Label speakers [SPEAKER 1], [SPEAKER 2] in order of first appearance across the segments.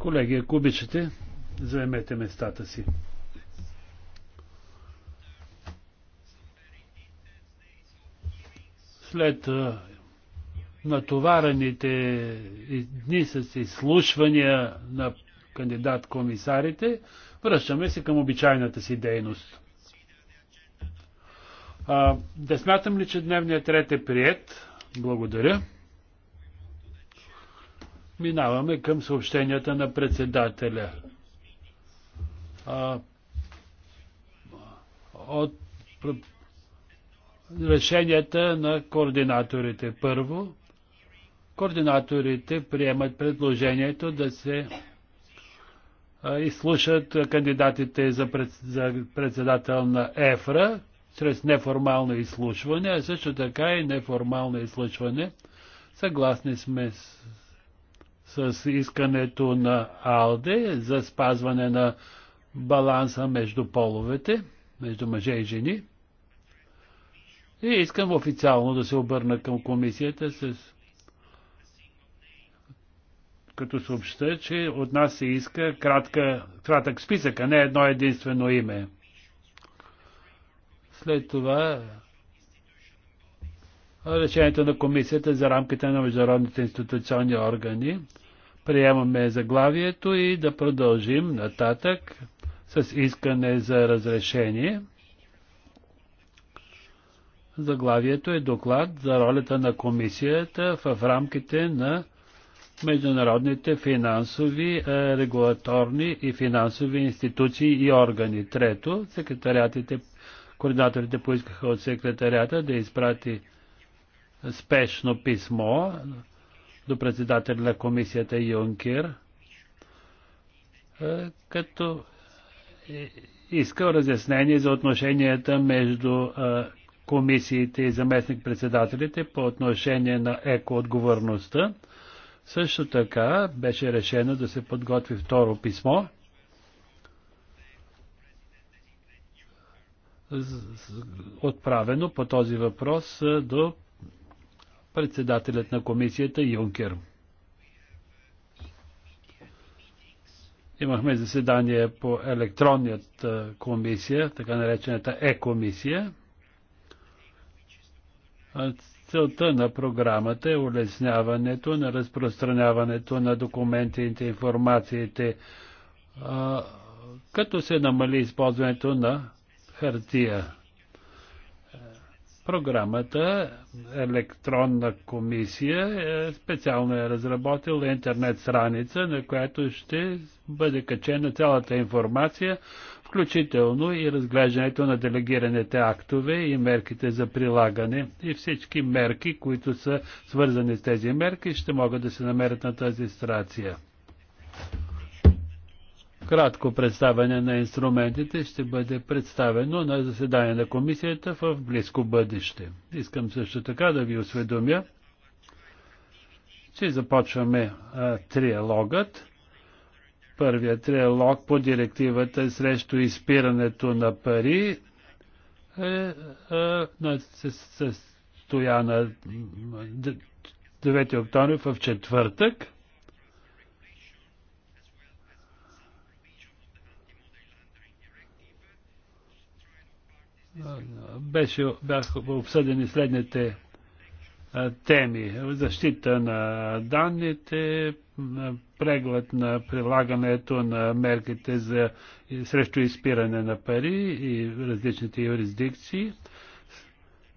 [SPEAKER 1] Колеги, ако обичате, заемете местата си. След натоварените дни с изслушвания на кандидат-комисарите, връщаме се към обичайната си дейност. А, да смятам ли, че дневният ред е прият? Благодаря. Минаваме към съобщенията на председателя. А, от решенията на координаторите. Първо, координаторите приемат предложението да се изслушат кандидатите за, пред, за председател на ЕФРА чрез неформално изслушване, а също така и неформално изслушване. Съгласни сме с с искането на АЛДЕ за спазване на баланса между половете, между мъже и жени. И искам официално да се обърна към комисията с като съобща, че от нас се иска кратка, кратък списък, а не едно единствено име. След това решението на комисията за рамките на международните институционни органи приемаме заглавието и да продължим нататък с искане за разрешение. Заглавието е доклад за ролята на комисията в рамките на международните финансови, е, регулаторни и финансови институции и органи. Трето, секретариатите, координаторите поискаха от секретарията да изпрати спешно писмо до председателя на комисията Юнкер, е, като е, искал разяснение за отношенията между е, комисиите и заместник-председателите по отношение на екоотговорността. Също така беше решено да се подготви второ писмо, отправено по този въпрос до председателят на комисията Юнкер. Имахме заседание по електронният комисия, така наречената Е-комисия. Целта на програмата е улесняването на разпространяването на документите, информациите, като се намали използването на хартия. Програмата Електронна комисия е специално е разработила интернет страница, на която ще бъде качена цялата информация, включително и разглеждането на делегираните актове и мерките за прилагане и всички мерки, които са свързани с тези мерки, ще могат да се намерят на тази страция кратко представяне на инструментите ще бъде представено на заседание на комисията в близко бъдеще. Искам също така да ви осведомя, че започваме а, триалогът. Първият триалог по директивата срещу изпирането на пари е, а, на, се, състоя на 9 октомври в четвъртък. беше, бяха обсъдени следните теми. Защита на данните, преглед на прилагането на мерките за, срещу изпиране на пари и различните юрисдикции.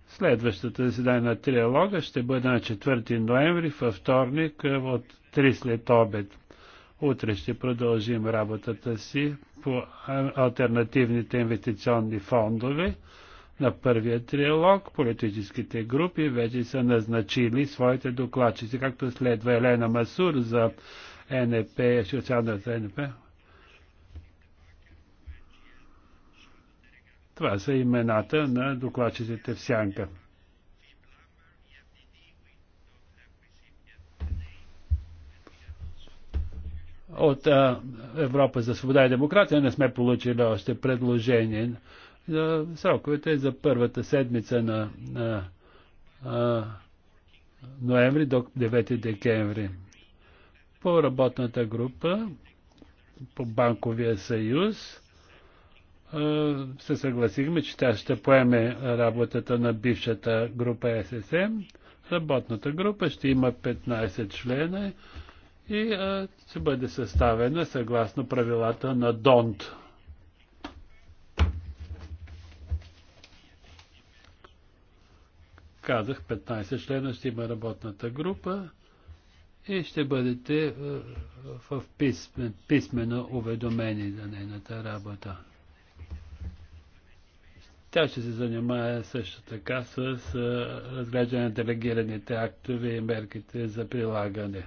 [SPEAKER 1] Следващата заседание на триалога ще бъде на 4 ноември, във вторник, от 3 след обед. Утре ще продължим работата си по альтернативните инвестиционни фондове. На първия триалог политическите групи вече са назначили своите докладчици, както следва Елена Масур за НП, социалната НП. Това са имената на докладчиците в сянка. От а, Европа за свобода и демокрация не сме получили още предложение. Е, сроковете е за първата седмица на, на а, ноември до 9 декември. По работната група, по Банковия съюз, се съгласихме, че тя ще поеме работата на бившата група ССМ. Работната група ще има 15 члена и а, ще бъде съставена съгласно правилата на ДОНТ. казах, 15 члена ще има работната група и ще бъдете е, в писмен, писмено уведомени за нейната работа. Тя ще се занимае също така с е, разглеждане на делегираните актове и мерките за прилагане.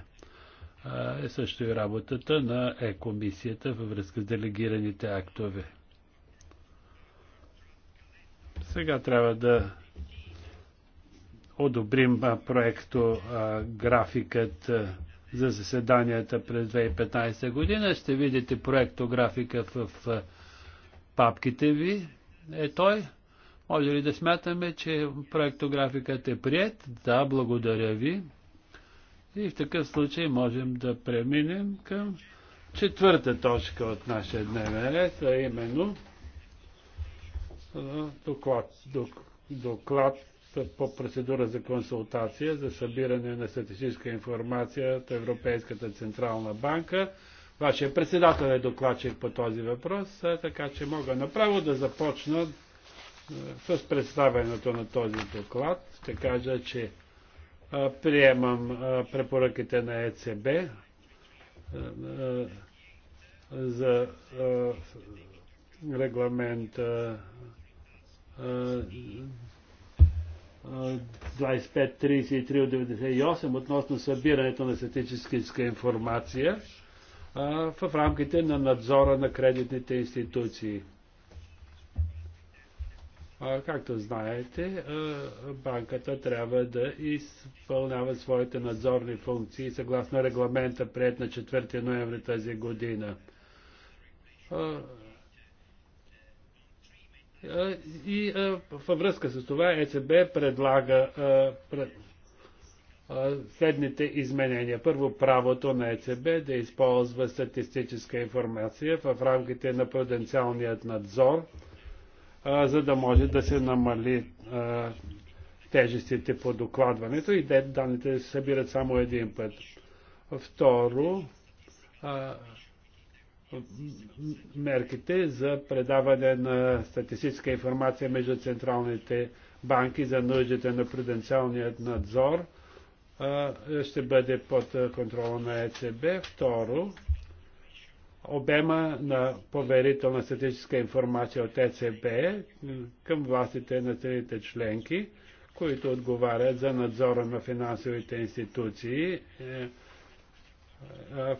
[SPEAKER 1] Е, е също и работата на Е-комисията във връзка с делегираните актове. Сега трябва да одобрим проекто графикът за заседанията през 2015 година. Ще видите проекто графика в папките ви. Е той. Може ли да смятаме, че проектографикът е прият? Да, благодаря ви. И в такъв случай можем да преминем към четвърта точка от нашия дневен ред, а именно доклад, доклад по процедура за консултация за събиране на статистическа информация от Европейската Централна банка. Вашия председател е докладчик по този въпрос, така че мога направо да започна с представянето на този доклад. Ще кажа, че приемам препоръките на ЕЦБ за регламент 2533 от 98 относно събирането на статистическа информация в рамките на надзора на кредитните институции. както знаете, банката трябва да изпълнява своите надзорни функции съгласно регламента, прият на 4 ноември тази година и във връзка с това ЕЦБ предлага следните изменения. Първо, правото на ЕЦБ да използва статистическа информация в рамките на пруденциалният надзор, за да може да се намали тежестите по докладването и данните се събират само един път. Второ, мерките за предаване на статистическа информация между централните банки за нуждите на пруденциалният надзор ще бъде под контрола на ЕЦБ. Второ, обема на поверителна статистическа информация от ЕЦБ към властите на страните членки, които отговарят за надзора на финансовите институции е,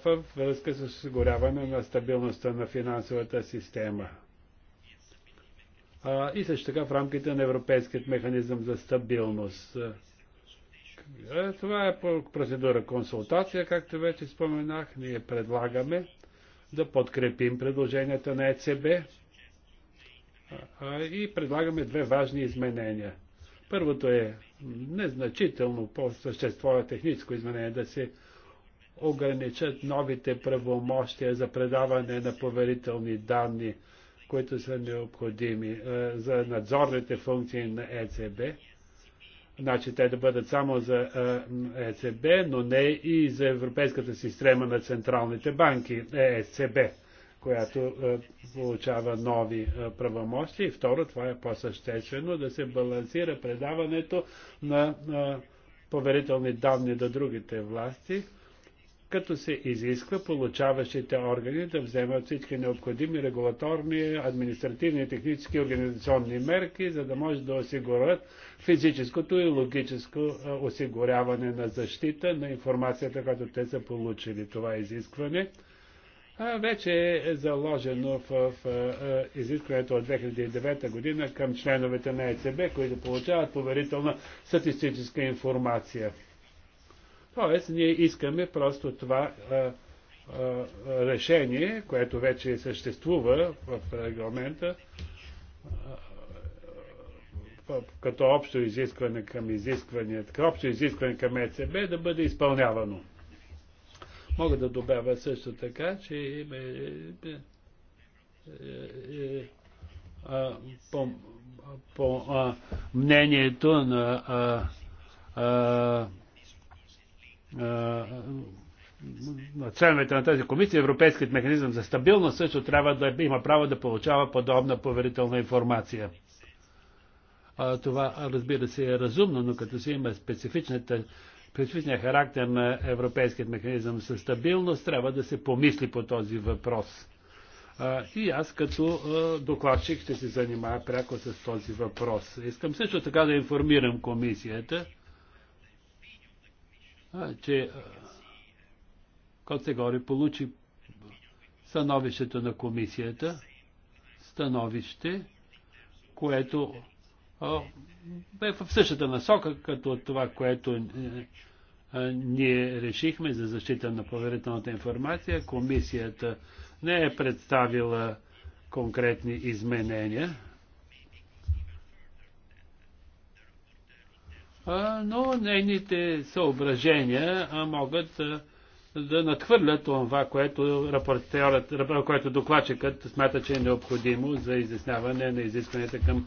[SPEAKER 1] в връзка с осигуряване на стабилността на финансовата система. И също така в рамките на Европейският механизъм за стабилност. Това е процедура консултация, както вече споменах. Ние предлагаме да подкрепим предложенията на ЕЦБ и предлагаме две важни изменения. Първото е незначително по същество техническо изменение да се ограничат новите правомощия за предаване на поверителни данни, които са необходими е, за надзорните функции на ЕЦБ. Значи те да бъдат само за ЕЦБ, е но не и за Европейската система на централните банки, ЕСЦБ, е която получава нови правомощи. И второ, това е по-съществено, да се балансира предаването на поверителни данни до другите власти като се изисква получаващите органи да вземат всички необходими регулаторни, административни, технически, организационни мерки, за да може да осигурят физическото и логическо осигуряване на защита на информацията, която те са получили. Това изискване вече е заложено в, в изискването от 2009 година към членовете на ЕЦБ, които получават поверителна статистическа информация. Тоест, ние искаме просто това а, а, решение, което вече съществува в регламента, а, като общо изискване към изискване, като общо изискване към ЕЦБ да бъде изпълнявано. Мога да добавя също така, че има е, е, е, по, по а, мнението на а, а, на членовете на тази комисия, Европейският механизъм за стабилност също трябва да има право да получава подобна поверителна информация. А, това, разбира се, е разумно, но като се има специфичния характер на Европейският механизъм за стабилност, трябва да се помисли по този въпрос. А, и аз като а, докладчик ще се занимая пряко с този въпрос. Искам също така да информирам комисията, че Коцегоре получи становището на комисията, становище, което бе в същата насока, като това, което е, ние решихме за защита на поверителната информация. Комисията не е представила конкретни изменения. но нейните съображения могат да надхвърлят това, което, което докладчикът смята, че е необходимо за изясняване на изискванията към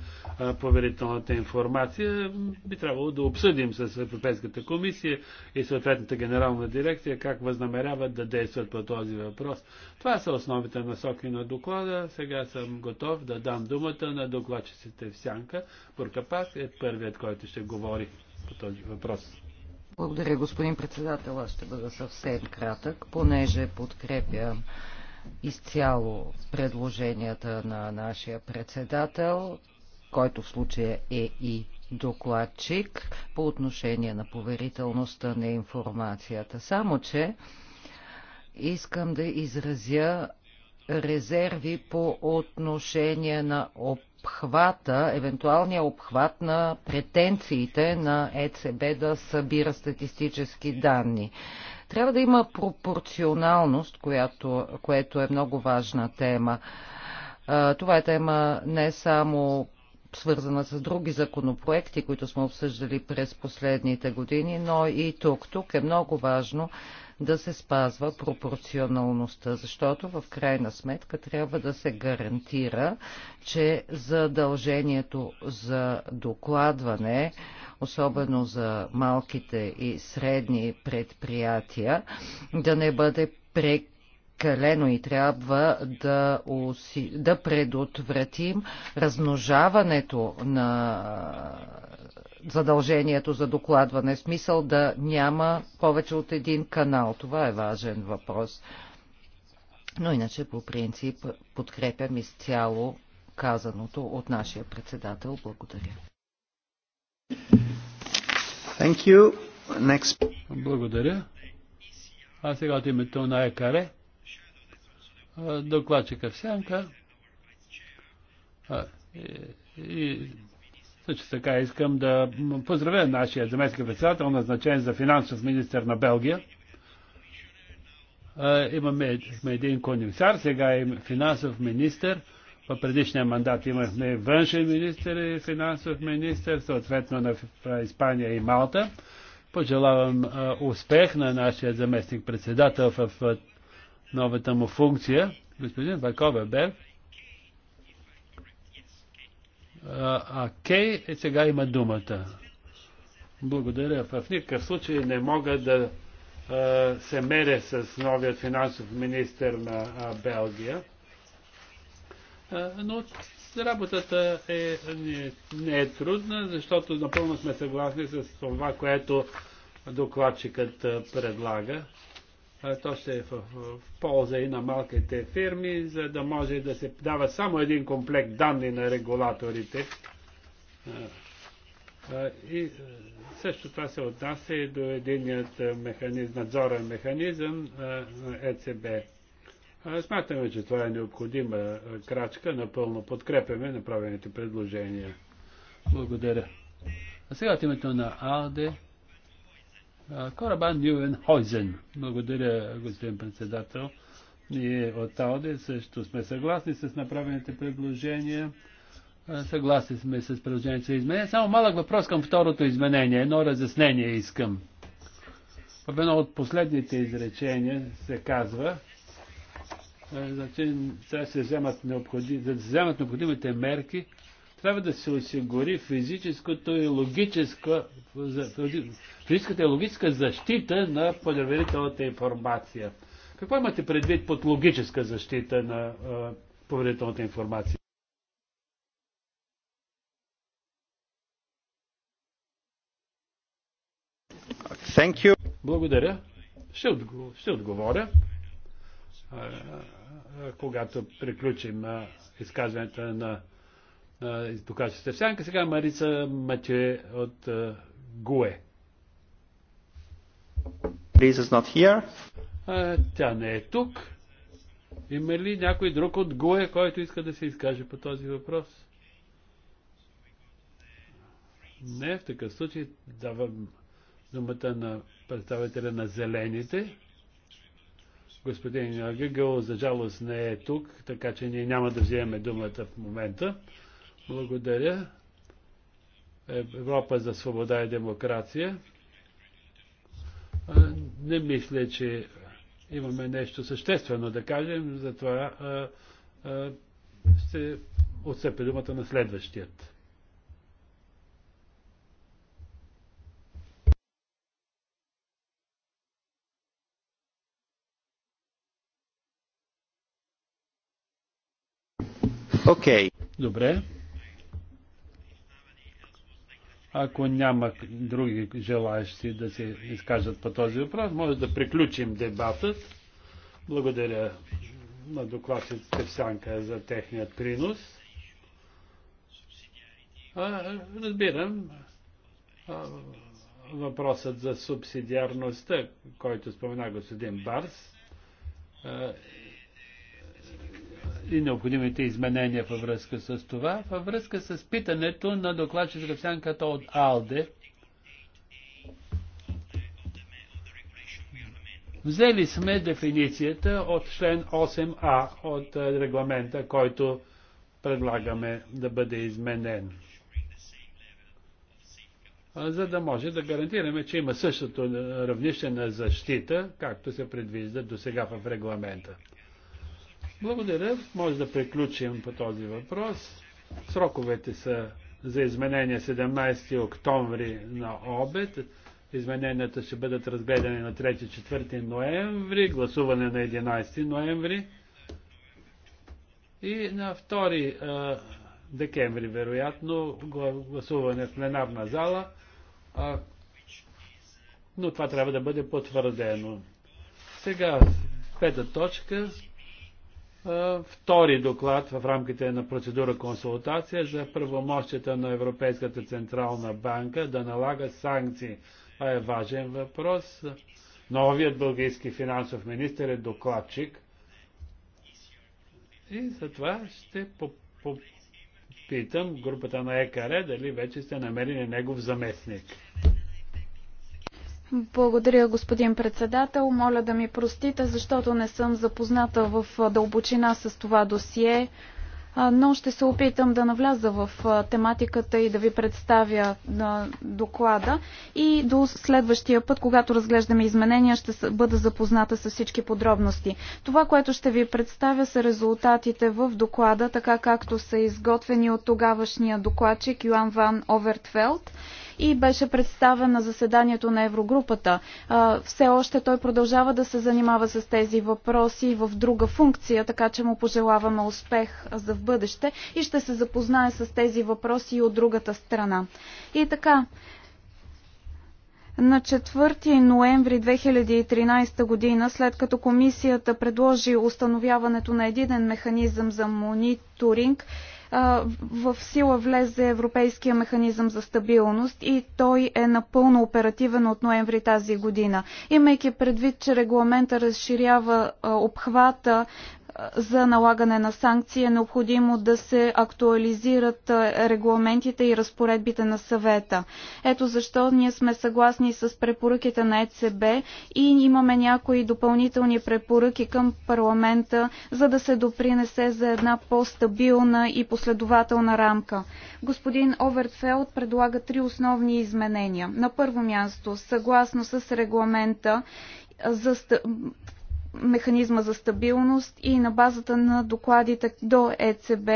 [SPEAKER 1] поверителната информация. Би трябвало да обсъдим с Европейската комисия и съответната генерална дирекция как възнамеряват да действат по този въпрос. Това са основите насоки на доклада. Сега съм готов да дам думата на докладчиците в Сянка. Буркапас е първият, който ще говори по този въпрос.
[SPEAKER 2] Благодаря, господин председател. Аз ще бъда съвсем кратък, понеже подкрепям изцяло предложенията на нашия председател, който в случая е и докладчик по отношение на поверителността на информацията. Само, че искам да изразя резерви по отношение на оп обхвата, евентуалния обхват на претенциите на ЕЦБ да събира статистически данни. Трябва да има пропорционалност, която, което е много важна тема. Това е тема не само свързана с други законопроекти, които сме обсъждали през последните години, но и тук. Тук е много важно да се спазва пропорционалността, защото в крайна сметка трябва да се гарантира, че задължението за докладване, особено за малките и средни предприятия, да не бъде прекалено и трябва да, уси, да предотвратим размножаването на задължението за докладване, смисъл да няма повече от един канал. Това е важен въпрос. Но иначе по принцип подкрепям изцяло казаното от нашия председател. Благодаря.
[SPEAKER 3] Thank you. Next. Благодаря.
[SPEAKER 1] А сега от името на ЕКАРЕ, докладчика в сянка и, и също така искам да поздравя нашия заместник председател, назначен за финансов министр на Белгия. Имаме сме един комисар, сега е финансов министр. В предишния мандат имахме външен министр и финансов министр, съответно на Испания и Малта. Пожелавам успех на нашия заместник председател в новата му функция. Господин Вакова Берг. А Кей е, сега има думата. Благодаря. В никакъв случай не мога да а, се меря с новият финансов министр на а, Белгия. А, но работата е, не, не е трудна, защото напълно сме съгласни с това, което докладчикът предлага то ще е в, в полза и на малките фирми, за да може да се дава само един комплект данни на регулаторите. И също това се отнася и до единият механизм, надзорен механизъм на ЕЦБ. Смятаме, че това е необходима крачка. Напълно подкрепяме направените предложения. Благодаря. А сега от името на АЛДЕ Корабан Нюенхойзен. Благодаря, господин председател. Ние от Ауди, също сме съгласни с направените предложения. Съгласни сме с предложението за изменение. Само малък въпрос към второто изменение. Едно разяснение искам. В едно от последните изречения се казва, значи, сега се вземат, да се вземат необходимите мерки трябва да се осигури физическото и логическо, физическата и логическа защита на поверителната информация. Какво имате предвид под логическа защита на поверителната информация?
[SPEAKER 3] Thank you.
[SPEAKER 1] Благодаря. Ще, отговор, ще отговоря, а, а, когато приключим а, изказването на ще се сянка. Сега Марица Маче от ГУЕ. Тя не е тук. Има ли някой друг от ГУЕ, който иска да се изкаже по този въпрос? Не, в такъв случай давам думата на представителя на Зелените. Господин Гъгъл, за жалост, не е тук, така че ние няма да вземем думата в момента. Благодаря. Е, Европа за свобода и демокрация. Не мисля, че имаме нещо съществено да кажем, затова ще отцепя думата на следващият.
[SPEAKER 3] Окей. Okay. Добре.
[SPEAKER 1] Ако няма други желаящи да се изкажат по този въпрос, може да приключим дебатът. Благодаря на докладчиците в Сянка за техният принос. А, разбирам а, въпросът за субсидиарността, който спомена господин Барс, и необходимите изменения във връзка с това, във връзка с питането на за сянката от АЛДЕ. Взели сме дефиницията от член 8а от е, регламента, който предлагаме да бъде изменен. За да може да гарантираме, че има същото е, равнище на защита, както се предвижда до сега в регламента. Благодаря. Може да приключим по този въпрос. Сроковете са за изменение 17 октомври на обед. Измененията ще бъдат разгледани на 3-4 ноември, гласуване на 11 ноември и на 2 декември, вероятно, гласуване в пленарна зала, а, но това трябва да бъде потвърдено. Сега, пета точка, е, втори доклад в рамките на процедура консултация за правомощията на Европейската централна банка да налага санкции. Това е важен въпрос. Новият български финансов министр е докладчик. И затова ще попитам групата на ЕКР дали вече сте намерили негов заместник.
[SPEAKER 4] Благодаря, господин председател. Моля да ми простите, защото не съм запозната в дълбочина с това досие, но ще се опитам да навляза в тематиката и да ви представя доклада. И до следващия път, когато разглеждаме изменения, ще бъда запозната с всички подробности. Това, което ще ви представя, са резултатите в доклада, така както са изготвени от тогавашния докладчик Йоан Ван Овертфелд и беше представен на заседанието на Еврогрупата. Все още той продължава да се занимава с тези въпроси в друга функция, така че му пожелаваме успех за в бъдеще и ще се запознае с тези въпроси и от другата страна. И така, на 4 ноември 2013 година, след като комисията предложи установяването на единен механизъм за мониторинг, в сила влезе Европейския механизъм за стабилност и той е напълно оперативен от ноември тази година. Имайки предвид, че регламента разширява обхвата за налагане на санкции е необходимо да се актуализират регламентите и разпоредбите на съвета. Ето защо ние сме съгласни с препоръките на ЕЦБ и имаме някои допълнителни препоръки към парламента, за да се допринесе за една по-стабилна и последователна рамка. Господин Овертфелд предлага три основни изменения. На първо място, съгласно с регламента за механизма за стабилност и на базата на докладите до ЕЦБ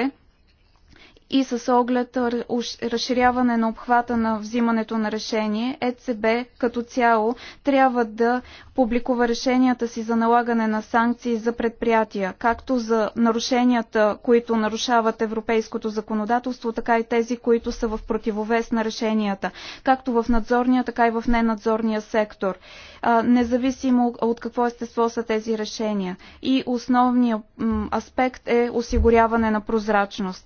[SPEAKER 4] и с оглед разширяване на обхвата на взимането на решение, ЕЦБ като цяло трябва да публикува решенията си за налагане на санкции за предприятия, както за нарушенията, които нарушават европейското законодателство, така и тези, които са в противовес на решенията, както в надзорния, така и в ненадзорния сектор, независимо от какво естество са тези решения. И основният аспект е осигуряване на прозрачност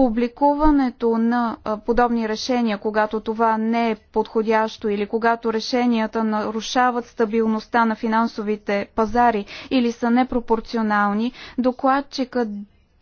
[SPEAKER 4] публикуването на подобни решения, когато това не е подходящо или когато решенията нарушават стабилността на финансовите пазари или са непропорционални, докладчикът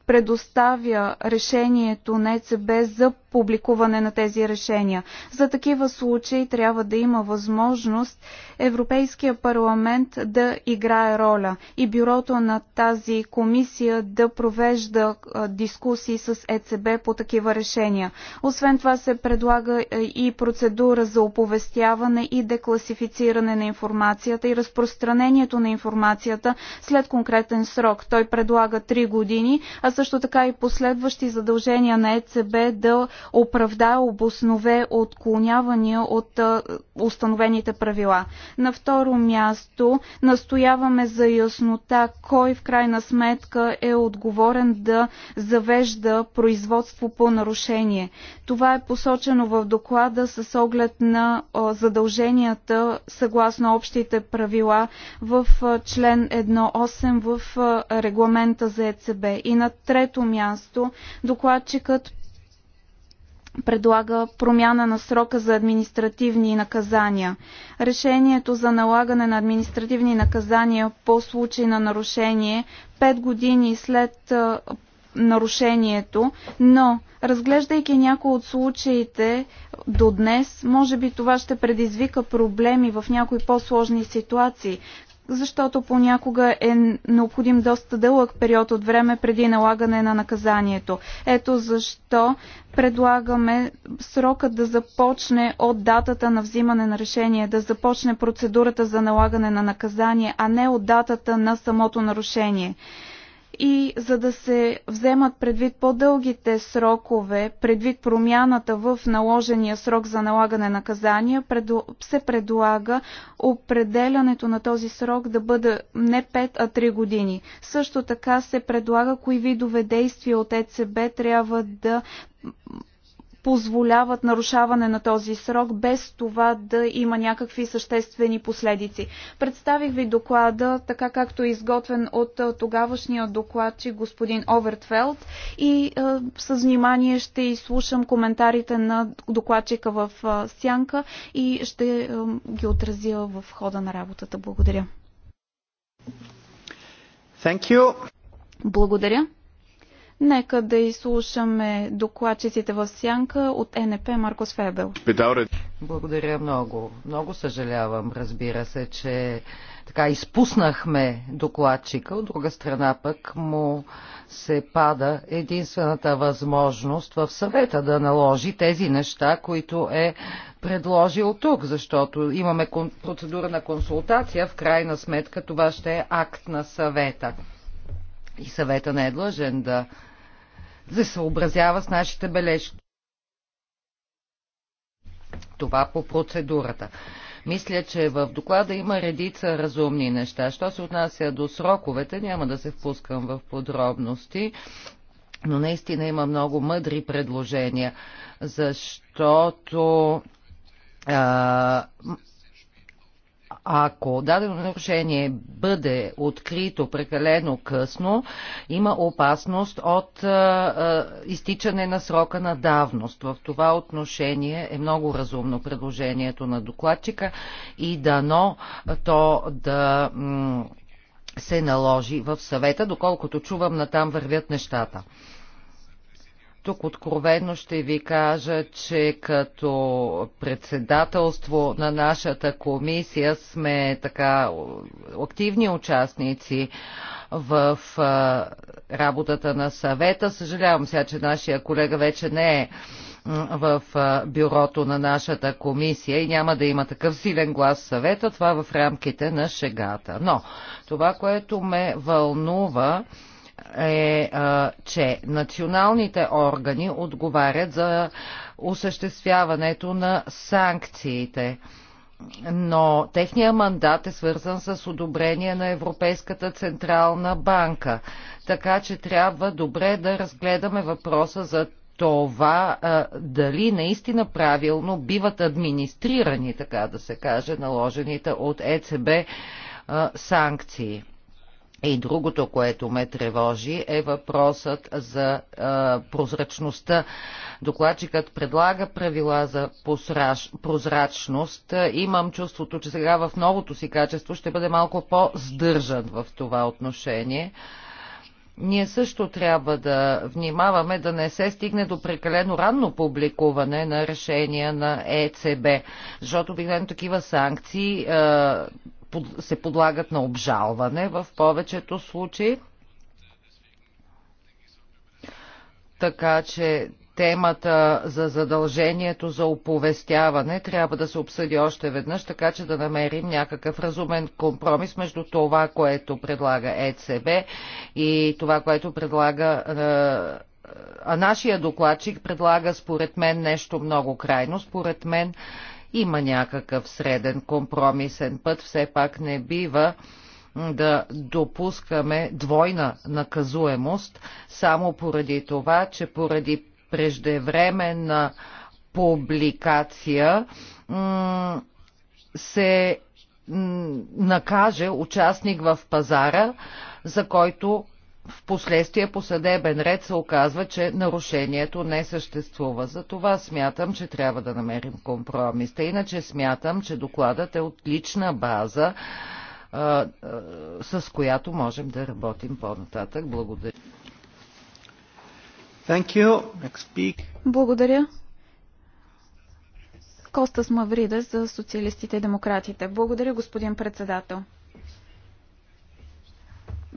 [SPEAKER 4] предоставя решението на ЕЦБ за публикуване на тези решения. За такива случаи трябва да има възможност Европейския парламент да играе роля и бюрото на тази комисия да провежда дискусии с ЕЦБ по такива решения. Освен това се предлага и процедура за оповестяване и декласифициране на информацията и разпространението на информацията след конкретен срок. Той предлага 3 години, а също така и последващи задължения на ЕЦБ да оправдае, обоснове отклонявания от установените правила. На второ място настояваме за яснота кой в крайна сметка е отговорен да завежда производство по нарушение. Това е посочено в доклада с оглед на задълженията съгласно общите правила в член 1.8 в регламента за ЕЦБ. И на трето място докладчикът предлага промяна на срока за административни наказания. Решението за налагане на административни наказания по случай на нарушение 5 години след нарушението, но разглеждайки някои от случаите до днес, може би това ще предизвика проблеми в някои по-сложни ситуации, защото понякога е необходим доста дълъг период от време преди налагане на наказанието. Ето защо предлагаме срокът да започне от датата на взимане на решение, да започне процедурата за налагане на наказание, а не от датата на самото нарушение и за да се вземат предвид по-дългите срокове, предвид промяната в наложения срок за налагане наказания, се предлага определянето на този срок да бъде не 5, а 3 години. Също така се предлага кои видове действия от ЕЦБ трябва да позволяват нарушаване на този срок, без това да има някакви съществени последици. Представих ви доклада, така както е изготвен от тогавашния докладчик господин Овертфелд и е, с внимание ще изслушам коментарите на докладчика в е, сянка и ще е, ги отразя в хода на работата. Благодаря. Thank you. Благодаря. Нека да изслушаме докладчиците в сянка от НП Маркос Фебел.
[SPEAKER 2] Благодаря много. Много съжалявам, разбира се, че така изпуснахме докладчика, от друга страна пък му се пада единствената възможност в съвета да наложи тези неща, които е предложил тук, защото имаме процедура на консултация, в крайна сметка това ще е акт на съвета. И съвета не е длъжен да се съобразява с нашите бележки. Това по процедурата. Мисля, че в доклада има редица разумни неща. Що се отнася до сроковете, няма да се впускам в подробности, но наистина има много мъдри предложения, защото а, ако дадено нарушение бъде открито прекалено късно, има опасност от изтичане на срока на давност. В това отношение е много разумно предложението на докладчика и дано то да се наложи в съвета, доколкото чувам натам вървят нещата. Тук откровенно ще ви кажа, че като председателство на нашата комисия сме така активни участници в работата на съвета. Съжалявам сега, че нашия колега вече не е в бюрото на нашата комисия и няма да има такъв силен глас в съвета, това в рамките на шегата. Но това, което ме вълнува, е, че националните органи отговарят за осъществяването на санкциите но техният мандат е свързан с одобрение на Европейската централна банка. Така че трябва добре да разгледаме въпроса за това а, дали наистина правилно биват администрирани, така да се каже, наложените от ЕЦБ а, санкции. И другото, което ме тревожи, е въпросът за а, прозрачността. Докладчикът предлага правила за посраж, прозрачност. Имам чувството, че сега в новото си качество ще бъде малко по-здържан в това отношение. Ние също трябва да внимаваме да не се стигне до прекалено ранно публикуване на решения на ЕЦБ, защото обикновено такива санкции. А, се подлагат на обжалване в повечето случаи. Така че темата за задължението за оповестяване трябва да се обсъди още веднъж, така че да намерим някакъв разумен компромис между това, което предлага ЕЦБ и това, което предлага. Е, а нашия докладчик предлага според мен нещо много крайно. Според мен има някакъв среден компромисен път. Все пак не бива да допускаме двойна наказуемост, само поради това, че поради преждевременна публикация се накаже участник в пазара, за който в последствие по съдебен ред се оказва, че нарушението не съществува. За това смятам, че трябва да намерим компромис. Та иначе смятам, че докладът е отлична база, а, а, с която можем да работим по-нататък. Благодаря. Thank you. Next speak.
[SPEAKER 4] Благодаря. Костас Маврида за социалистите и демократите. Благодаря, господин председател.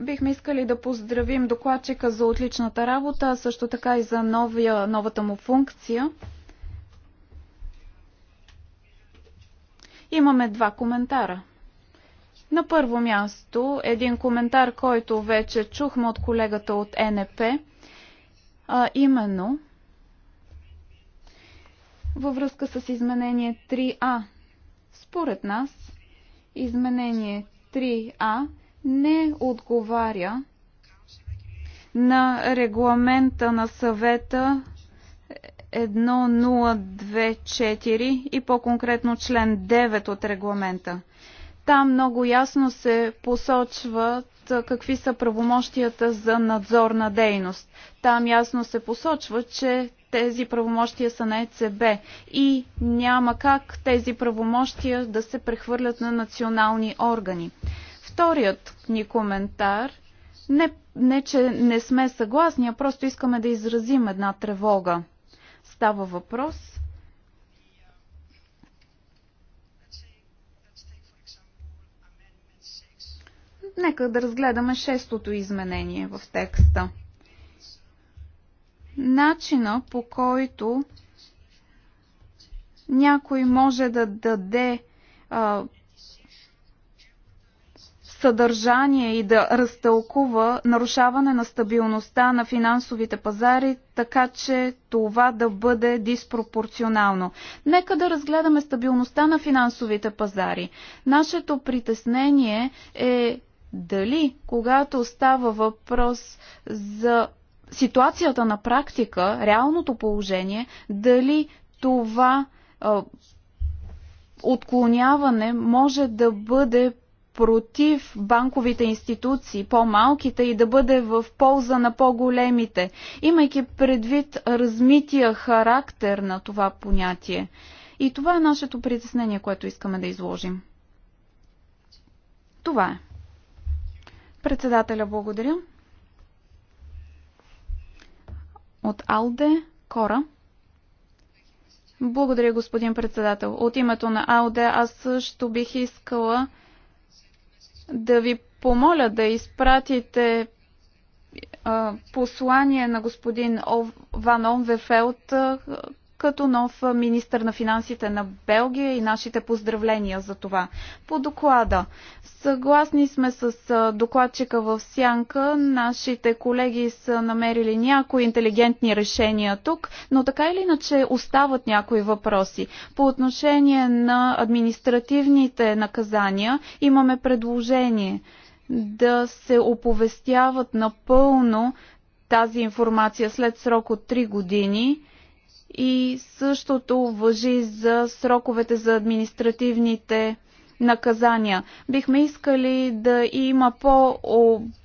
[SPEAKER 4] Бихме искали да поздравим докладчика за отличната работа, също така и за новия, новата му функция. Имаме два коментара. На първо място, един коментар, който вече чухме от колегата от НП, а именно във връзка с изменение 3А. Според нас, изменение 3А не отговаря на регламента на съвета 1024 и по-конкретно член 9 от регламента. Там много ясно се посочват какви са правомощията за надзорна дейност. Там ясно се посочва, че тези правомощия са на ЕЦБ и няма как тези правомощия да се прехвърлят на национални органи. Вторият ни коментар, не, не че не сме съгласни, а просто искаме да изразим една тревога. Става въпрос нека да разгледаме шестото изменение в текста. Начина по който някой може да даде а, съдържание и да разтълкува нарушаване на стабилността на финансовите пазари, така че това да бъде диспропорционално. Нека да разгледаме стабилността на финансовите пазари. Нашето притеснение е дали, когато става въпрос за ситуацията на практика, реалното положение, дали това отклоняване може да бъде против банковите институции, по-малките и да бъде в полза на по-големите, имайки предвид размития характер на това понятие. И това е нашето притеснение, което искаме да изложим. Това е. Председателя, благодаря. От Алде Кора. Благодаря, господин председател. От името на Алде аз също бих искала да ви помоля да изпратите послание на господин Ван Онвефелт като нов министр на финансите на Белгия и нашите поздравления за това. По доклада. Съгласни сме с докладчика в Сянка. Нашите колеги са намерили някои интелигентни решения тук, но така или иначе остават някои въпроси. По отношение на административните наказания имаме предложение да се оповестяват напълно тази информация след срок от 3 години и същото въжи за сроковете за административните наказания. Бихме искали да има по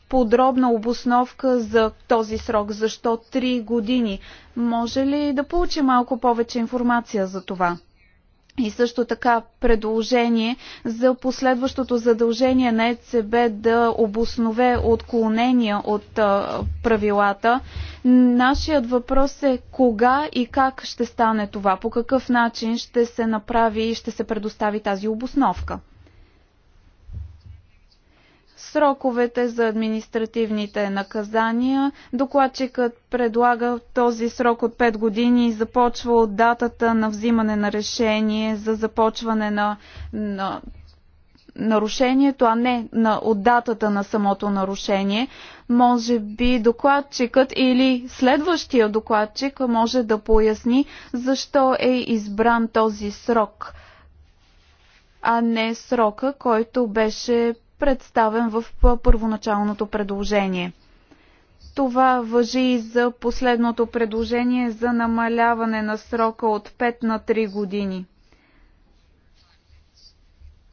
[SPEAKER 4] подробна обосновка за този срок. Защо три години? Може ли да получи малко повече информация за това? и също така предложение за последващото задължение на ЕЦБ да обоснове отклонения от правилата. Нашият въпрос е кога и как ще стане това, по какъв начин ще се направи и ще се предостави тази обосновка сроковете за административните наказания. Докладчикът предлага този срок от 5 години и започва от датата на взимане на решение за започване на, на нарушението, а не на, от датата на самото нарушение. Може би докладчикът или следващия докладчик може да поясни защо е избран този срок а не срока, който беше представен в първоначалното предложение. Това въжи и за последното предложение за намаляване на срока от 5 на 3 години.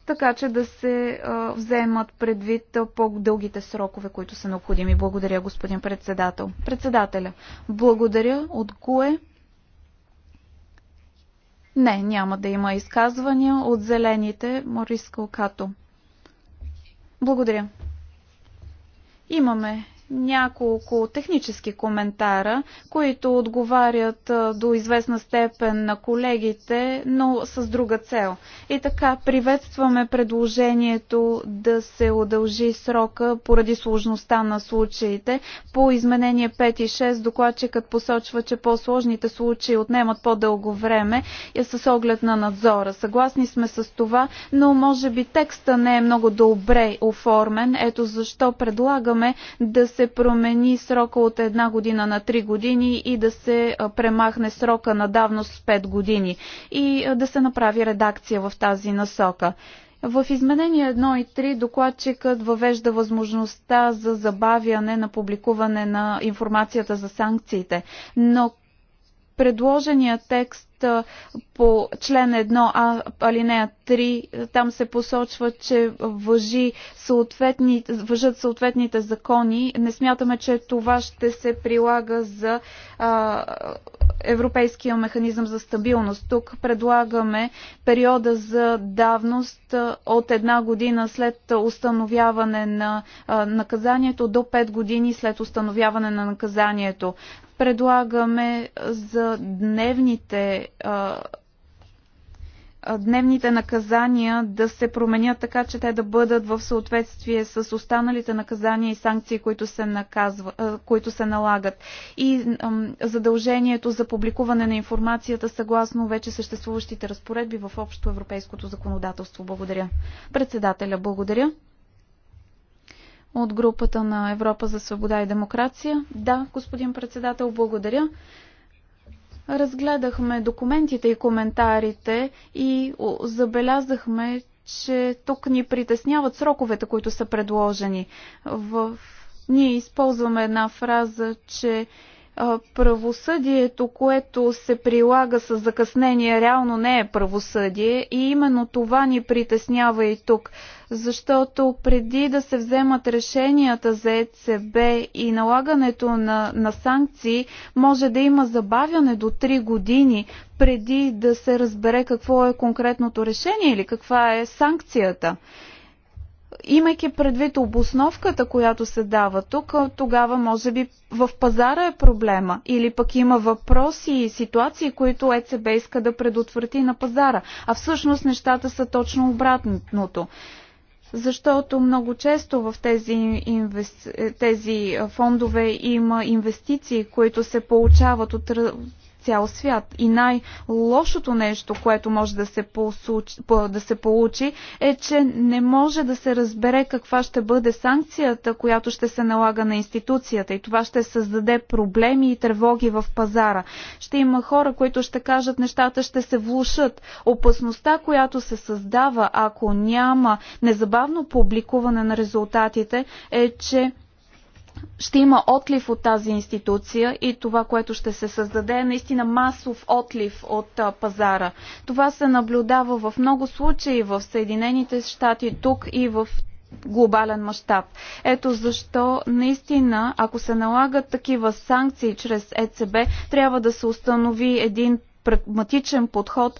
[SPEAKER 4] Така че да се вземат предвид по-дългите срокове, които са необходими. Благодаря, господин председател. Председателя, благодаря. От кое? Не, няма да има изказвания. От зелените Морис Калкато. Благодаря. Имаме няколко технически коментара, които отговарят до известна степен на колегите, но с друга цел. И така, приветстваме предложението да се удължи срока поради сложността на случаите. По изменение 5 и 6 докладчикът посочва, че по-сложните случаи отнемат по-дълго време и е, с оглед на надзора. Съгласни сме с това, но може би текста не е много добре оформен. Ето защо предлагаме да се промени срока от една година на три години и да се премахне срока на давност с 5 години и да се направи редакция в тази насока. В изменения 1 и 3 докладчикът въвежда възможността за забавяне на публикуване на информацията за санкциите, но предложения текст по член 1а, алинея 3, там се посочва, че въжи съответни, въжат съответните закони. Не смятаме, че това ще се прилага за а, Европейския механизъм за стабилност. Тук предлагаме периода за давност от една година след установяване на наказанието до 5 години след установяване на наказанието. Предлагаме за дневните дневните наказания да се променят така, че те да бъдат в съответствие с останалите наказания и санкции, които се, наказва, които се налагат. И задължението за публикуване на информацията съгласно вече съществуващите разпоредби в общо европейското законодателство. Благодаря. Председателя, благодаря от групата на Европа за свобода и демокрация. Да, господин председател, благодаря. Разгледахме документите и коментарите и забелязахме, че тук ни притесняват сроковете, които са предложени. В... Ние използваме една фраза, че правосъдието, което се прилага с закъснение, реално не е правосъдие и именно това ни притеснява и тук. Защото преди да се вземат решенията за ЕЦБ и налагането на, на санкции, може да има забавяне до 3 години преди да се разбере какво е конкретното решение или каква е санкцията имайки предвид обосновката, която се дава тук, тогава може би в пазара е проблема или пък има въпроси и ситуации, които ЕЦБ иска да предотврати на пазара. А всъщност нещата са точно обратното защото много често в тези, инвес... тези фондове има инвестиции, които се получават от цял свят. И най-лошото нещо, което може да се, посуч... да се получи, е, че не може да се разбере каква ще бъде санкцията, която ще се налага на институцията. И това ще създаде проблеми и тревоги в пазара. Ще има хора, които ще кажат, нещата ще се влушат. Опасността, която се създава, ако няма незабавно публикуване на резултатите, е, че ще има отлив от тази институция и това, което ще се създаде е наистина масов отлив от пазара. Това се наблюдава в много случаи в Съединените щати, тук и в глобален мащаб. Ето защо наистина, ако се налагат такива санкции чрез ЕЦБ, трябва да се установи един прагматичен подход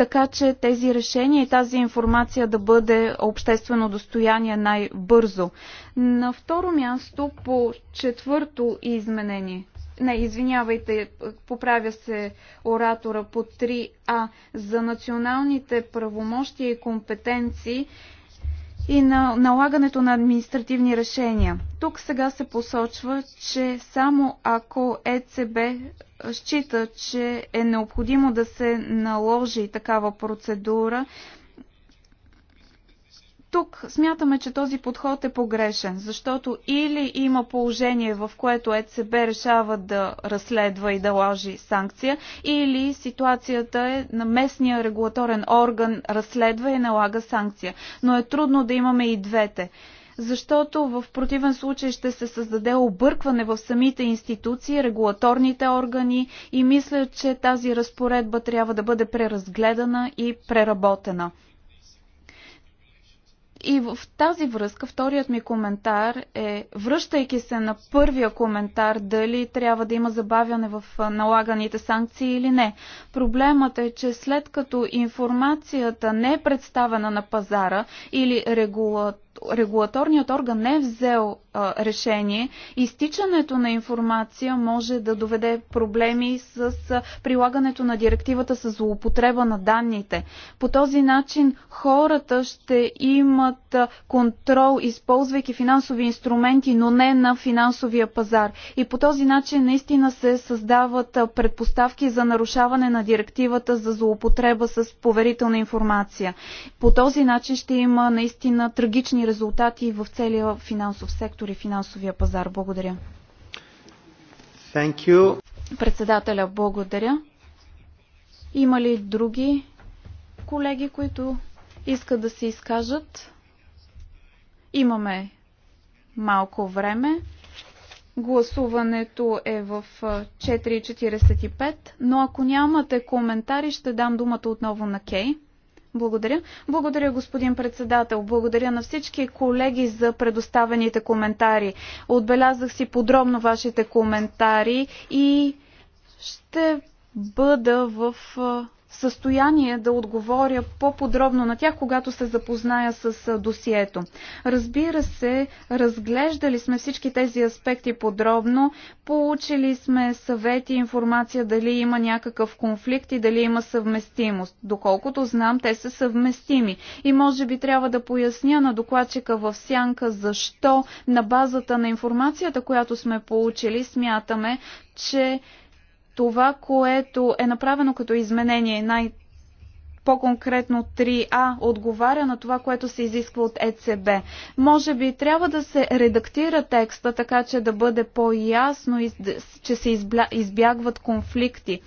[SPEAKER 4] така че тези решения и тази информация да бъде обществено достояние най-бързо. На второ място по четвърто изменение. Не, извинявайте, поправя се оратора по 3А за националните правомощия и компетенции и на налагането на административни решения. Тук сега се посочва, че само ако ЕЦБ счита, че е необходимо да се наложи такава процедура, тук смятаме, че този подход е погрешен, защото или има положение, в което ЕЦБ решава да разследва и да лажи санкция, или ситуацията е на местния регулаторен орган разследва и налага санкция. Но е трудно да имаме и двете защото в противен случай ще се създаде объркване в самите институции, регулаторните органи и мисля, че тази разпоредба трябва да бъде преразгледана и преработена. И в тази връзка вторият ми коментар е, връщайки се на първия коментар, дали трябва да има забавяне в налаганите санкции или не. Проблемът е, че след като информацията не е представена на пазара или регулатор регулаторният орган не е взел а, решение, изтичането на информация може да доведе проблеми с а, прилагането на директивата с злоупотреба на данните. По този начин хората ще имат а, контрол, използвайки финансови инструменти, но не на финансовия пазар. И по този начин наистина се създават а, предпоставки за нарушаване на директивата за злоупотреба с поверителна информация. По този начин ще има наистина трагични отлични резултати в целия финансов сектор и финансовия пазар. Благодаря.
[SPEAKER 3] Thank you.
[SPEAKER 4] Председателя, благодаря. Има ли други колеги, които искат да се изкажат? Имаме малко време. Гласуването е в 4.45, но ако нямате коментари, ще дам думата отново на Кей. Благодаря. Благодаря, господин председател. Благодаря на всички колеги за предоставените коментари. Отбелязах си подробно вашите коментари и ще бъда в състояние да отговоря по-подробно на тях, когато се запозная с досието. Разбира се, разглеждали сме всички тези аспекти подробно, получили сме съвети, информация дали има някакъв конфликт и дали има съвместимост. Доколкото знам, те са съвместими. И може би трябва да поясня на докладчика в сянка защо на базата на информацията, която сме получили, смятаме, че това, което е направено като изменение, най- по-конкретно 3А отговаря на това, което се изисква от ЕЦБ. Може би трябва да се редактира текста, така че да бъде по-ясно, че се избягват конфликти.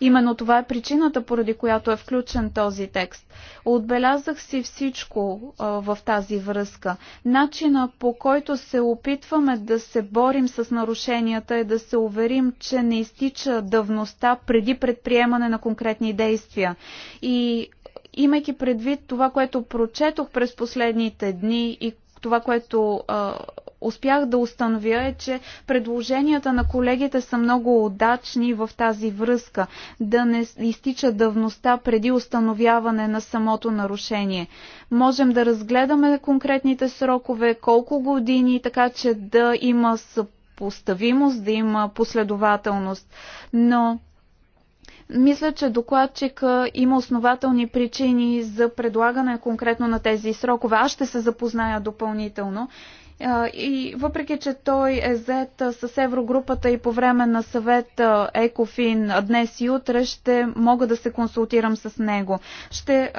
[SPEAKER 4] Именно това е причината, поради която е включен този текст. Отбелязах си всичко а, в тази връзка. Начина по който се опитваме да се борим с нарушенията е да се уверим, че не изтича давността преди предприемане на конкретни действия. И имайки предвид това, което прочетох през последните дни и това, което а, успях да установя е, че предложенията на колегите са много удачни в тази връзка, да не изтича давността преди установяване на самото нарушение. Можем да разгледаме конкретните срокове, колко години, така че да има съпоставимост, да има последователност. Но мисля, че докладчика има основателни причини за предлагане конкретно на тези срокове. Аз ще се запозная допълнително. И въпреки, че той е зет с Еврогрупата и по време на съвет Екофин днес и утре, ще мога да се консултирам с него. Ще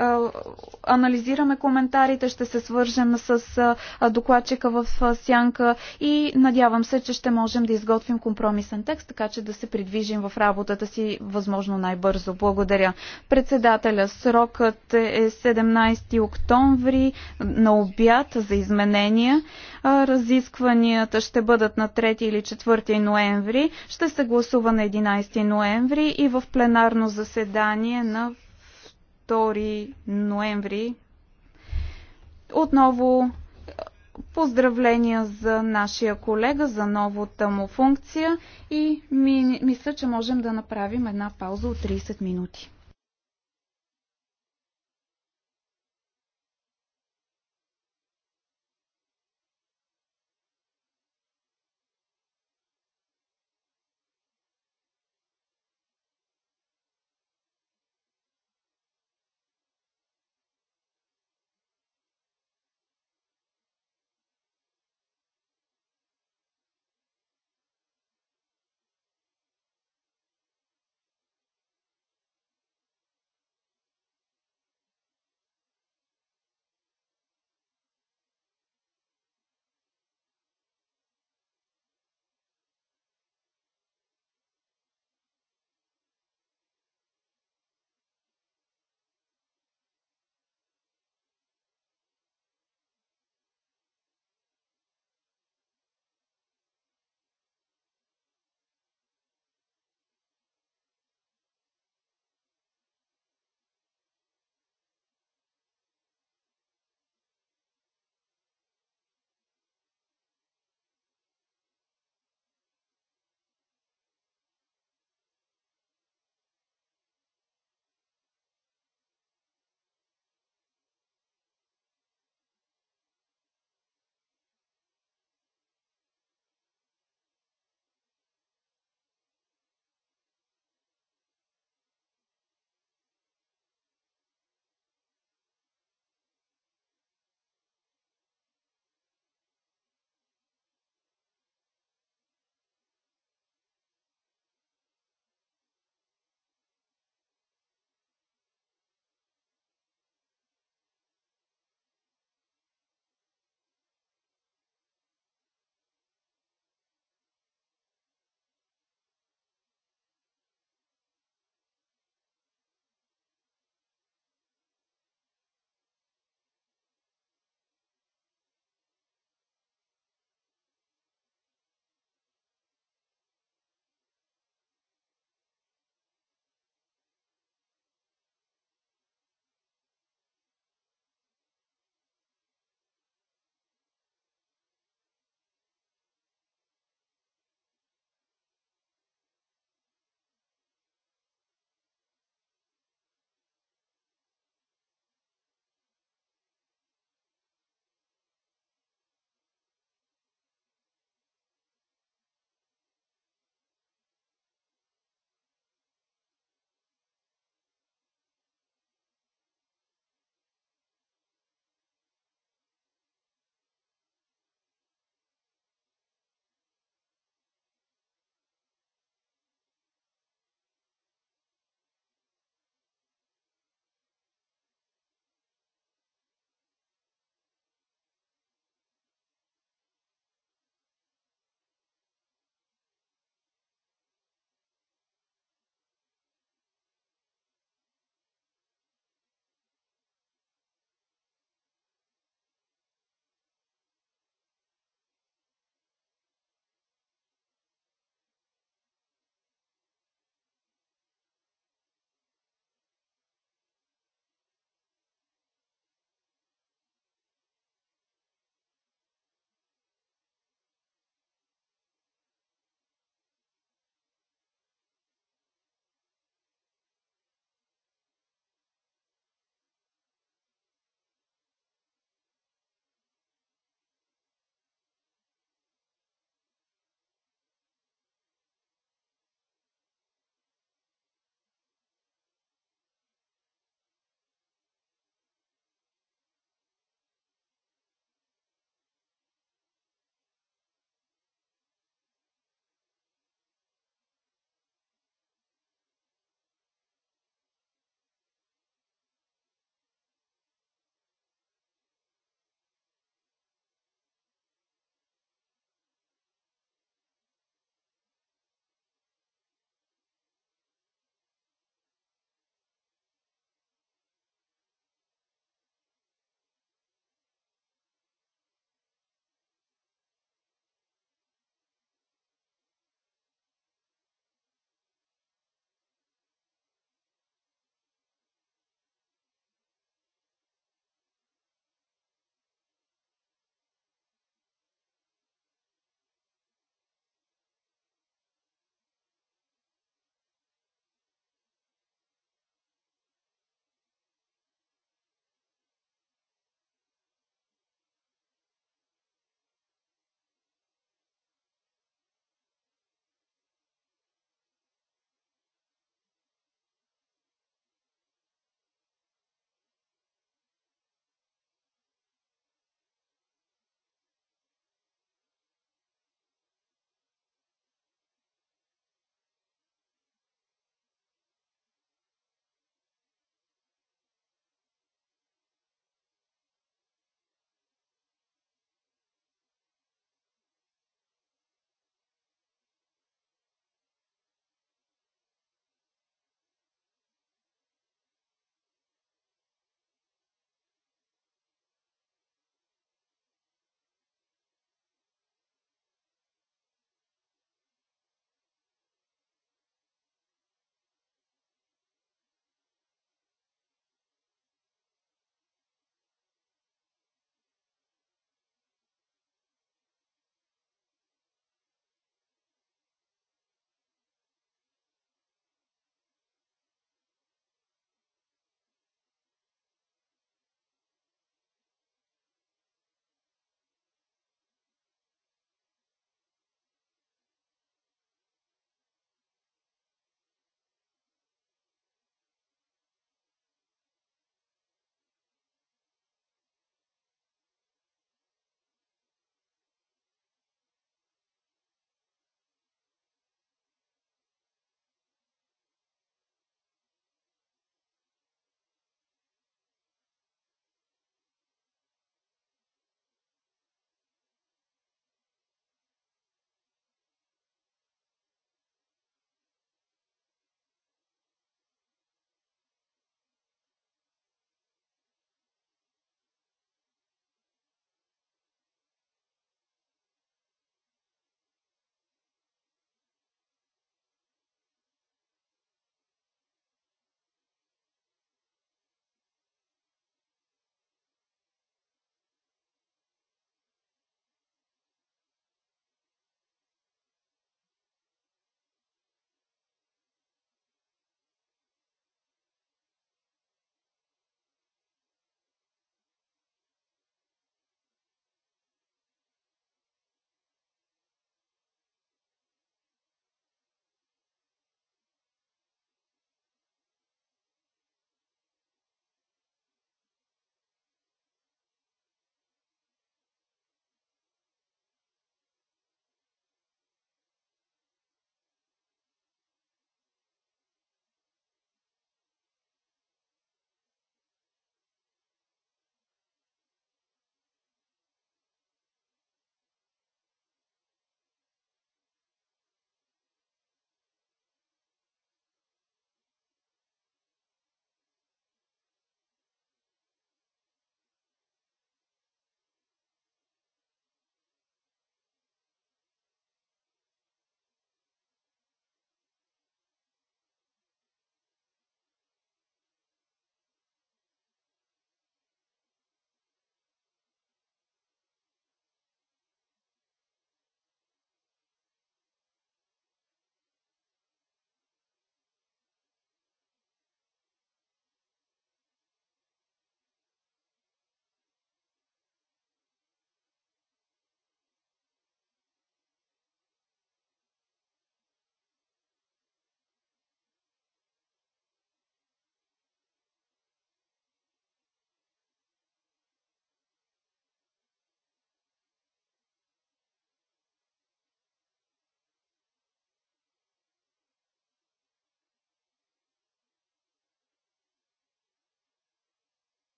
[SPEAKER 4] анализираме коментарите, ще се свържем с докладчика в Сянка и надявам се, че ще можем да изготвим компромисен текст, така че да се придвижим в работата си възможно най-бързо. Благодаря. Председателя, срокът е 17 октомври на обяд за изменения. Разискванията ще бъдат на 3 или 4 ноември. Ще се гласува на 11 ноември и в пленарно заседание на 2 ноември. Отново поздравления за нашия колега за новата му функция и ми, мисля, че можем да направим една пауза от 30
[SPEAKER 5] минути.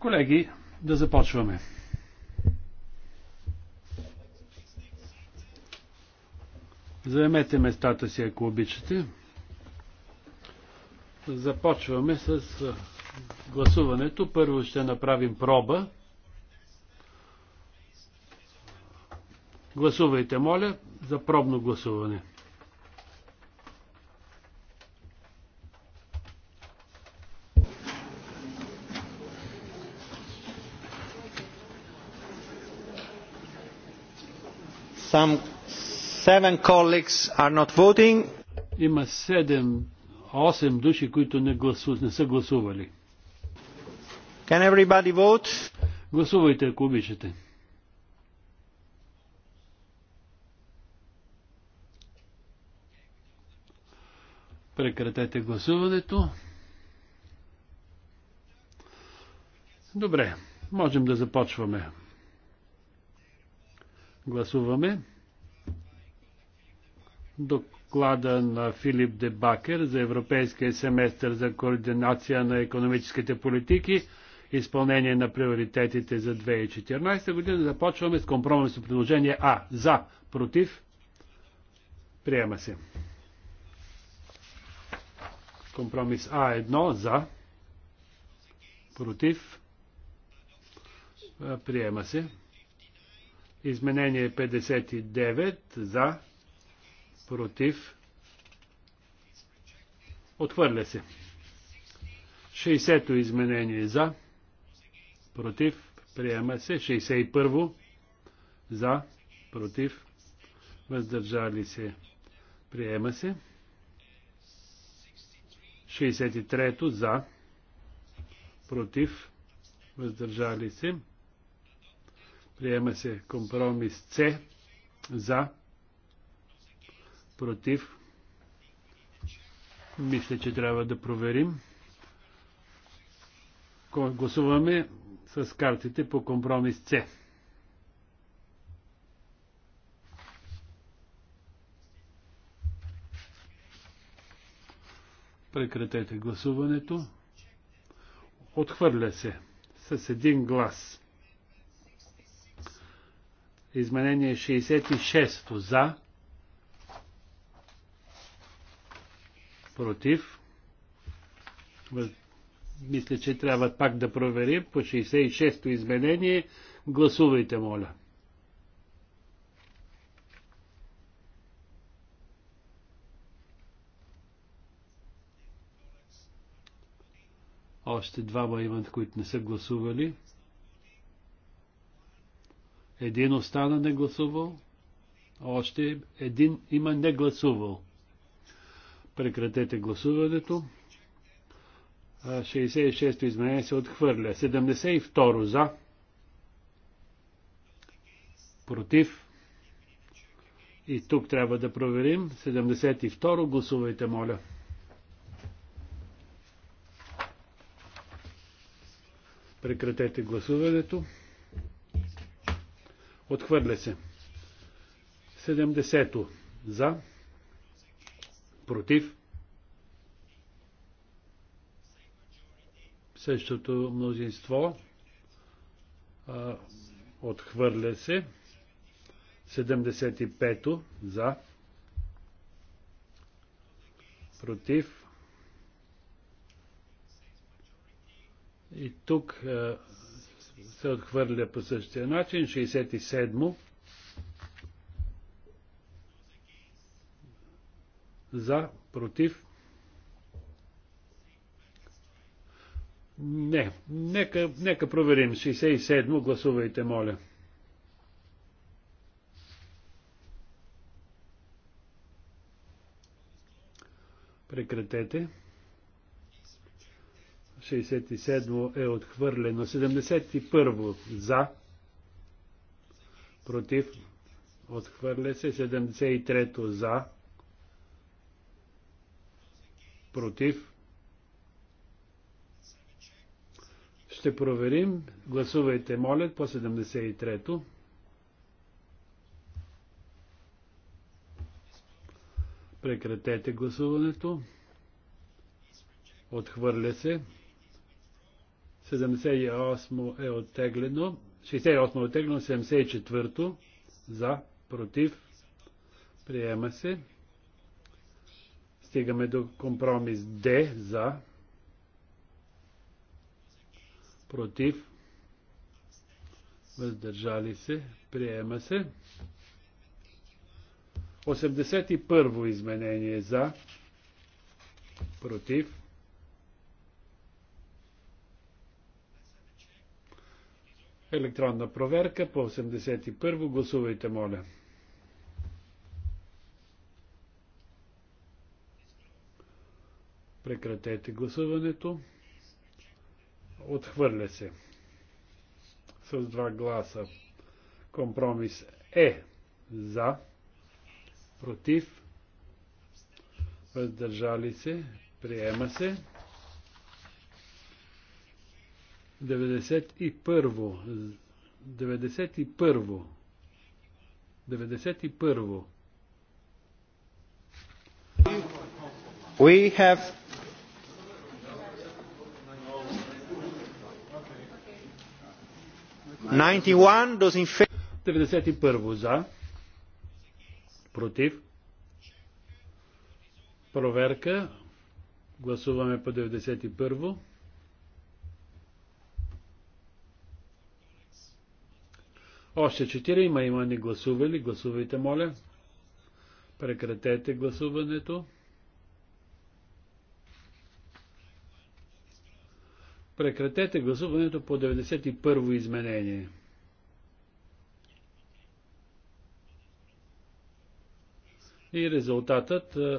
[SPEAKER 1] Колеги, да започваме. Заемете местата си, ако обичате. Започваме с гласуването. Първо ще направим проба. Гласувайте, моля, за пробно гласуване.
[SPEAKER 3] Some seven colleagues are not voting.
[SPEAKER 1] Има седем, осем души, които не, гласу, не са гласували.
[SPEAKER 3] Can everybody vote? Гласувайте, ако обичате.
[SPEAKER 1] Прекратете гласуването. Добре, можем да започваме. Гласуваме доклада на Филип Дебакер за Европейския семестър за координация на економическите политики, изпълнение на приоритетите за 2014 година. Започваме с компромисно предложение А. За, против, приема се. Компромис А1 за, против, приема се. Изменение 59 за, против, отхвърля се. 60-то изменение за, против, приема се. 61 за, против, въздържали се, приема се. 63 за, против, въздържали се, Приема се компромис С за, против. Мисля, че трябва да проверим. Гласуваме с картите по компромис С. Прекратете гласуването. Отхвърля се с един глас. Изменение 66 за, против. Мисля, че трябва пак да проверим по 66-то изменение. Гласувайте, моля. Още двама имат, които не са гласували. Един остана не гласувал. Още един има не гласувал. Прекратете гласуването. 66-то изменение се отхвърля. 72 за. Против. И тук трябва да проверим. 72 гласувайте, моля. Прекратете гласуването. Отхвърля се. 70-то. За. Против. Същото мнозинство. А, отхвърля се. 75-то. За. Против. И тук а, се отхвърля по същия начин. 67 за, против. Не, нека, нека проверим. 67 гласувайте, моля. Прекратете. 67 е отхвърлено. 71 за, против, отхвърля се. 73 за, против. Ще проверим. Гласувайте, моля, по 73-то. Прекратете гласуването. Отхвърля се. 78 е оттеглено. 68 е оттеглено, 74 за, против, приема се. Стигаме до компромис Д за, против, въздържали се, приема се. 81 изменение за, против, Електронна проверка по 81. Гласувайте, моля. Прекратете гласуването. Отхвърля се. С два гласа. Компромис е за, против, въздържали се, приема се. 91.
[SPEAKER 3] We have Ninety one за. Против.
[SPEAKER 1] Проверка. Гласуваме по 91. Още четири има не гласували. Гласувайте, моля. Прекратете гласуването. Прекратете гласуването по 91-во изменение. И резултатът е,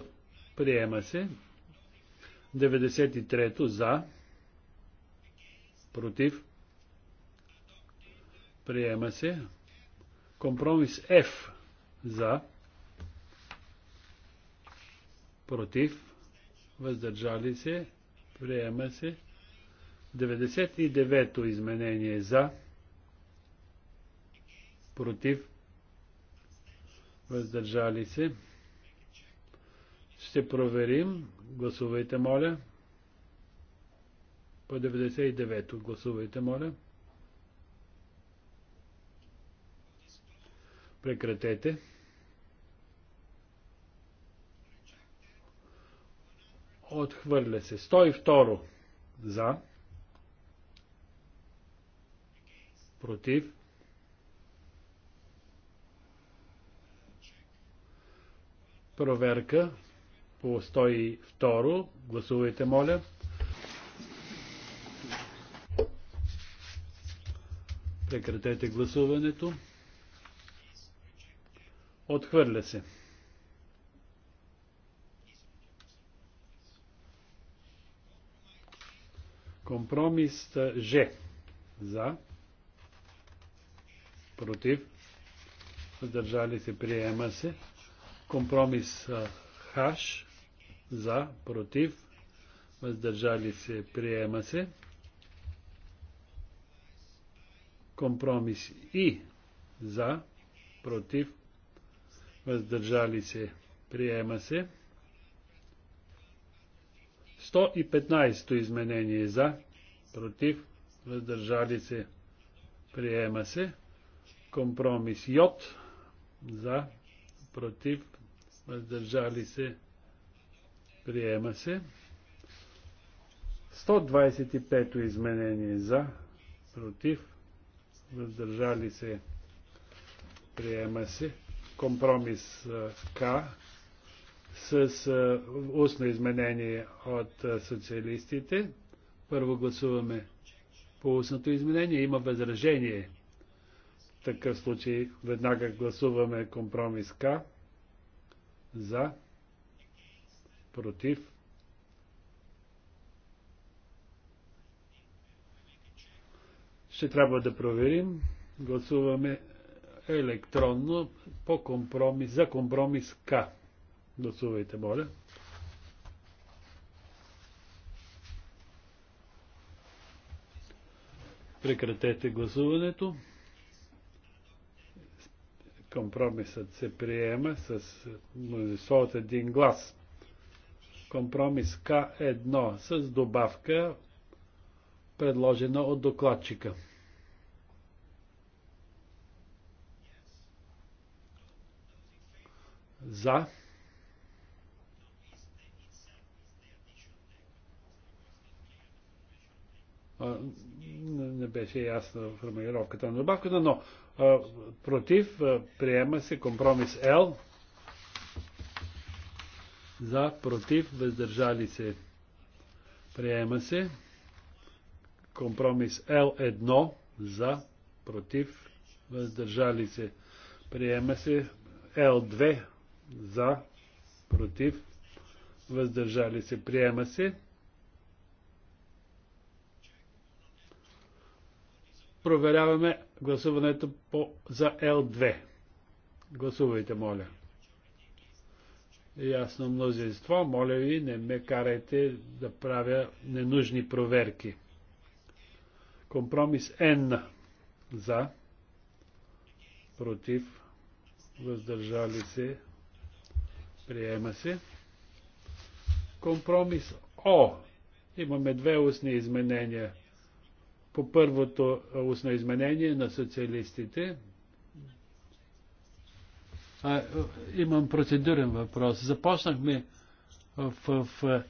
[SPEAKER 1] приема се. 93-то за, против, Приема се. Компромис F за. Против. Въздържали се. Приема се. 99-то изменение за. Против. Въздържали се. Ще проверим. Гласувайте, моля. По 99-то гласувайте, моля. Прекратете. Отхвърля се. 102 за. Против. Проверка по 102. Гласувайте, моля. Прекратете гласуването. Отхвърля се. Компромис Ж. За. Против. Въздържали се. Приема се. Компромис Х. За. Против. Въздържали се. Приема се. Компромис И. За. Против въздържали се, приема се. 115 изменение за, против, въздържали се, приема се. Компромис Йод за, против, въздържали се, приема се. 125 изменение за, против, въздържали се, приема се компромис К с устно изменение от социалистите. Първо гласуваме по устното изменение. Има възражение. В такъв случай веднага гласуваме компромис К за, против. Ще трябва да проверим. Гласуваме електронно по компромис, за компромис К. Гласувайте, моля. Прекратете гласуването. Компромисът се приема с мнозинство от един глас. Компромис К1 с добавка, предложена от докладчика. за не беше ясна формулировката на добавката, но против приема се компромис Л за против въздържали се приема се компромис Л1 за против въздържали се приема се Л2 за, против, въздържали се, приема се. Проверяваме гласуването по, за L2. Гласувайте, моля. Ясно мнозинство, моля ви, не ме карайте да правя ненужни проверки. Компромис N за, против, въздържали се, Приема се. Компромис О. Имаме две устни изменения. По първото устно изменение на социалистите. А, имам процедурен въпрос. Започнахме в, в, в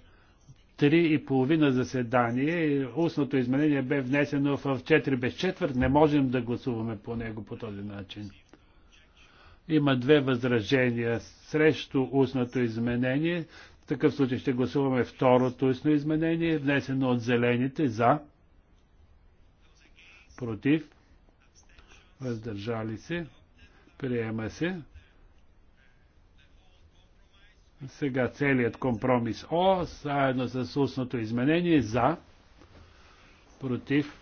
[SPEAKER 1] три и половина заседание. Устното изменение бе внесено в 4 без четвърт. Не можем да гласуваме по него по този начин. Има две възражения срещу устното изменение. В такъв случай ще гласуваме второто устно изменение, внесено от зелените за, против, въздържали се, приема се. Сега целият компромис О, заедно с устното изменение за, против,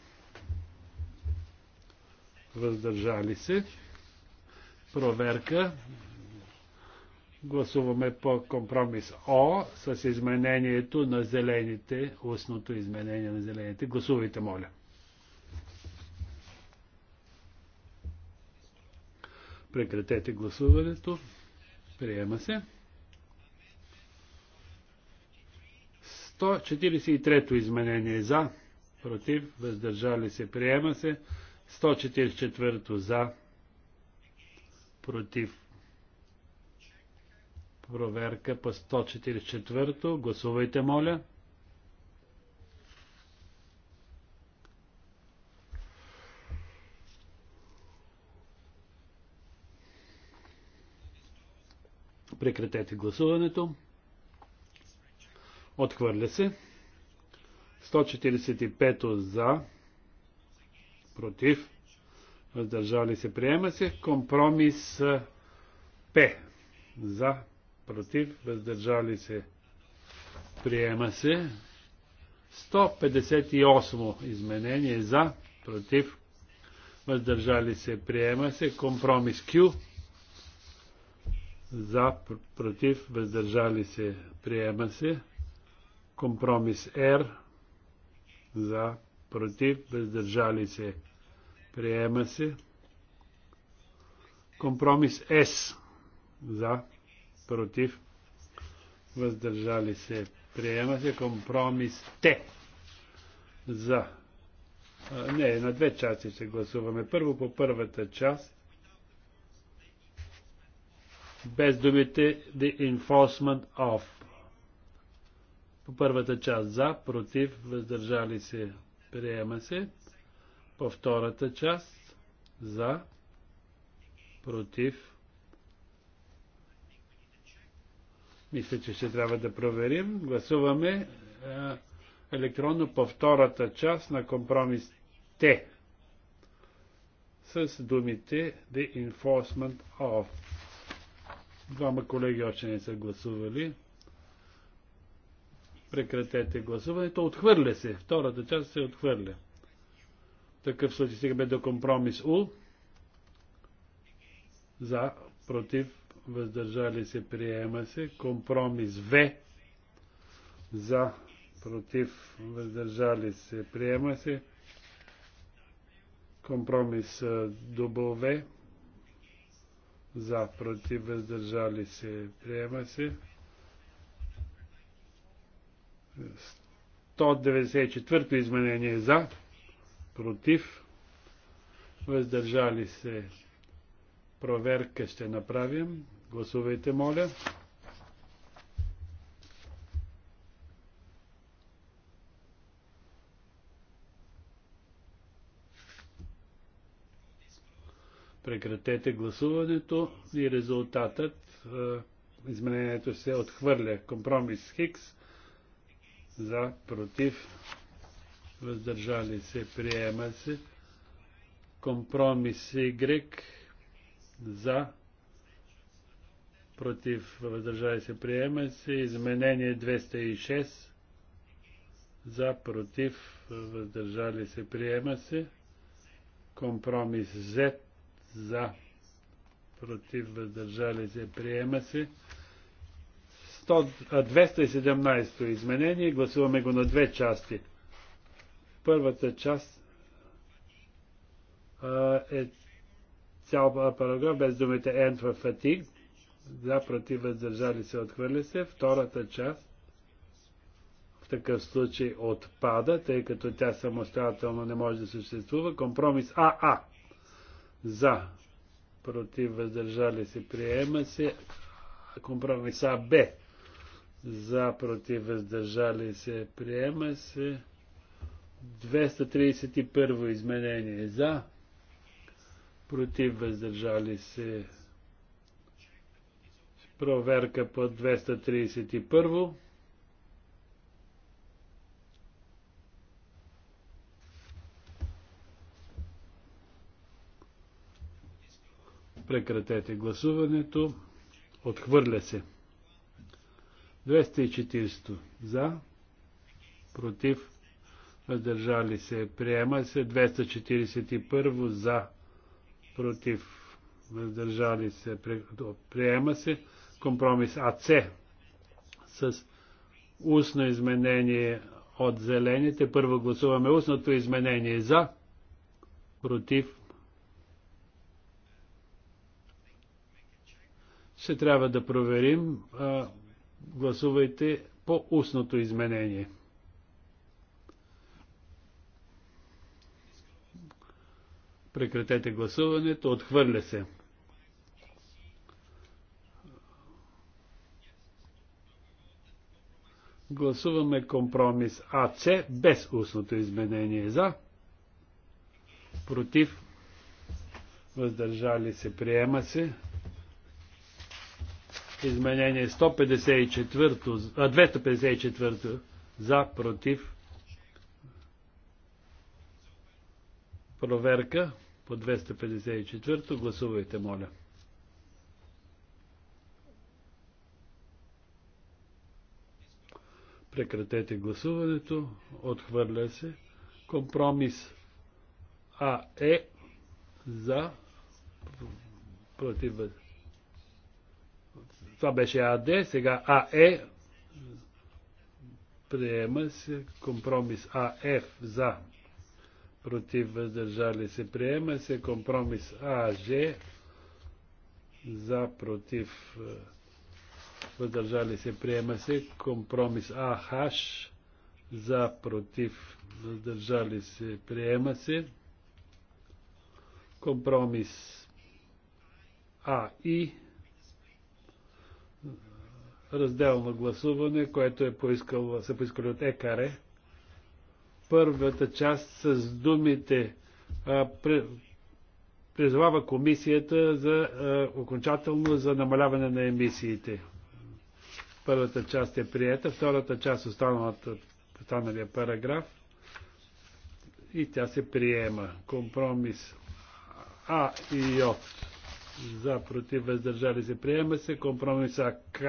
[SPEAKER 1] въздържали се проверка. Гласуваме по компромис О с изменението на зелените, устното изменение на зелените. Гласувайте, моля. Прекратете гласуването. Приема се. 143-то изменение за, против, въздържали се, приема се. 144-то за, против. Проверка по 144. Гласувайте, моля. Прекратете гласуването. Отхвърля се. 145 за, против, въздържали се, приема се. Компромис П. За, против, въздържали се, приема се. 158 изменение за, против, въздържали се, приема се. Компромис Q. За, против, въздържали се, приема се. Компромис R. За, против, въздържали се, приема се Приема се. Компромис С. За. Против. Въздържали се. Приема се. Компромис Т. За. не, на две части ще гласуваме. Първо по първата част. Без думите The Enforcement of. По първата част за, против, въздържали се, приема се. По втората част за, против. Мисля, че ще трябва да проверим. Гласуваме е, електронно по втората част на компромис Т с думите The Enforcement of. Двама колеги още не са гласували. Прекратете гласуването. Отхвърля се. Втората част се отхвърля такъв случай стигаме до компромис У. За, против, въздържали се, приема се. Компромис В. За, против, въздържали се, приема се. Компромис W. За, против, въздържали се, приема се. 194 изменение за против, въздържали се. Проверка ще направим. Гласувайте, моля. Прекратете гласуването и резултатът, изменението се отхвърля. Компромис Хикс за против въздържали се, приема се. Компромис Y за, против, въздържали се, приема се. Изменение 206 за, против, въздържали се, приема се. Компромис Z за, против, въздържали се, приема се. 217 изменение. Гласуваме го на две части. Първата част а, е цял параграф без думите end for fatigue. За, против, въздържали се, отхвърля се. Втората част в такъв случай отпада, тъй като тя самостоятелно не може да съществува. Компромис АА. За, против, въздържали се, приема се. Компромис АБ. За, против, въздържали се, приема се. 231 изменение за, против въздържали се. Проверка по 231. Прекратете гласуването. Отхвърля се. 240 за, против въздържали се, приема се 241 за, против, въздържали се, приема се компромис АЦ с устно изменение от зелените. Първо гласуваме устното изменение за, против. Ще трябва да проверим. Гласувайте по устното изменение. Прекратете гласуването. Отхвърля се. Гласуваме компромис АЦ без устното изменение за. Против. Въздържали се. Приема се. Изменение 154, а 254 за, против. Проверка по 254. Гласувайте, моля. Прекратете гласуването. Отхвърля се. Компромис А е за против. Това беше АД, сега АЕ приема се компромис АФ за против, въздържали се, приема се. Компромис АЖ, за, против, въздържали се, приема се. Компромис АХ, за, против, въздържали се, приема се. Компромис АИ. разделно гласуване, което е поискал, са поискали от ЕКАРЕ първата част с думите призвава комисията за окончателно за намаляване на емисиите. Първата част е приета, втората част останалата, останалия параграф и тя се приема. Компромис А и Йо. За, против, въздържали се, приема се. Компромис АК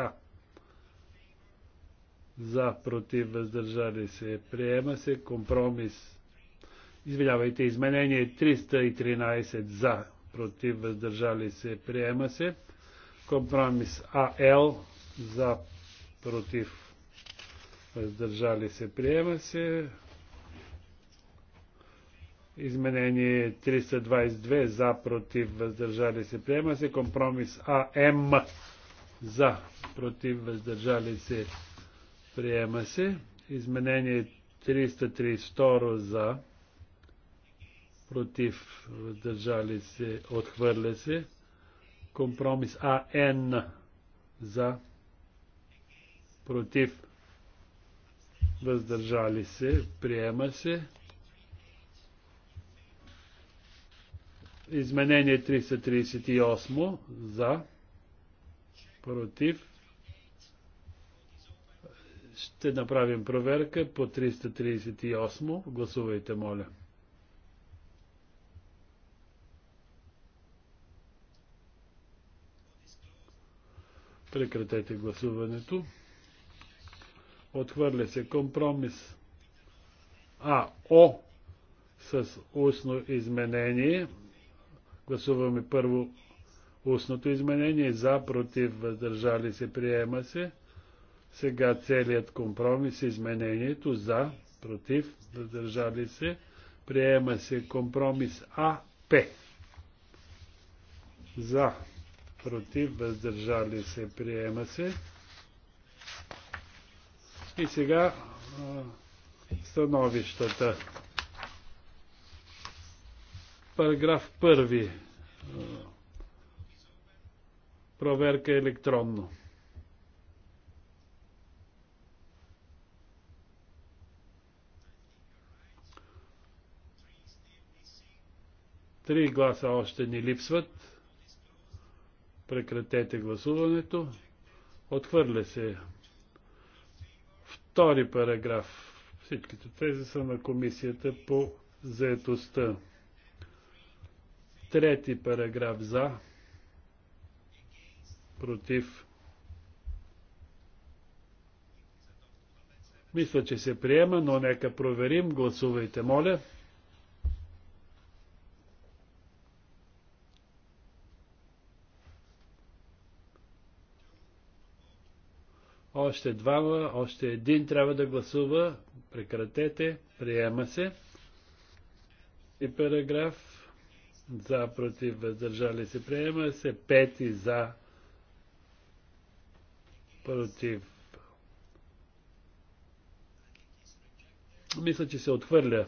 [SPEAKER 1] за, против, въздържали се, приема се, компромис, извинявайте, изменение 313 за, против, въздържали се, приема се, компромис АЛ за, против, въздържали се, приема се, изменение 322 за, против, въздържали се, приема се, компромис АМ за, против, въздържали се, приема се, Приема се. Изменение 332 за. Против. Въздържали се. Отхвърля се. Компромис АН за. Против. Въздържали се. Приема се. Изменение 338 за. Против ще направим проверка по 338. Гласувайте, моля. Прекратете гласуването. Отхвърля се компромис. А, О с устно изменение. Гласуваме първо устното изменение. За, против, въздържали се, приема се. Сега целият компромис, изменението за, против, въздържали се, приема се компромис АП. За, против, въздържали се, приема се. И сега а, становищата. Параграф първи. Проверка електронно. Три гласа още ни липсват. Прекратете гласуването. Отхвърля се. Втори параграф. Всичките тези са на комисията по заетостта. Трети параграф за. Против. Мисля, че се приема, но нека проверим. Гласувайте, моля. още двама, още един трябва да гласува. Прекратете, приема се. И параграф за, против, въздържали се, приема се. Пети за, против. Мисля, че се отхвърля.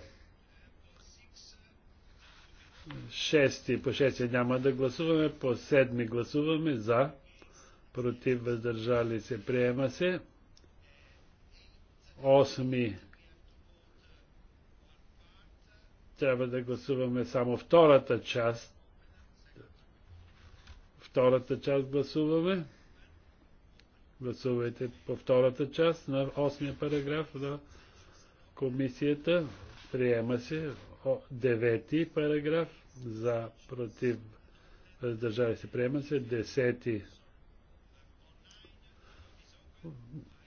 [SPEAKER 1] Шести, по шести няма да гласуваме, по седми гласуваме за против, въздържали се, приема се. Осми. Трябва да гласуваме само втората част. Втората част гласуваме. Гласувайте по втората част на 8 параграф на комисията. Приема се 9 параграф за против въздържали се. Приема се 10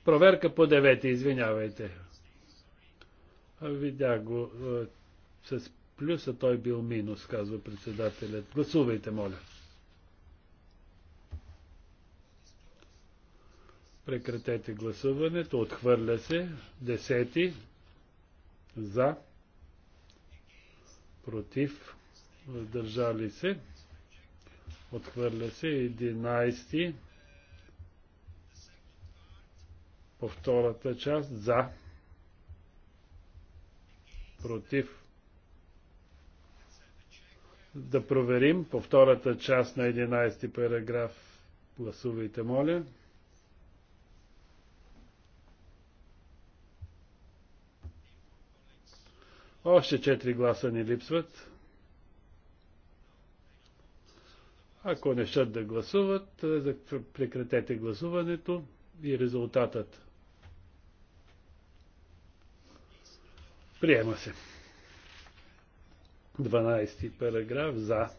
[SPEAKER 1] проверка по девети, извинявайте. Видях го е, с плюса, той бил минус, казва председателят. Гласувайте, моля. Прекратете гласуването. Отхвърля се. Десети. За. Против. Въздържали се. Отхвърля се. Единайсти. По втората част за, против. Да проверим по втората част на 11 ти параграф. Гласувайте, моля. Още 4 гласа ни липсват. Ако не щат да гласуват, е, прекратете гласуването и резултатът. Приема се. 12 параграф за.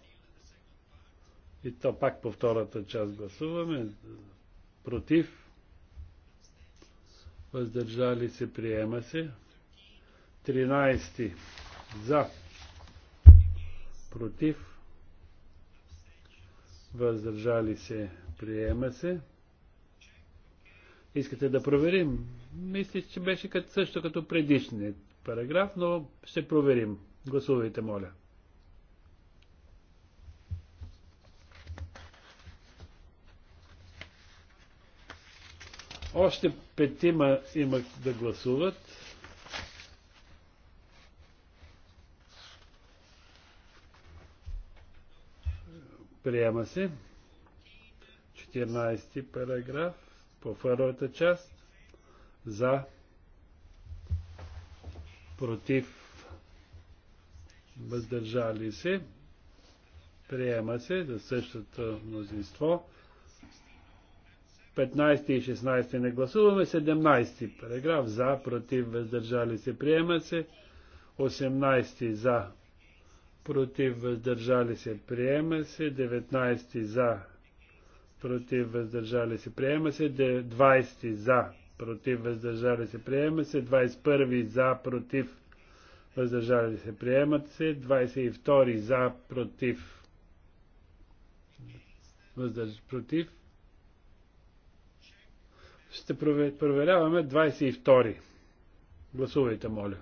[SPEAKER 1] И то пак по втората част гласуваме. Против. Въздържали се. Приема се. 13 за. Против. Въздържали се. Приема се. Искате да проверим? Мисля, че беше също като предишният параграф, но ще проверим. Гласувайте, моля. Още петима имат да гласуват. Приема се. 14 параграф по първата част. За против, въздържали се, приема се за същото мнозинство. 15 и 16 не гласуваме, 17 параграф за, против, въздържали се, приема се. 18 за, против, въздържали се, приема се. 19 за, против, въздържали се, приема се. 20 за, против, въздържали се, приема се. 21 за, против, въздържали се, приемат се. 22 за, против, въздърж, против. Ще проверяваме 22. Гласувайте, моля.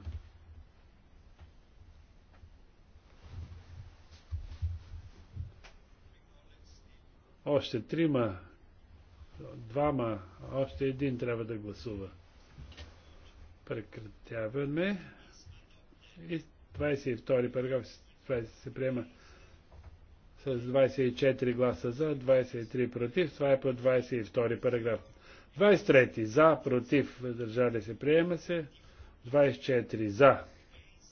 [SPEAKER 1] Още трима Двама, още един трябва да гласува. Прекратяваме. И 22 параграф се приема с 24 гласа за, 23 против. Това е по 22 параграф. 23 за, против, въздържали се, приема се. 24 за,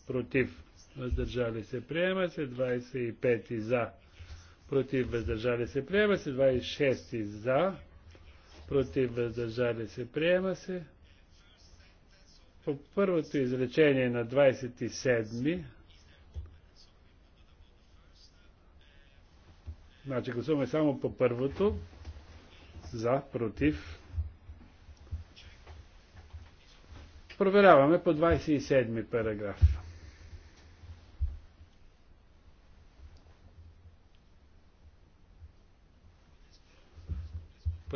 [SPEAKER 1] против, въздържали се, приема се. 25 за, против, въздържали се, приема се. 26 за, против, въздържали се, приема се. По първото изречение на 27 Значи гласуваме само по първото. За, против. Проверяваме по 27 параграф.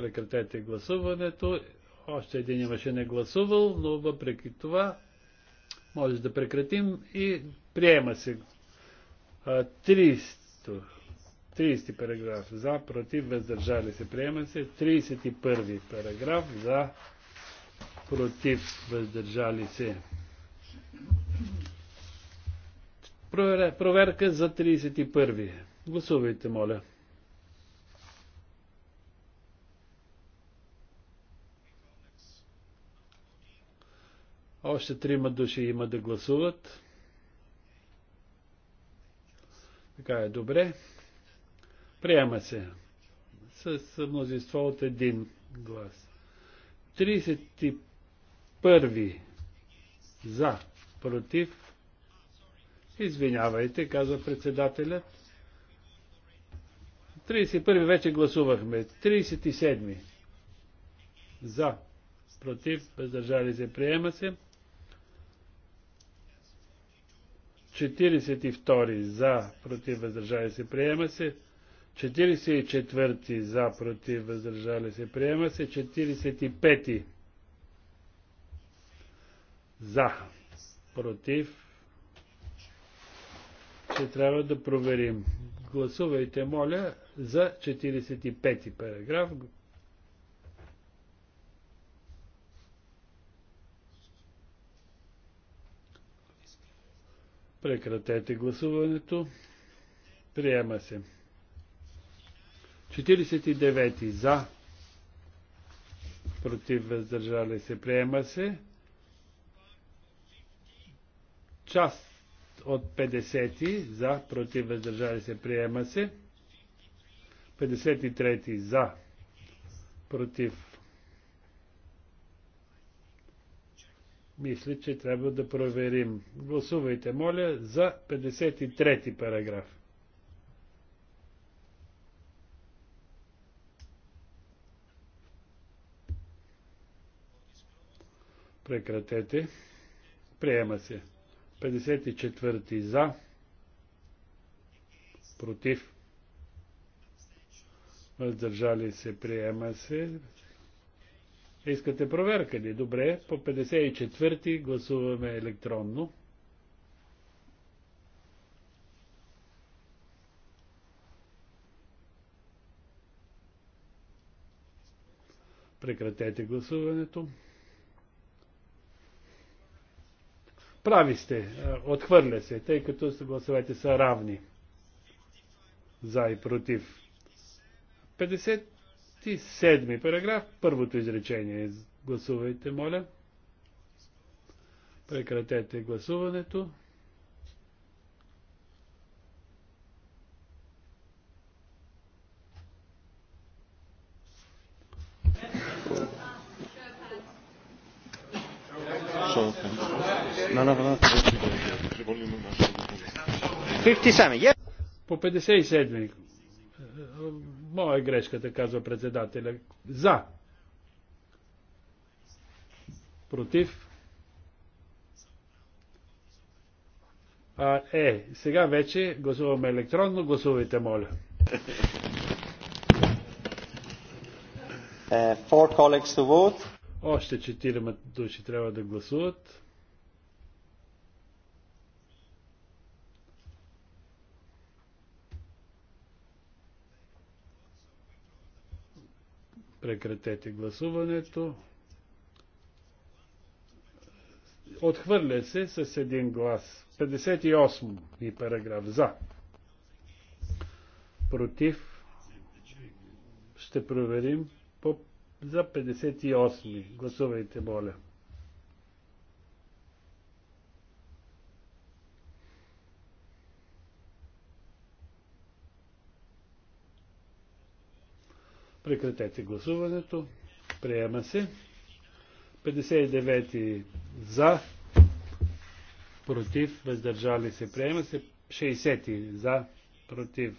[SPEAKER 1] Прекратете гласуването. Още един имаше не гласувал, но въпреки това може да прекратим и приема се. 30, 30 параграф за, против, въздържали се, приема се. 31 параграф за, против, въздържали се. Проверка за 31. Гласувайте, моля. Още трима души има да гласуват. Така е добре. Приема се. С мнозинство от един глас. 31 за, против. Извинявайте, казва председателят. 31 вече гласувахме. 37 за, против, въздържали се, приема се. 42 за, против, въздържали се, приема се. 44 за, против, въздържали се, приема се. 45 за, против. Ще трябва да проверим. Гласувайте, моля, за 45 параграф. Прекратете гласуването. Приема се. 49 за. Против въздържали се. Приема се. Част от 50 за. Против въздържали се. Приема се. 53 за. Против мисля, че трябва да проверим. Гласувайте, моля, за 53 параграф. Прекратете. Приема се. 54 за. Против. Въздържали се. Приема се. Искате проверка ли? Добре, по 54-ти гласуваме електронно. Прекратете гласуването. Прави сте, отхвърля се, тъй като гласовете са равни. За и против. 50 27 параграф, първото изречение. Гласувайте, моля. Прекратете гласуването. По 57. Моя е грешката, казва председателя. За. Против. А, е, сега вече гласуваме електронно. Гласувайте, моля.
[SPEAKER 3] Uh,
[SPEAKER 1] Още четирима души трябва да гласуват. Прекратете гласуването. Отхвърля се с един глас. 58 и параграф за. Против. Ще проверим по, за 58. Гласувайте, моля. Прекратете гласуването. Приема се. 59 за, против, въздържали се, приема се. 60 за, против,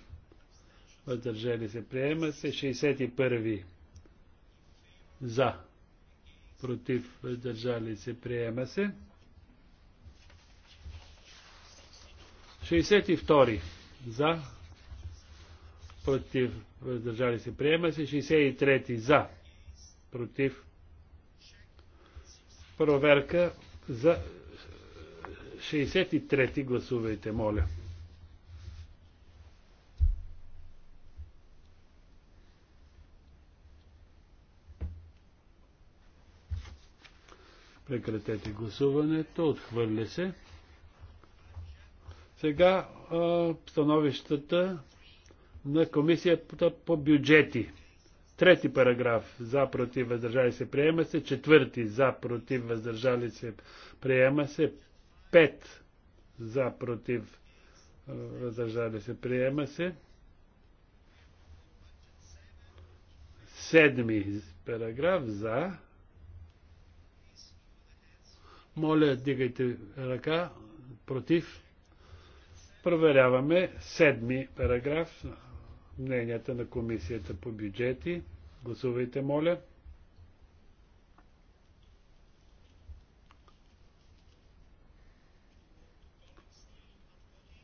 [SPEAKER 1] въздържали се, приема се. 61 за, против, въздържали се, приема се. 62 за, против, въздържали се, приема се. 63 за, против. Проверка за 63 гласувайте, моля. Прекратете гласуването. Отхвърля се. Сега а, становищата на комисията по бюджети. Трети параграф за против въздържали се приема се. Четвърти за против въздържали се приема се. Пет за против въздържали се приема се. Седми параграф за. Моля, дигайте ръка против. Проверяваме седми параграф мненията на комисията по бюджети. Гласувайте, моля.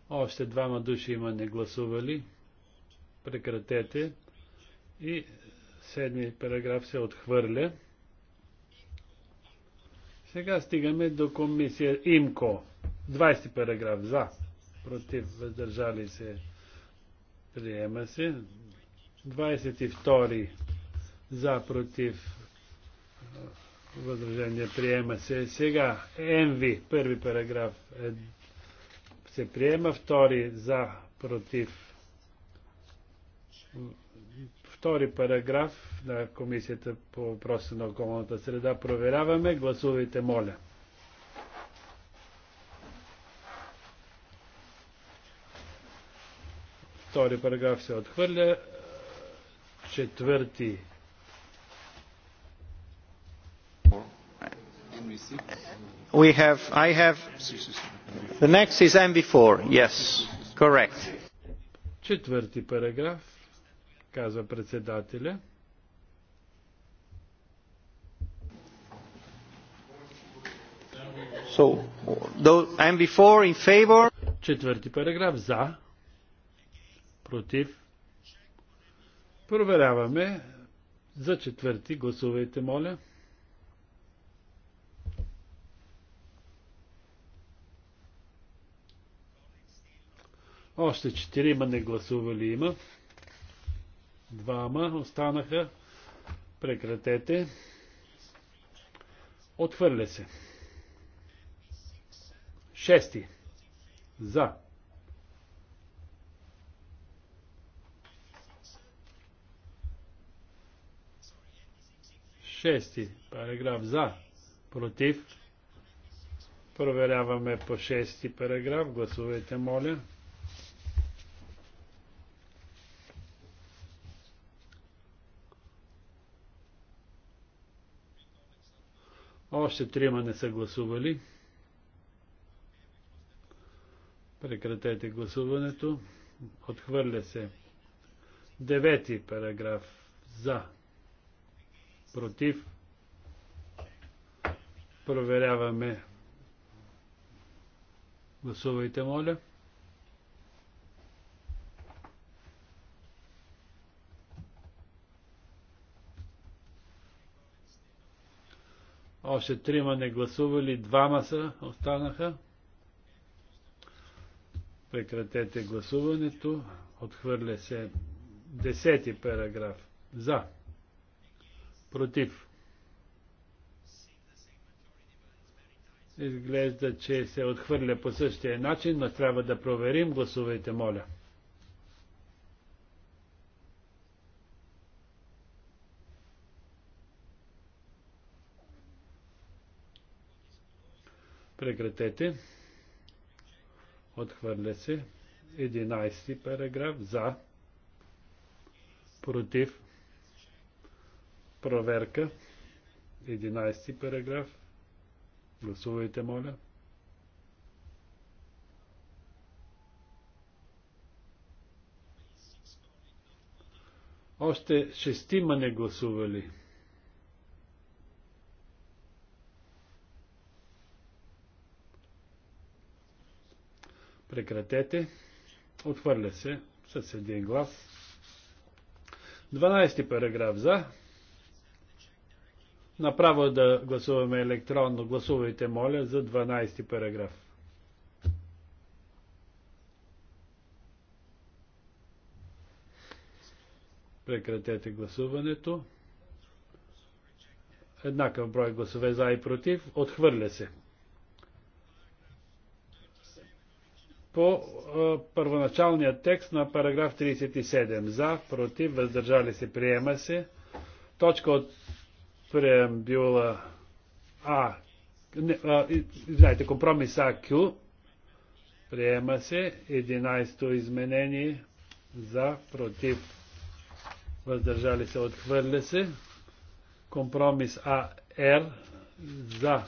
[SPEAKER 1] Още двама души има не гласували. Прекратете. И седми параграф се отхвърля. Сега стигаме до комисия ИМКО. 20 параграф за. Против въздържали се. Приема се. 22 за против възражение приема се. Сега МВ, първи параграф е, се приема, втори за против втори параграф на Комисията по въпроса на околната среда проверяваме. Гласувайте, моля. Втори параграф се отхвърля. Четвърти.
[SPEAKER 3] We have, I have, the next is MV4, yes, correct. Четвърти параграф, казва председателя. So, MV4 in favor. Четвърти параграф за против. Проверяваме
[SPEAKER 1] за четвърти. Гласувайте, моля. Още четирима не гласували има. Двама останаха. Прекратете. Отхвърля се. Шести. За. Шести параграф за, против. Проверяваме по шести параграф. Гласувайте, моля. Още трима не са гласували. Прекратете гласуването. Отхвърля се. Девети параграф. За против. Проверяваме. Гласувайте, моля. Още трима не гласували, двама са, останаха. Прекратете гласуването. Отхвърля се десети параграф. За против. Изглежда, че се отхвърля по същия начин, но трябва да проверим. Гласувайте, моля. Прекратете. Отхвърля се. 11 параграф. За. Против проверка. 11 параграф. Гласувайте, моля. Още шестима не гласували. Прекратете. Отхвърля се с един глас. 12 параграф за. Направо да гласуваме електронно. Гласувайте, моля, за 12 параграф. Прекратете гласуването. Еднакъв брой гласове за и против. Отхвърля се. По а, първоначалния текст на параграф 37. За, против, въздържали се, приема се. Точка от преамбюла А, не, а извинайте, компромис АК приема се 11-то изменение за, против, въздържали се, отхвърля се. Компромис АР за,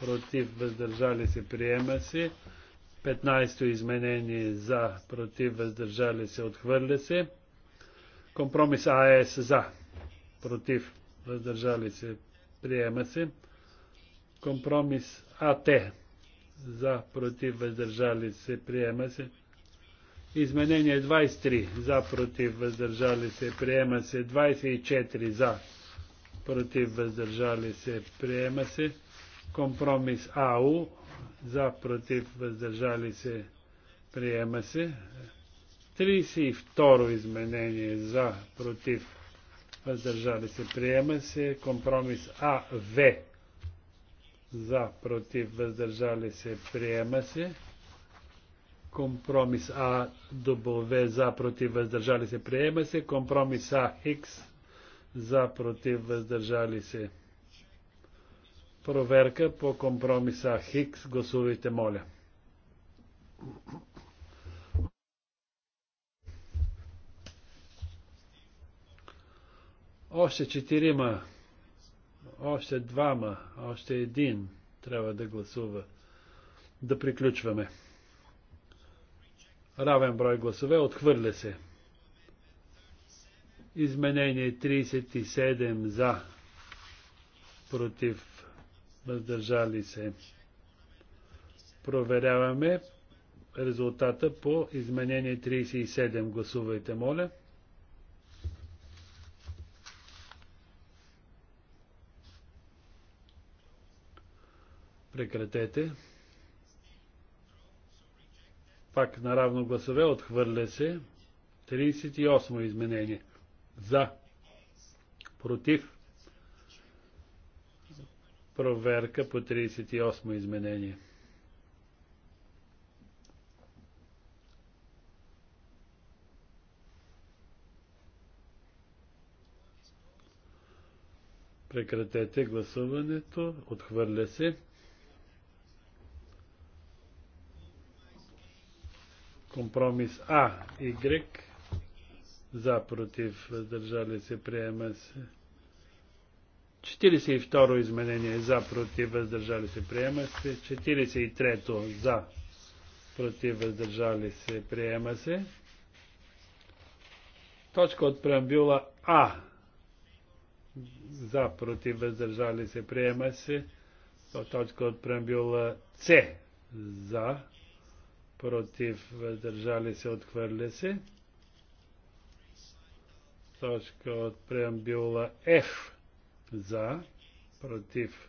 [SPEAKER 1] против, въздържали се, приема се. 15-то изменение за, против, въздържали се, отхвърля се. Компромис АС за, против, въздържали се, приема се. Компромис АТ за, против, въздържали се, приема се. Изменение 23 за, против, въздържали се, приема се. 24 за, против, въздържали се, приема се. Компромис АУ за, против, въздържали се, приема се. 32 изменение за, против, въздържали се, приема се. Компромис АВ за, против, въздържали се, приема се. Компромис А, W, за, против, въздържали се, приема се. Компромис А, Х за, против, въздържали се. Проверка по компромиса Хикс. Гласувайте, моля. Още четирима, още двама, още един трябва да гласува. Да приключваме. Равен брой гласове отхвърля се. Изменение 37 за, против, въздържали се. Проверяваме резултата по изменение 37. Гласувайте, моля. Прекратете. Пак наравно гласове отхвърля се. 38 изменение. За. Против. Проверка по 38 изменение. Прекратете гласуването. Отхвърля се. Компромис А, Y, за, против, въздържали се, приема се. 42 изменение за, против, въздържали се, приема се. 43-то за, против, въздържали се, приема се. Точка от преамбюла А. За, против, въздържали се, приема се. Точка от преамбюла С. За, против, въздържали се, отхвърля се. Точка от преамбюла F за, против.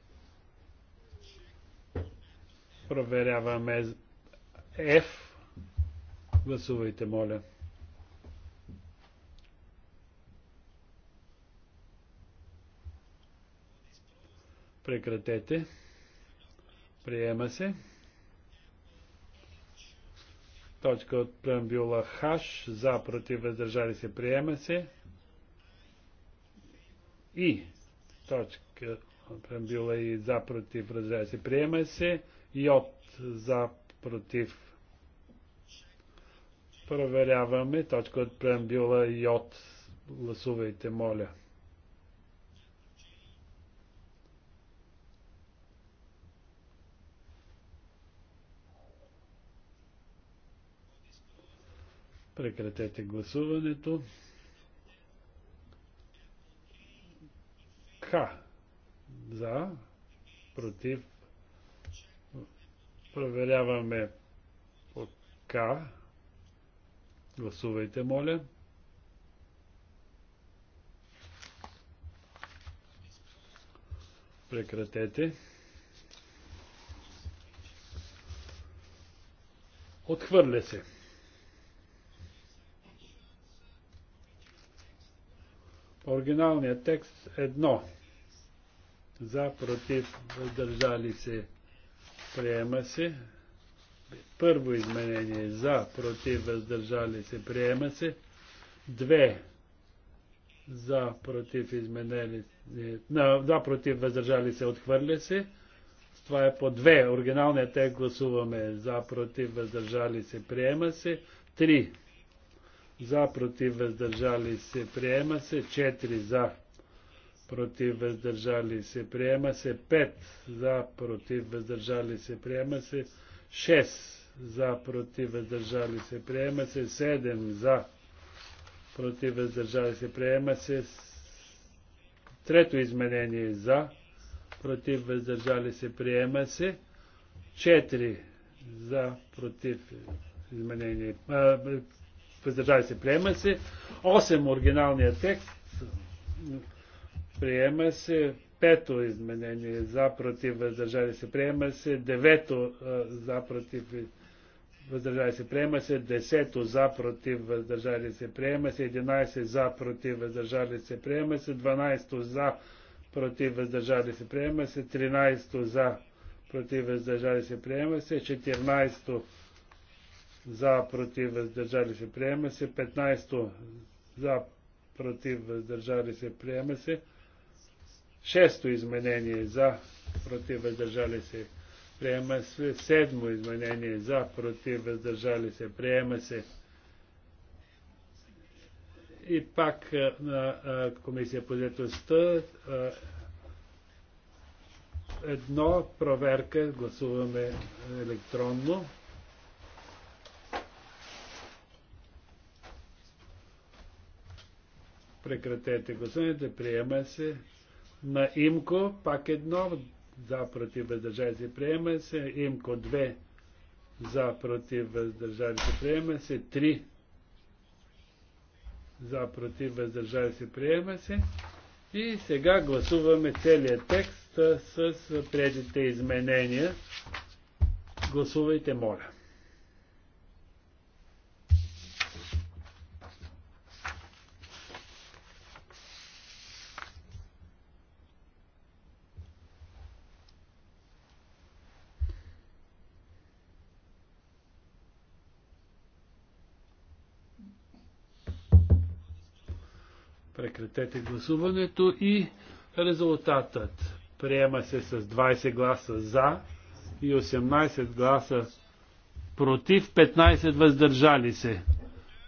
[SPEAKER 1] Проверяваме F. Гласувайте, моля. Прекратете. Приема се точка от преамбюла Хаш, за, против, въздържали се, приема се. И точка от преамбюла и за, против, въздържали се, приема се. И от за, против, проверяваме точка от преамбюла и от гласувайте, моля. Прекратете гласуването. К. За. Против. Проверяваме от К. Гласувайте, моля. Прекратете. Отхвърля се. Оригиналният текст едно. За, против, въздържали се, приема се. Първо изменение за, против, въздържали се, приема се. Две за, против, изменели, на, за, против, въздържали се, отхвърля се. Това е по две. Оригиналният текст гласуваме за, против, въздържали се, приема се. Три за, против, въздържали се, приема се, 4 за, против, въздържали се, приема се, 5 за, против, въздържали се, приема се, 6 за, против, въздържали се, приема се, 7 за, против, въздържали се, приема се, трето изменение за, против, въздържали се, приема се, 4 за, против, изменение, въздържали се, приема се. 8 оригиналния текст, приема се. Пето изменение за, против, въздържали се, приема се. Девето за, против, въздържали се, приема се. Десето за, против, въздържали се, приема се. Единайсе, за, против, въздържали се, приема се. Дванайсто за, против, въздържали се, приема се. Тринайсто за, против, въздържали се, приема се. Четирнайсто за, за, против, въздържали се, приема се. 15 за, против, въздържали се, приема се. Шесто изменение за, против, въздържали се, приема се. Седмо изменение за, против, въздържали се, приема се. И пак на Комисия по детостта едно проверка, гласуваме електронно. Прекратете гласуването. Приема се. На имко пак едно. За против въздържали се. Приема се. Имко 2. За против въздържали се. Приема се. 3. За против въздържали се. Приема се. И сега гласуваме целият текст с предите изменения. Гласувайте, моля. Прекратете гласуването и резултатът. Приема се с 20 гласа за и 18 гласа против, 15 въздържали се.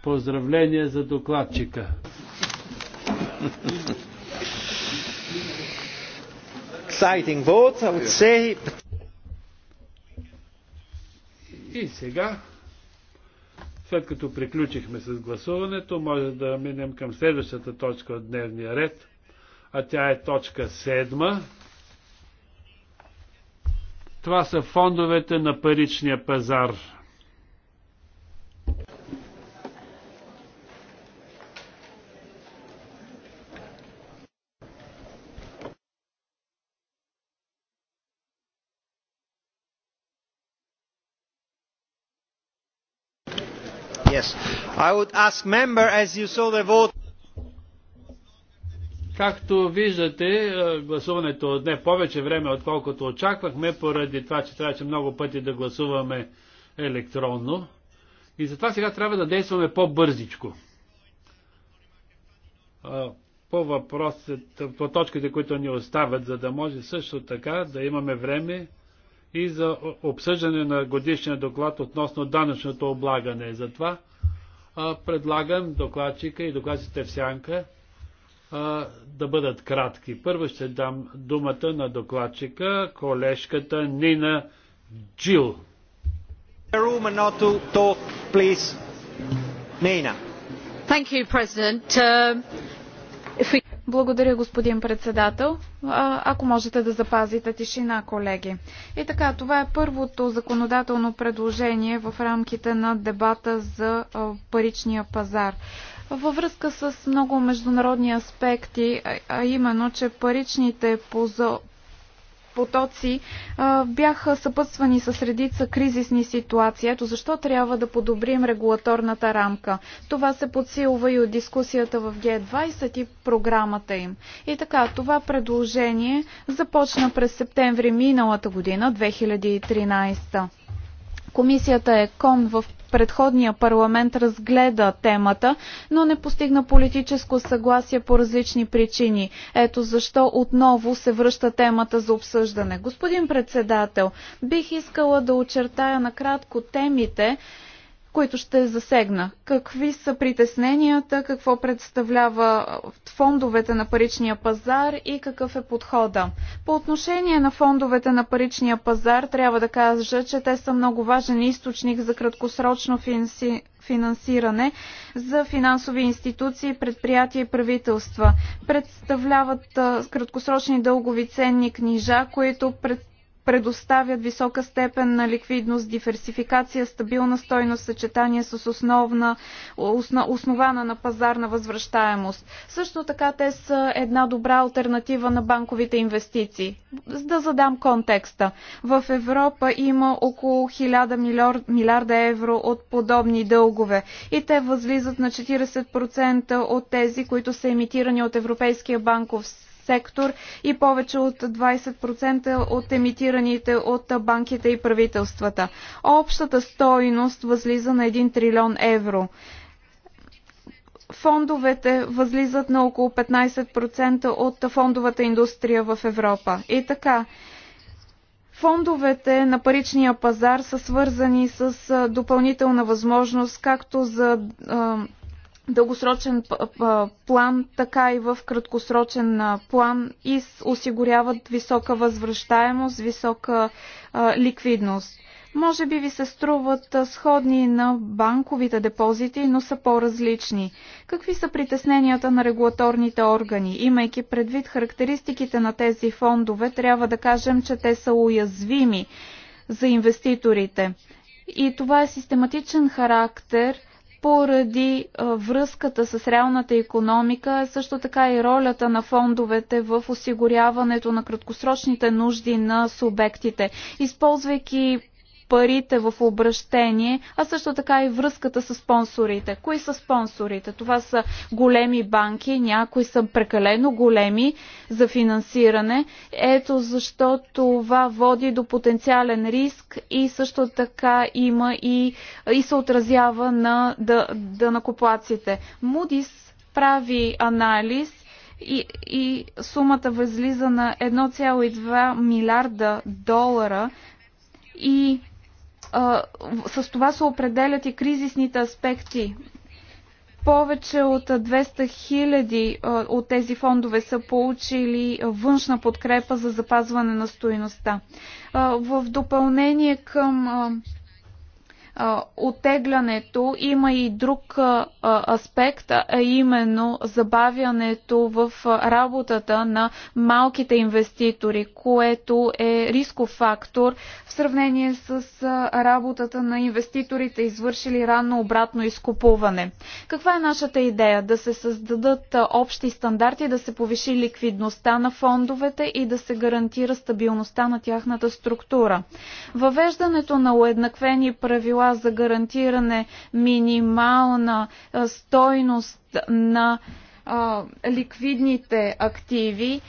[SPEAKER 1] Поздравление за докладчика.
[SPEAKER 3] Exciting I would say.
[SPEAKER 1] И сега след като приключихме с гласуването, може да минем към следващата точка от дневния ред, а тя е точка 7. Това са фондовете на паричния пазар.
[SPEAKER 3] I would ask member, as you saw the vote. Както
[SPEAKER 1] виждате, е, гласуването отне повече време, отколкото очаквахме, поради това, че трябваше много пъти да гласуваме електронно. И затова сега трябва да действаме по-бързичко. Е, по въпросите, по точките, които ни остават, за да може също така да имаме време и за обсъждане на годишния доклад относно данъчното облагане. Затова предлагам докладчика и докладчите в сянка да бъдат кратки. Първо ще дам думата на докладчика, колежката Нина
[SPEAKER 3] Джил.
[SPEAKER 4] Thank you, President. Uh... Благодаря, господин председател. Ако можете да запазите тишина, колеги. И така, това е първото законодателно предложение в рамките на дебата за паричния пазар. Във връзка с много международни аспекти, а именно, че паричните потоци бяха съпътствани с редица кризисни ситуации. Ето защо трябва да подобрим регулаторната рамка. Това се подсилва и от дискусията в Г20 и програмата им. И така, това предложение започна през септември миналата година, 2013. Комисията ЕКОН в предходния парламент разгледа темата, но не постигна политическо съгласие по различни причини. Ето защо отново се връща темата за обсъждане. Господин председател, бих искала да очертая накратко темите, които ще засегна. Какви са притесненията, какво представлява фондовете на паричния пазар и какъв е подхода. По отношение на фондовете на паричния пазар трябва да кажа, че те са много важен източник за краткосрочно финанси финансиране за финансови институции, предприятия и правителства. Представляват краткосрочни дългови ценни книжа, които пред предоставят висока степен на ликвидност, диверсификация, стабилна стойност, съчетание с основна, основ, основана на пазарна възвръщаемост. Също така те са една добра альтернатива на банковите инвестиции. Да задам контекста. В Европа има около 1000 милиор, милиарда евро от подобни дългове и те възлизат на 40% от тези, които са емитирани от Европейския банков сектор и повече от 20% от емитираните от банките и правителствата. Общата стоеност възлиза на 1 трилион евро фондовете възлизат на около 15% от фондовата индустрия в Европа. И така, фондовете на паричния пазар са свързани с допълнителна възможност както за дългосрочен план, така и в краткосрочен план и осигуряват висока възвръщаемост, висока ликвидност. Може би ви се струват сходни на банковите депозити, но са по-различни. Какви са притесненията на регулаторните органи? Имайки предвид характеристиките на тези фондове, трябва да кажем, че те са уязвими за инвеститорите. И това е систематичен характер – поради връзката с реалната економика, също така и ролята на фондовете в осигуряването на краткосрочните нужди на субектите. Използвайки парите в обращение, а също така и връзката с спонсорите. Кои са спонсорите? Това са големи банки, някои са прекалено големи за финансиране. Ето защо това води до потенциален риск и също така има и, и се отразява на дънакоплаците. Да, да Мудис прави анализ и, и сумата възлиза на 1,2 милиарда долара и с това се определят и кризисните аспекти. Повече от 200 хиляди от тези фондове са получили външна подкрепа за запазване на стоиността. В допълнение към Отеглянето има и друг аспект, а именно забавянето в работата на малките инвеститори, което е рисков фактор в сравнение с работата на инвеститорите, извършили ранно обратно изкупуване. Каква е нашата идея? Да се създадат общи стандарти, да се повиши ликвидността на фондовете и да се гарантира стабилността на тяхната структура. Въвеждането на уеднаквени правила това за гарантиране минимална стойност на ликвидните активи,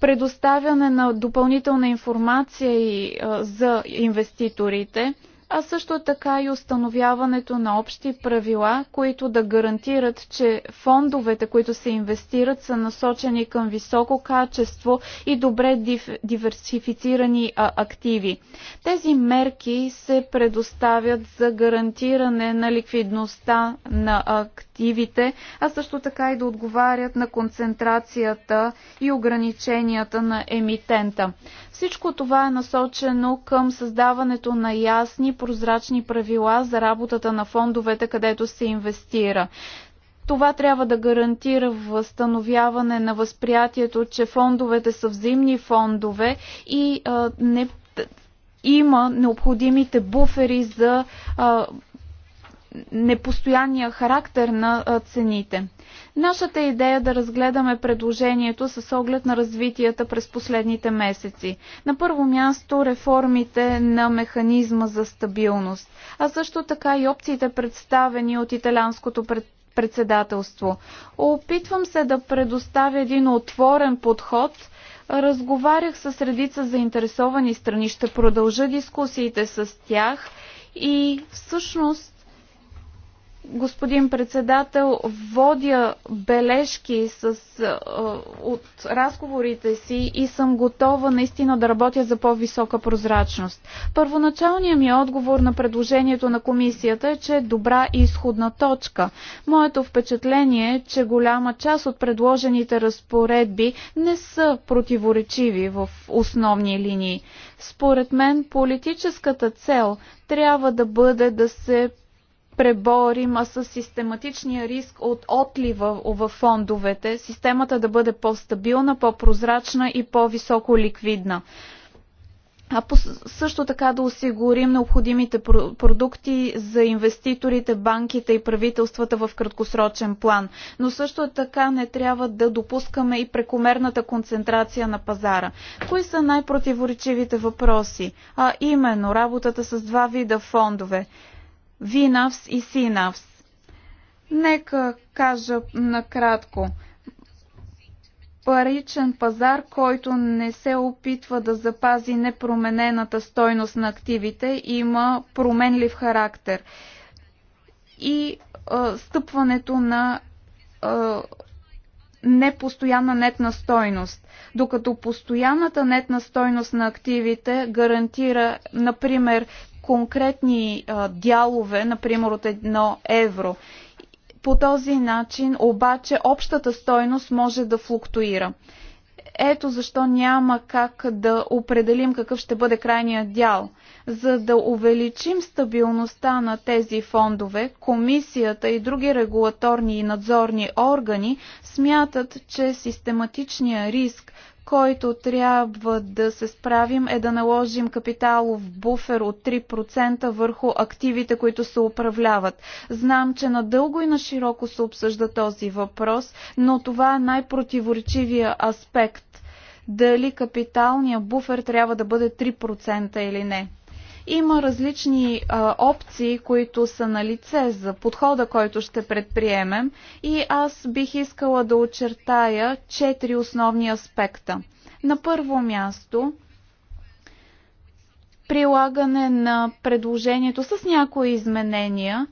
[SPEAKER 4] предоставяне на допълнителна информация и за инвеститорите, а също така и установяването на общи правила, които да гарантират, че фондовете, които се инвестират, са насочени към високо качество и добре диверсифицирани активи. Тези мерки се предоставят за гарантиране на ликвидността на активите активите, а също така и да отговарят на концентрацията и ограниченията на емитента. Всичко това е насочено към създаването на ясни, прозрачни правила за работата на фондовете, където се инвестира. Това трябва да гарантира възстановяване на възприятието, че фондовете са взаимни фондове и а, не има необходимите буфери за а, непостоянния характер на цените. Нашата идея е да разгледаме предложението с оглед на развитията през последните месеци. На първо място реформите на механизма за стабилност, а също така и опциите представени от италянското предприятие председателство. Опитвам се да предоставя един отворен подход. Разговарях с редица заинтересовани страни, ще продължа дискусиите с тях и всъщност господин председател, водя бележки с, от разговорите си и съм готова наистина да работя за по-висока прозрачност. Първоначалният ми отговор на предложението на комисията е, че е добра изходна точка. Моето впечатление е, че голяма част от предложените разпоредби не са противоречиви в основни линии. Според мен политическата цел трябва да бъде да се преборим а с систематичния риск от отлива в фондовете, системата да бъде по-стабилна, по-прозрачна и по-високо ликвидна а по- също така да осигурим необходимите продукти за инвеститорите, банките и правителствата в краткосрочен план. Но също така не трябва да допускаме и прекомерната концентрация на пазара. Кои са най-противоречивите въпроси? А именно работата с два вида фондове Винавс и СИНАВС. Нека кажа накратко. Паричен пазар, който не се опитва да запази непроменената стойност на активите, има променлив характер. И а, стъпването на а, непостоянна нетна стойност, докато постоянната нетна стойност на активите гарантира, например, конкретни а, дялове, например от едно евро. По този начин обаче общата стойност може да флуктуира. Ето защо няма как да определим какъв ще бъде крайният дял. За да увеличим стабилността на тези фондове, комисията и други регулаторни и надзорни органи смятат, че систематичният риск, който трябва да се справим е да наложим капиталов буфер от 3% върху активите, които се управляват. Знам, че надълго и на широко се обсъжда този въпрос, но това е най-противоречивия аспект. Дали капиталният буфер трябва да бъде 3% или не? Има различни а, опции, които са на лице за подхода, който ще предприемем и аз бих искала да очертая четири основни аспекта. На първо място прилагане на предложението с някои изменения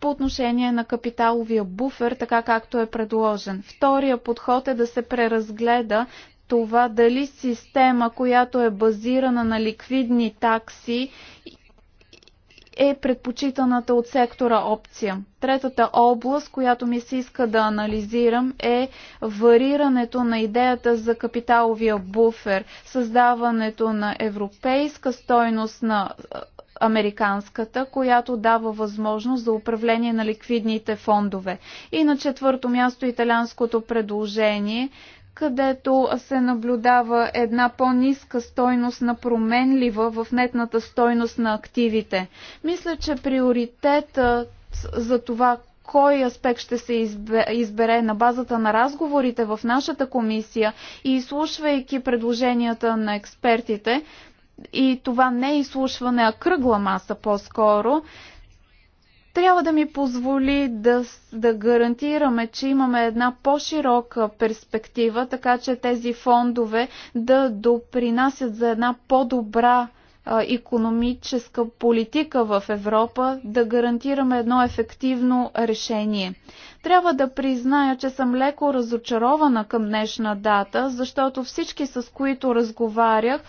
[SPEAKER 4] по отношение на капиталовия буфер, така както е предложен. Втория подход е да се преразгледа това дали система, която е базирана на ликвидни такси, е предпочитаната от сектора опция. Третата област, която ми се иска да анализирам е варирането на идеята за капиталовия буфер, създаването на европейска стойност на американската, която дава възможност за управление на ликвидните фондове. И на четвърто място италянското предложение, където се наблюдава една по-ниска стойност на променлива в нетната стойност на активите. Мисля, че приоритетът за това кой аспект ще се избере на базата на разговорите в нашата комисия и изслушвайки предложенията на експертите, и това не е изслушване, а кръгла маса по-скоро, трябва да ми позволи да, да гарантираме, че имаме една по-широка перспектива, така че тези фондове да допринасят за една по-добра економическа политика в Европа, да гарантираме едно ефективно решение. Трябва да призная, че съм леко разочарована към днешна дата, защото всички с които разговарях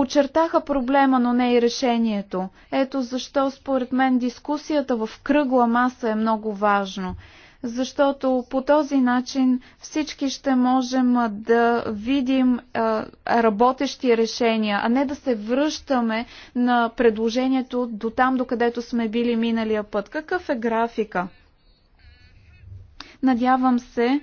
[SPEAKER 4] очертаха проблема, но не и решението. Ето защо според мен дискусията в кръгла маса е много важно защото по този начин всички ще можем да видим работещи решения, а не да се връщаме на предложението до там, докъдето сме били миналия път. Какъв е графика? Надявам се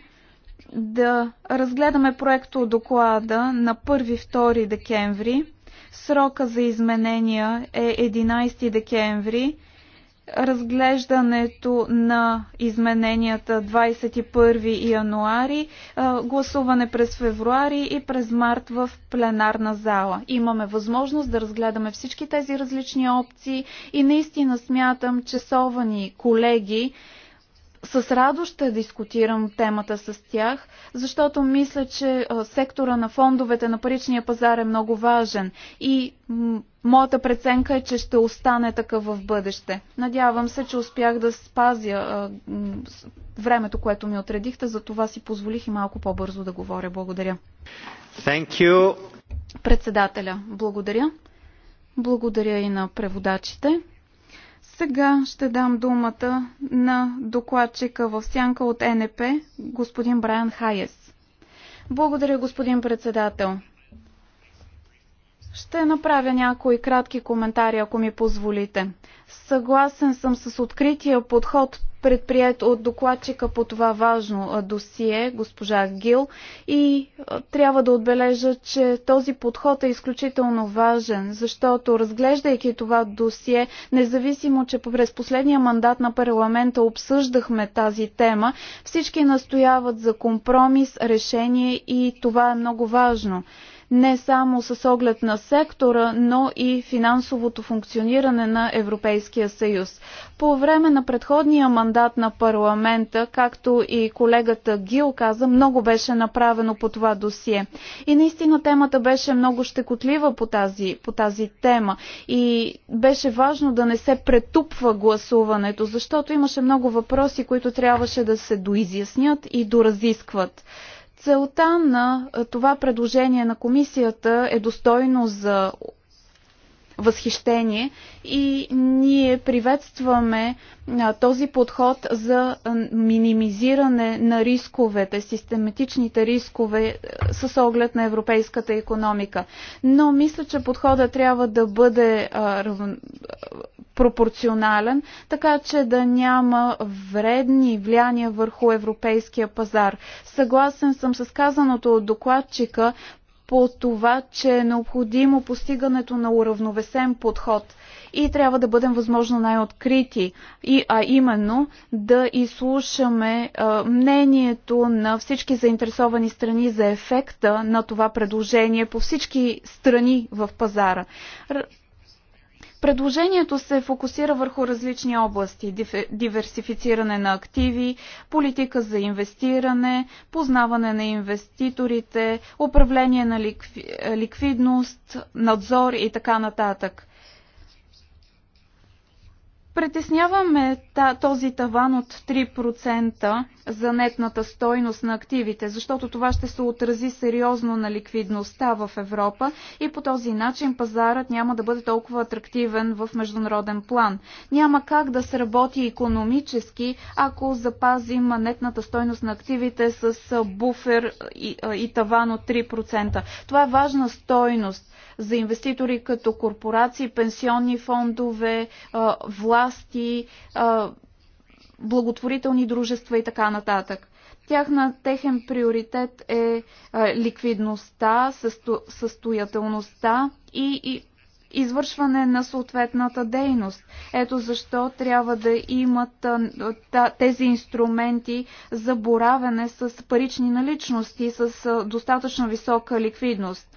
[SPEAKER 4] да разгледаме проекто доклада на 1-2 декември Срока за изменения е 11 декември. Разглеждането на измененията 21 януари, гласуване през февруари и през март в пленарна зала. Имаме възможност да разгледаме всички тези различни опции и наистина смятам, че ни колеги с радост ще дискутирам темата с тях, защото мисля, че сектора на фондовете на паричния пазар е много важен и моята преценка е, че ще остане такъв в бъдеще. Надявам се, че успях да спазя времето, което ми отредихте, за това си позволих и малко по-бързо да говоря. Благодаря.
[SPEAKER 3] Thank you.
[SPEAKER 4] Председателя, благодаря. Благодаря и на преводачите. Сега ще дам думата на докладчика в сянка от НП, господин Брайан Хайес. Благодаря, господин председател. Ще направя някои кратки коментари, ако ми позволите. Съгласен съм с открития подход предприят от докладчика по това важно досие, госпожа Гил, и трябва да отбележа, че този подход е изключително важен, защото разглеждайки това досие, независимо, че през последния мандат на парламента обсъждахме тази тема, всички настояват за компромис, решение и това е много важно не само с оглед на сектора, но и финансовото функциониране на Европейския съюз. По време на предходния мандат на парламента, както и колегата Гил каза, много беше направено по това досие. И наистина темата беше много щекотлива по тази, по тази тема и беше важно да не се претупва гласуването, защото имаше много въпроси, които трябваше да се доизяснят и доразискват. Целта на е, това предложение на комисията е достойно за възхищение и ние приветстваме този подход за минимизиране на рисковете, систематичните рискове с оглед на европейската економика. Но мисля, че подходът трябва да бъде пропорционален, така че да няма вредни влияния върху европейския пазар. Съгласен съм с казаното от докладчика по това, че е необходимо постигането на уравновесен подход и трябва да бъдем възможно най-открити, а именно да изслушаме а, мнението на всички заинтересовани страни за ефекта на това предложение по всички страни в пазара. Предложението се фокусира върху различни области – диверсифициране на активи, политика за инвестиране, познаване на инвеститорите, управление на ликви... ликвидност, надзор и така нататък. Притесняваме този таван от 3% за нетната стойност на активите, защото това ще се отрази сериозно на ликвидността в Европа и по този начин пазарът няма да бъде толкова атрактивен в международен план. Няма как да се работи економически, ако запазим нетната стойност на активите с буфер и, и таван от 3%. Това е важна стойност за инвеститори като корпорации, пенсионни фондове, власти, благотворителни дружества и така нататък. на техен приоритет е, е ликвидността, състо, състоятелността и, и извършване на съответната дейност. Ето защо трябва да имат тези инструменти за боравене с парични наличности с достатъчно висока ликвидност.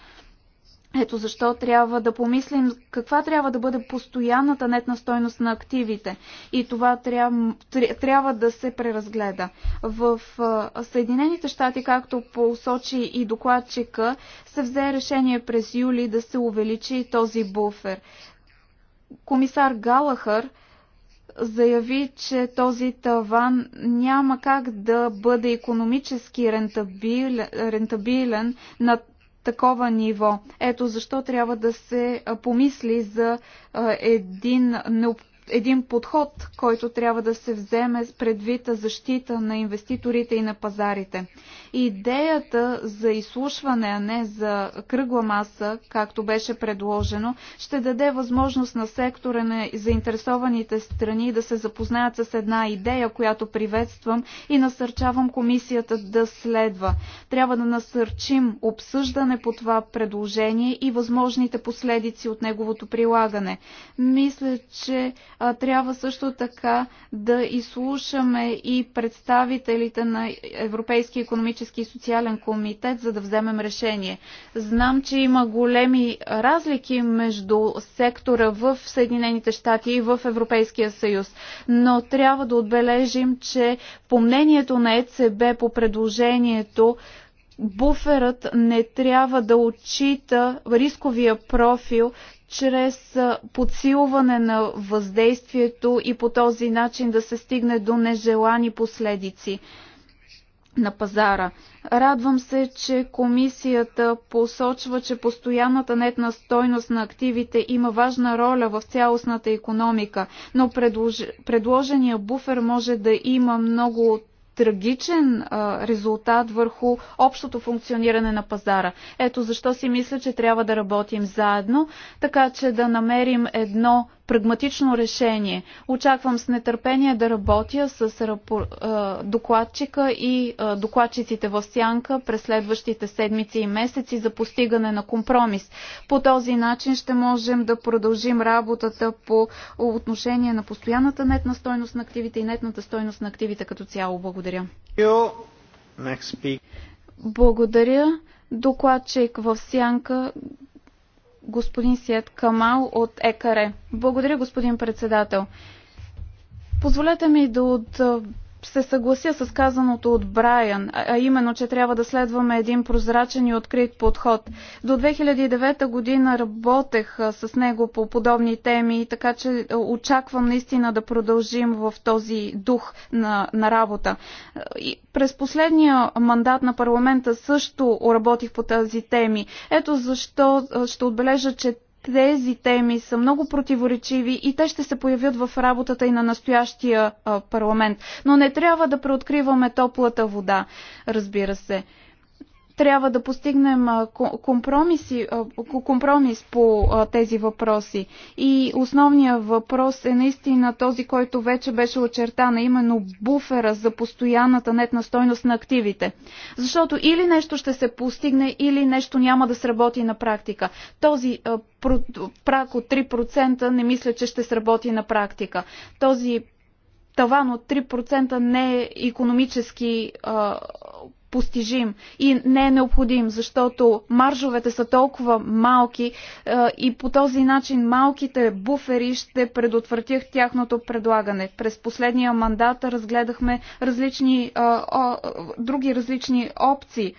[SPEAKER 4] Ето защо трябва да помислим каква трябва да бъде постоянната нетна стойност на активите. И това трябва, трябва да се преразгледа. В Съединените щати, както посочи и докладчика, се взе решение през юли да се увеличи този буфер. Комисар Галахър заяви, че този таван няма как да бъде економически рентабилен, рентабилен на такова ниво. Ето защо трябва да се помисли за един необходим един подход, който трябва да се вземе предвид защита на инвеститорите и на пазарите. Идеята за изслушване, а не за кръгла маса, както беше предложено, ще даде възможност на сектора на заинтересованите страни да се запознаят с една идея, която приветствам и насърчавам комисията да следва. Трябва да насърчим обсъждане по това предложение и възможните последици от неговото прилагане. Мисля, че трябва също така да изслушаме и представителите на Европейския економически и социален комитет, за да вземем решение. Знам, че има големи разлики между сектора в Съединените щати и в Европейския съюз, но трябва да отбележим, че по мнението на ЕЦБ по предложението буферът не трябва да отчита рисковия профил чрез подсилване на въздействието и по този начин да се стигне до нежелани последици на пазара. Радвам се, че комисията посочва, че постоянната нетна стойност на активите има важна роля в цялостната економика, но предлож... предложения буфер може да има много трагичен а, резултат върху общото функциониране на пазара. Ето защо си мисля, че трябва да работим заедно, така че да намерим едно прагматично решение. Очаквам с нетърпение да работя с докладчика и докладчиците в сянка през следващите седмици и месеци за постигане на компромис. По този начин ще можем да продължим работата по отношение на постоянната нетна стойност на активите и нетната стойност на активите като цяло. Благодаря. Благодаря. Докладчик в сянка господин Сият Камал от ЕКАРЕ. Благодаря, господин председател. Позволете ми да от се съглася с казаното от Брайан, а именно, че трябва да следваме един прозрачен и открит подход. До 2009 година работех с него по подобни теми, така че очаквам наистина да продължим в този дух на, на работа. И през последния мандат на парламента също работих по тази теми. Ето защо ще отбележа, че тези теми са много противоречиви и те ще се появят в работата и на настоящия парламент. Но не трябва да преоткриваме топлата вода, разбира се трябва да постигнем компромиси, компромис по тези въпроси. И основният въпрос е наистина този, който вече беше очертан, именно буфера за постоянната нетна стойност на активите. Защото или нещо ще се постигне, или нещо няма да сработи на практика. Този прак от 3% не мисля, че ще сработи на практика. Този таван от 3% не е економически постижим и не е необходим, защото маржовете са толкова малки е, и по този начин малките буфери ще предотвратях тяхното предлагане. През последния мандат разгледахме различни, е, други различни опции.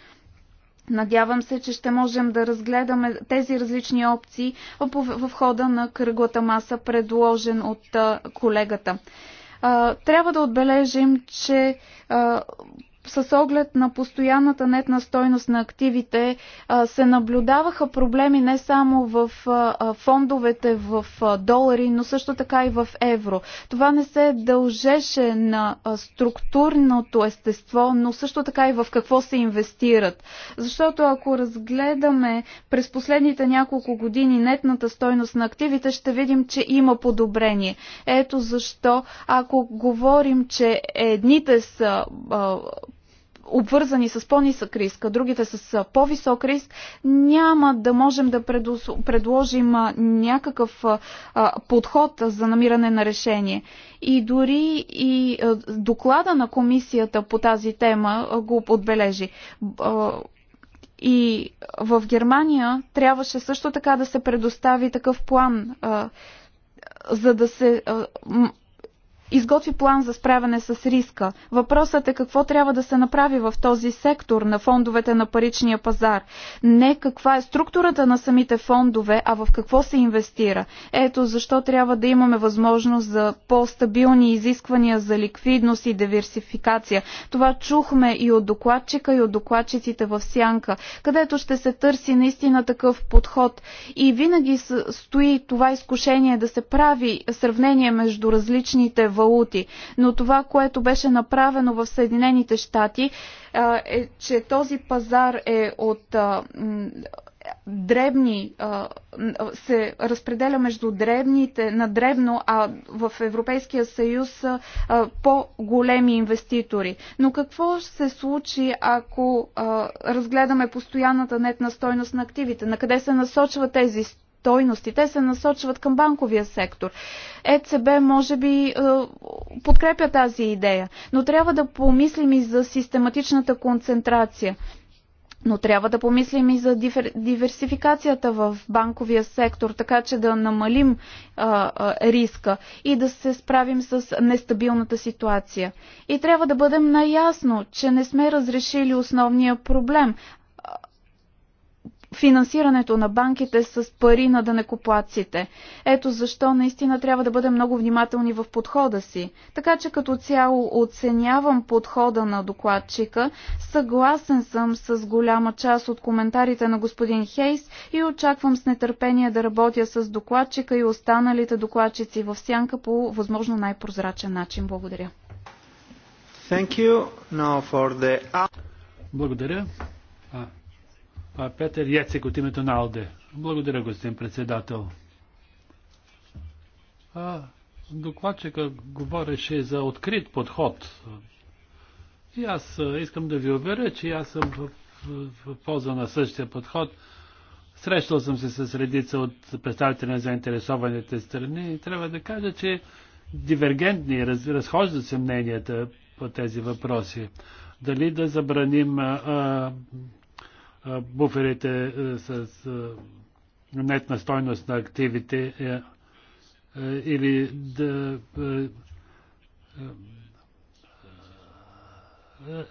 [SPEAKER 4] Надявам се, че ще можем да разгледаме тези различни опции в хода на кръглата маса, предложен от е, колегата трябва да отбележим, че с оглед на постоянната нетна стойност на активите се наблюдаваха проблеми не само в фондовете в долари, но също така и в евро. Това не се дължеше на структурното естество, но също така и в какво се инвестират. Защото ако разгледаме през последните няколко години нетната стойност на активите, ще видим, че има подобрение. Ето защо, ако говорим, че едните са обвързани с по-нисък риск, а другите с по-висок риск, няма да можем да предложим някакъв подход за намиране на решение. И дори и доклада на комисията по тази тема го отбележи. И в Германия трябваше също така да се предостави такъв план, за да се изготви план за справяне с риска. Въпросът е какво трябва да се направи в този сектор на фондовете на паричния пазар. Не каква е структурата на самите фондове, а в какво се инвестира. Ето защо трябва да имаме възможност за по-стабилни изисквания за ликвидност и диверсификация. Това чухме и от докладчика, и от докладчиците в Сянка, където ще се търси наистина такъв подход. И винаги стои това изкушение да се прави сравнение между различните валути. Но това, което беше направено в Съединените щати, е, че този пазар е от дребни, се разпределя между дребните на дребно, а в Европейския съюз по-големи инвеститори. Но какво се случи, ако разгледаме постоянната нетна стойност на активите? На къде се насочват тези стойности. Те се насочват към банковия сектор. ЕЦБ може би е, подкрепя тази идея, но трябва да помислим и за систематичната концентрация. Но трябва да помислим и за диверсификацията в банковия сектор, така че да намалим а, е, а, е, риска и да се справим с нестабилната ситуация. И трябва да бъдем наясно, че не сме разрешили основния проблем, финансирането на банките с пари на дънекоплаците. Ето защо наистина трябва да бъдем много внимателни в подхода си. Така че като цяло оценявам подхода на докладчика, съгласен съм с голяма част от коментарите на господин Хейс и очаквам с нетърпение да работя с докладчика и останалите докладчици в сянка по възможно най-прозрачен начин. Благодаря.
[SPEAKER 3] Thank you. Now for the... Благодаря.
[SPEAKER 1] Петър Яцек от името на Алде. Благодаря, господин председател. А, докладчика говореше за открит подход. И аз искам да ви уверя, че аз съм в, в, в полза на същия подход. Срещал съм се с редица от представители на заинтересованите страни и трябва да кажа, че дивергентни, раз, разхождат се мненията по тези въпроси. Дали да забраним а, буферите е, с е, нетна стойност на активите е, или да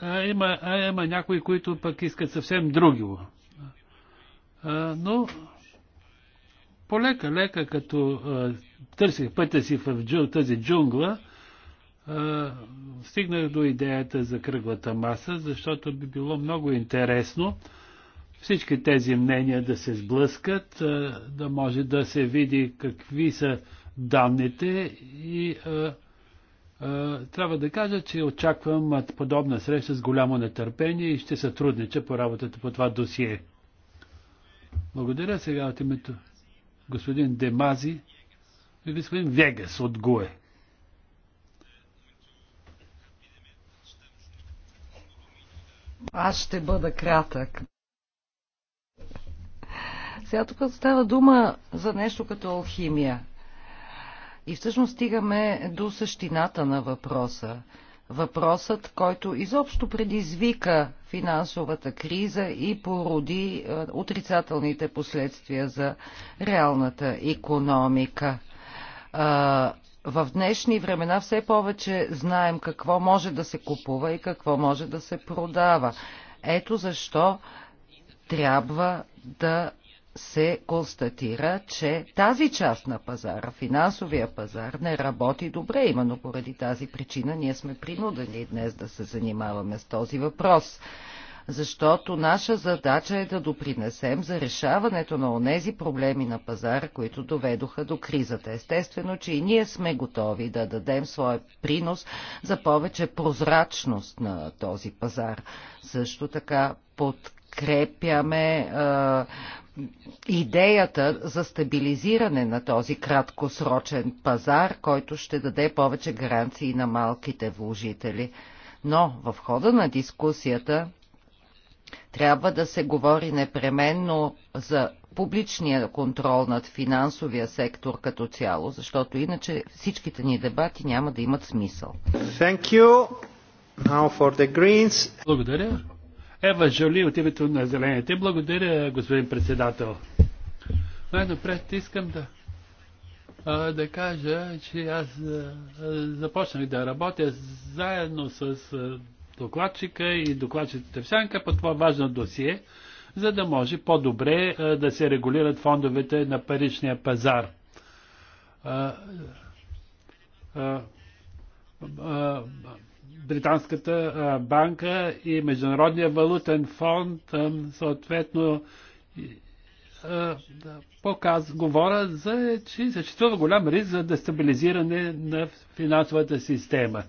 [SPEAKER 1] а има, а има някои, които пък искат съвсем друго. Но полека, лека, като а, търсих пътя си в джун, тази джунгла, а, стигнах до идеята за кръглата маса, защото би било много интересно всички тези мнения да се сблъскат, да може да се види какви са данните и а, а, трябва да кажа, че очаквам подобна среща с голямо нетърпение и ще сътруднича по работата по това досие. Благодаря сега от името господин Демази и господин Вегас от ГУЕ.
[SPEAKER 2] Аз ще бъда кратък. Сега тук става дума за нещо като алхимия. И всъщност стигаме до същината на въпроса. Въпросът, който изобщо предизвика финансовата криза и породи е, отрицателните последствия за реалната економика. Е, в днешни времена все повече знаем какво може да се купува и какво може да се продава. Ето защо трябва да се констатира, че тази част на пазара, финансовия пазар, не работи добре. Именно поради тази причина ние сме принудени днес да се занимаваме с този въпрос. Защото наша задача е да допринесем за решаването на онези проблеми на пазара, които доведоха до кризата. Естествено, че и ние сме готови да дадем своя принос за повече прозрачност на този пазар. Също така под подкрепяме идеята за стабилизиране на този краткосрочен пазар, който ще даде повече гаранции на малките вложители. Но в хода на дискусията трябва да се говори непременно за публичния контрол над финансовия сектор като цяло, защото иначе всичките ни дебати няма да имат смисъл. Благодаря. Ева Жоли от името на Зелените.
[SPEAKER 1] Благодаря, господин председател. Най-напред искам да, да кажа, че аз започнах да работя заедно с докладчика и докладчиката в сянка по това важно досие, за да може по-добре да се регулират фондовете на паричния пазар. А, а, а, Британската банка и Международния валутен фонд съответно показ, говоря за, че съществува голям риск за дестабилизиране на финансовата система.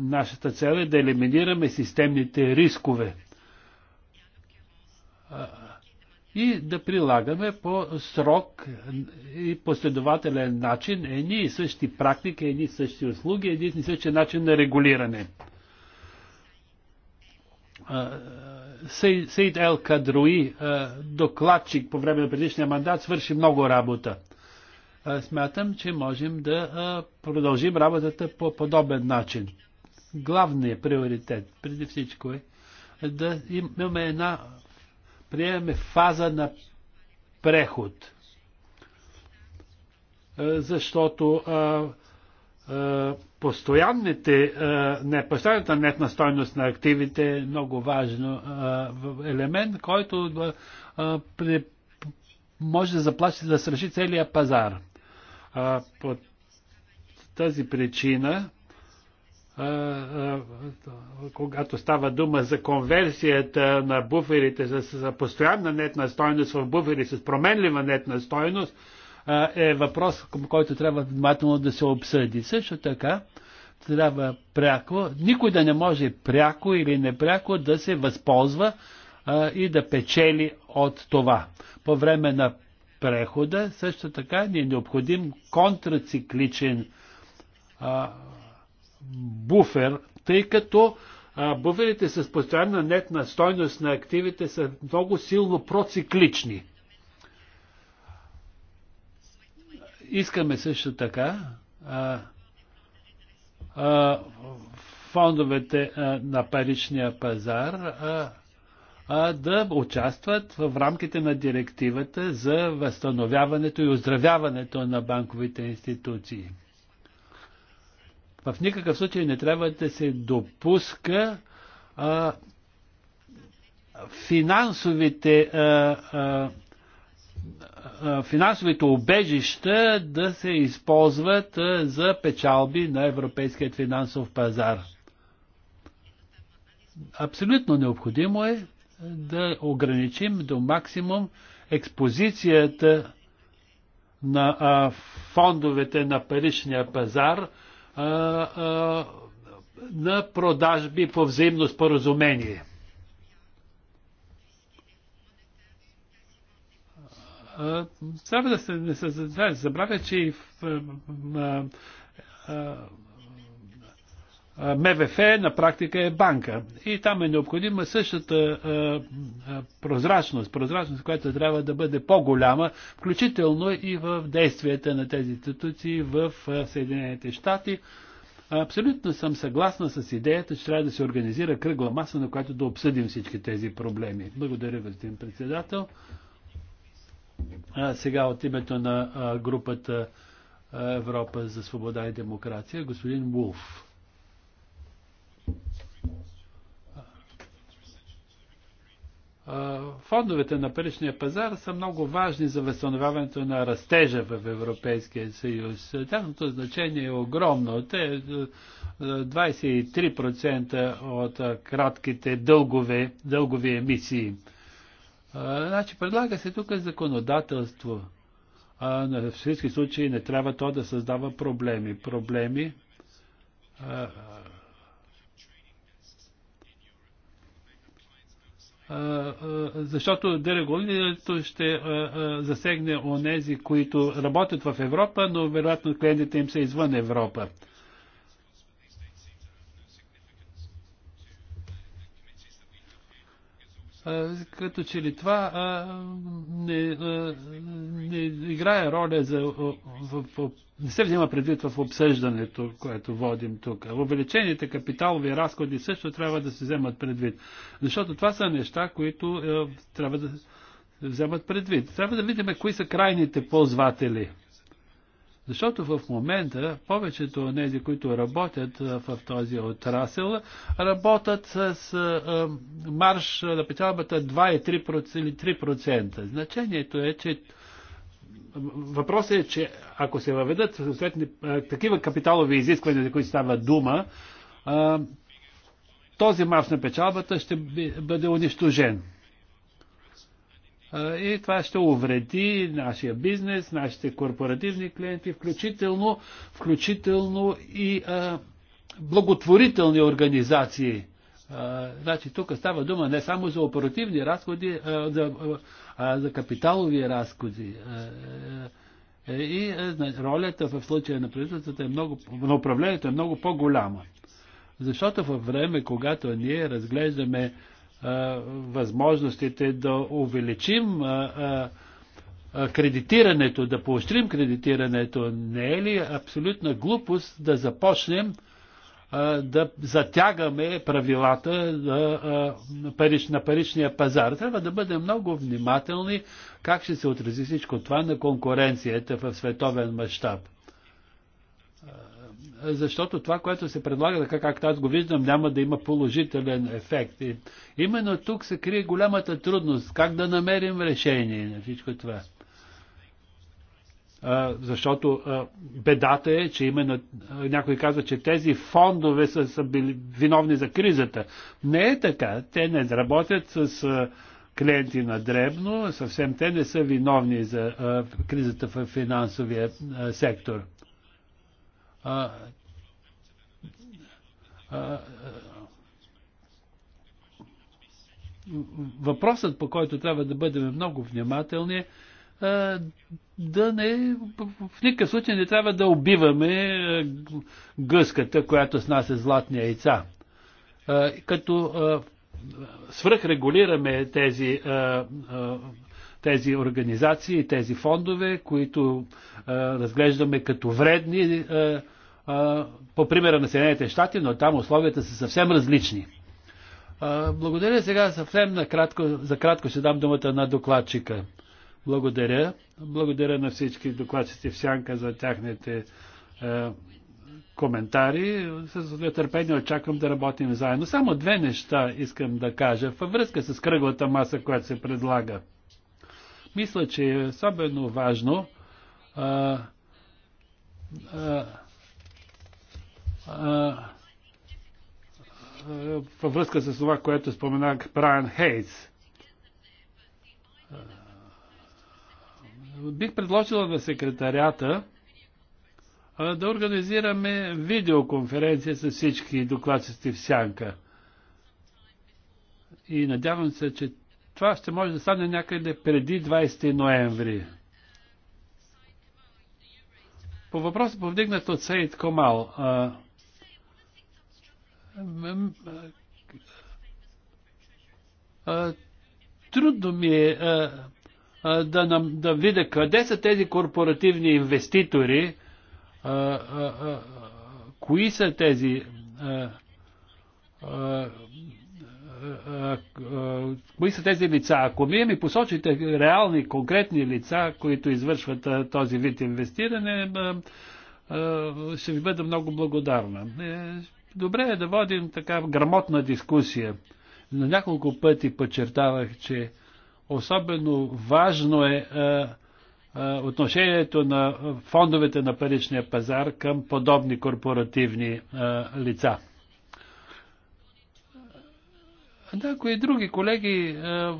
[SPEAKER 1] Нашата цел е да елиминираме системните рискове и да прилагаме по срок и последователен начин едни и същи практики, едни и същи услуги, едни и същи начин на регулиране. Сейд Ел Кадруи, докладчик по време на предишния мандат, свърши много работа. Смятам, че можем да продължим работата по подобен начин. Главният приоритет, преди всичко е да имаме една, приемаме фаза на преход. Защото а, а, постоянните, не, постоянната нетна стойност на активите е много важен елемент, който може да заплаши да сръши целият пазар. По тази причина, когато става дума за конверсията на буферите с постоянна нетна стойност в буфери с променлива нетна стойност, е въпрос, към който трябва внимателно да се обсъди. Също така, трябва пряко, никой да не може пряко или непряко да се възползва а, и да печели от това. По време на прехода също така ни е необходим контрацикличен а, буфер, тъй като а, буферите с постоянна нетна стойност на активите са много силно проциклични. Искаме също така а, а, фондовете а, на паричния пазар а, а, да участват в рамките на директивата за възстановяването и оздравяването на банковите институции. В никакъв случай не трябва да се допуска а, финансовите а, а, финансовите обежища да се използват за печалби на европейският финансов пазар. Абсолютно необходимо е да ограничим до максимум експозицията на фондовете на паричния пазар на продажби по взаимно споразумение. Трябва да се не се да, забравя, че и в, а, а, а, МВФ на практика е банка. И там е необходима същата прозрачност, прозрачност, която трябва да бъде по-голяма, включително и в действията на тези институции в Съединените щати. Абсолютно съм съгласна с идеята, че трябва да се организира кръгла маса, на която да обсъдим всички тези проблеми. Благодаря, господин председател. А сега от името на групата Европа за свобода и демокрация, господин Вулф. Фондовете на паричния пазар са много важни за възстановяването на растежа в Европейския съюз. Тяхното значение е огромно. Те 23% от кратките дългове, дългови емисии а, значи предлага се тук законодателство. А, на всички случаи не трябва то да създава проблеми. Проблеми. А, защото дерегулирането ще засегне онези, които работят в Европа, но вероятно клиентите им са извън Европа. като че ли това не, не играе роля за... В, в, не се взема предвид в обсъждането, което водим тук. Увеличените капиталови разходи също трябва да се вземат предвид. Защото това са неща, които е, трябва да вземат предвид. Трябва да видим кои са крайните ползватели – защото в момента повечето от тези, които работят в този отрасъл, работят с марш на печалбата 2 3% или 3%. Значението е, че въпросът е, че ако се въведат съответни такива капиталови изисквания, за които става дума, този марш на печалбата ще бъде унищожен. И това ще увреди нашия бизнес, нашите корпоративни клиенти, включително, включително и а, благотворителни организации. А, значи тук става дума не само за оперативни разходи, а, за, а, за капиталови разходи. А, е, и ролята в случая на правителството е много, на управлението е много по-голяма. Защото във време, когато ние разглеждаме възможностите да увеличим кредитирането, да поощрим кредитирането, не е ли абсолютна глупост да започнем да затягаме правилата на паричния пазар. Трябва да бъдем много внимателни как ще се отрази всичко това на конкуренцията в световен мащаб защото това, което се предлага, така както аз го виждам, няма да има положителен ефект. И именно тук се крие голямата трудност, как да намерим решение на всичко това. А, защото а, бедата е, че именно а, някой казва, че тези фондове са, са били виновни за кризата. Не е така. Те не работят с а, клиенти на дребно, съвсем те не са виновни за а, кризата в финансовия а, сектор въпросът, по който трябва да бъдем много внимателни, е да не, в никакъв случай не трябва да убиваме е, гъската, която с нас е златни яйца. Е, като е, свръхрегулираме тези тези организации и тези фондове, които а, е, разглеждаме като вредни а, е, а, е, по примера на Съединените щати, но там условията са съвсем различни. А, благодаря сега съвсем накратко, за кратко ще дам думата на докладчика. Благодаря. Благодаря на всички докладчици в Сянка за тяхните е, коментари. С нетърпение очаквам да работим заедно. Само две неща искам да кажа във връзка с кръглата маса, която се предлага. Мисля, че е особено важно а, а, а, във връзка с това, което споменах Брайан Хейтс. Бих предложила на секретарята да организираме видеоконференция с всички докладчици в Сянка. И надявам се, че това ще може да стане някъде преди 20 ноември. По въпроса повдигнат от Сейд Комал. А, а, трудно ми е а, а, да, нам, да видя къде са тези корпоративни инвеститори, а, а, а, кои са тези а, а, кои са тези лица? Ако вие ми посочите реални, конкретни лица, които извършват този вид инвестиране, ще ви бъда много благодарна. Е, добре е да водим така грамотна дискусия. На няколко пъти подчертавах, че особено важно е отношението на фондовете на паричния пазар към подобни корпоративни лица. Някои други колеги е,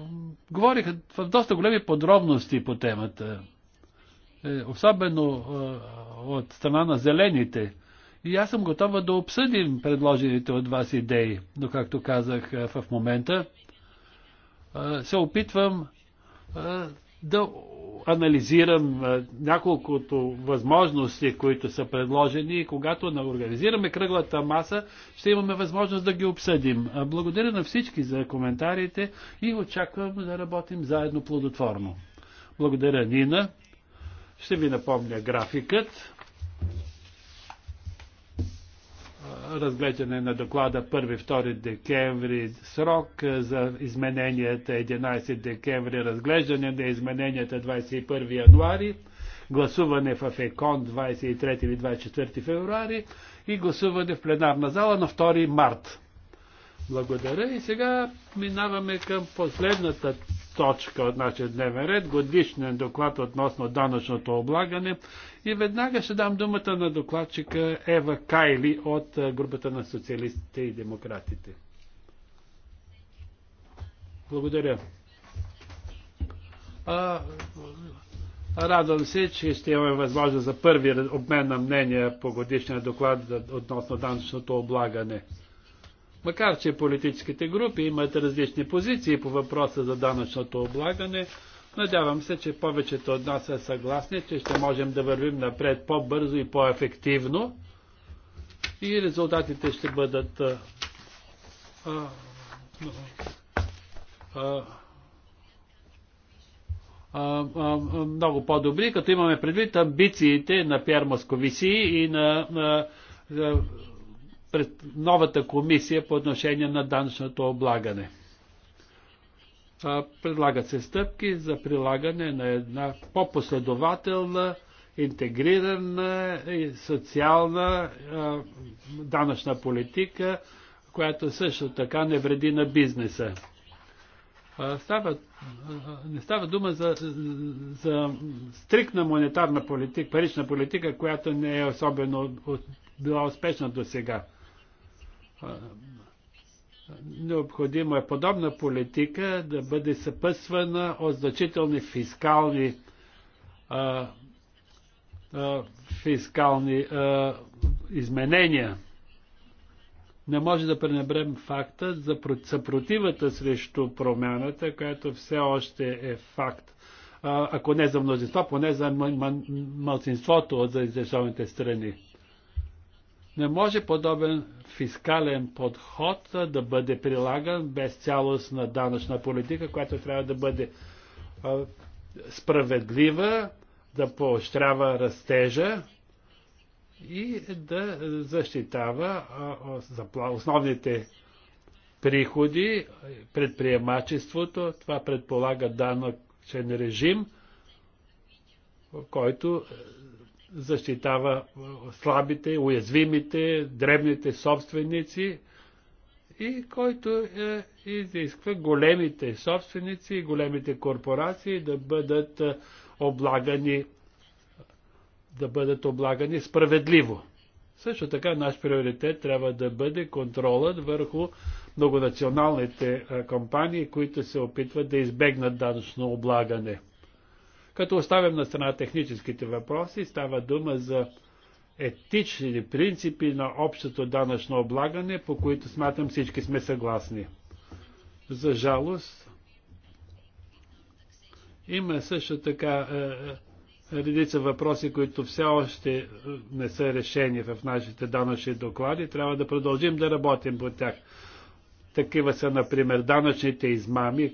[SPEAKER 1] говориха в доста големи подробности по темата. Е, особено е, от страна на зелените. И аз съм готова да обсъдим предложените от вас идеи. Но както казах е, в момента, е, се опитвам е, да анализирам няколкото възможности, които са предложени и когато организираме кръглата маса, ще имаме възможност да ги обсъдим. Благодаря на всички за коментарите и очаквам да работим заедно плодотворно. Благодаря, Нина. Ще ви напомня графикът разглеждане на доклада 1-2 декември, срок е, за измененията 11 декември, разглеждане на измененията 21 януари, гласуване в ЕКОН 23 или 24 февруари и гласуване в пленарна зала на 2 март. Благодаря и сега минаваме към последната точка от нашия дневен ред, годишния доклад относно данъчното облагане и веднага ще дам думата на докладчика Ева Кайли от групата на социалистите и демократите. Благодаря. А, радвам се, че ще имаме възможност за първи обмен на мнения по годишния доклад относно данъчното облагане. Макар, че политическите групи имат различни позиции по въпроса за данъчното облагане, Надявам се, че повечето от нас са съгласни, че ще можем да вървим напред по-бързо и по-ефективно и резултатите ще бъдат а, а, а, а, а, много по-добри, като имаме предвид амбициите на Пьер Московиси и на, на, на пред новата комисия по отношение на данъчното облагане. Предлагат се стъпки за прилагане на една по-последователна, интегрирана и социална данъчна политика, която също така не вреди на бизнеса. Става, не става дума за, за стрикна монетарна политика, парична политика, която не е особено била успешна до сега. Необходима е подобна политика да бъде съпъсвана от значителни фискални а, а, фискални а, изменения. Не може да пренебрем факта за съпротивата срещу промяната, която все още е факт. А, ако не за мнозинство, поне за мълцинството от заинтересованите страни. Не може подобен фискален подход да бъде прилаган без цялостна данъчна политика, която трябва да бъде справедлива, да поощрява растежа и да защитава основните приходи, предприемачеството. Това предполага данъчен режим, който защитава слабите, уязвимите, дребните собственици и който е, изисква големите собственици и големите корпорации да бъдат е, облагани да бъдат облагани справедливо. Също така наш приоритет трябва да бъде контролът върху многонационалните е, компании, които се опитват да избегнат данъчно облагане. Като оставям на страна техническите въпроси, става дума за етични принципи на общото данъчно облагане, по които смятам всички сме съгласни. За жалост, има също така е, е редица въпроси, които все още е, не са решени в нашите данъчни доклади. Трябва да продължим да работим по тях. Такива са, например, данъчните измами,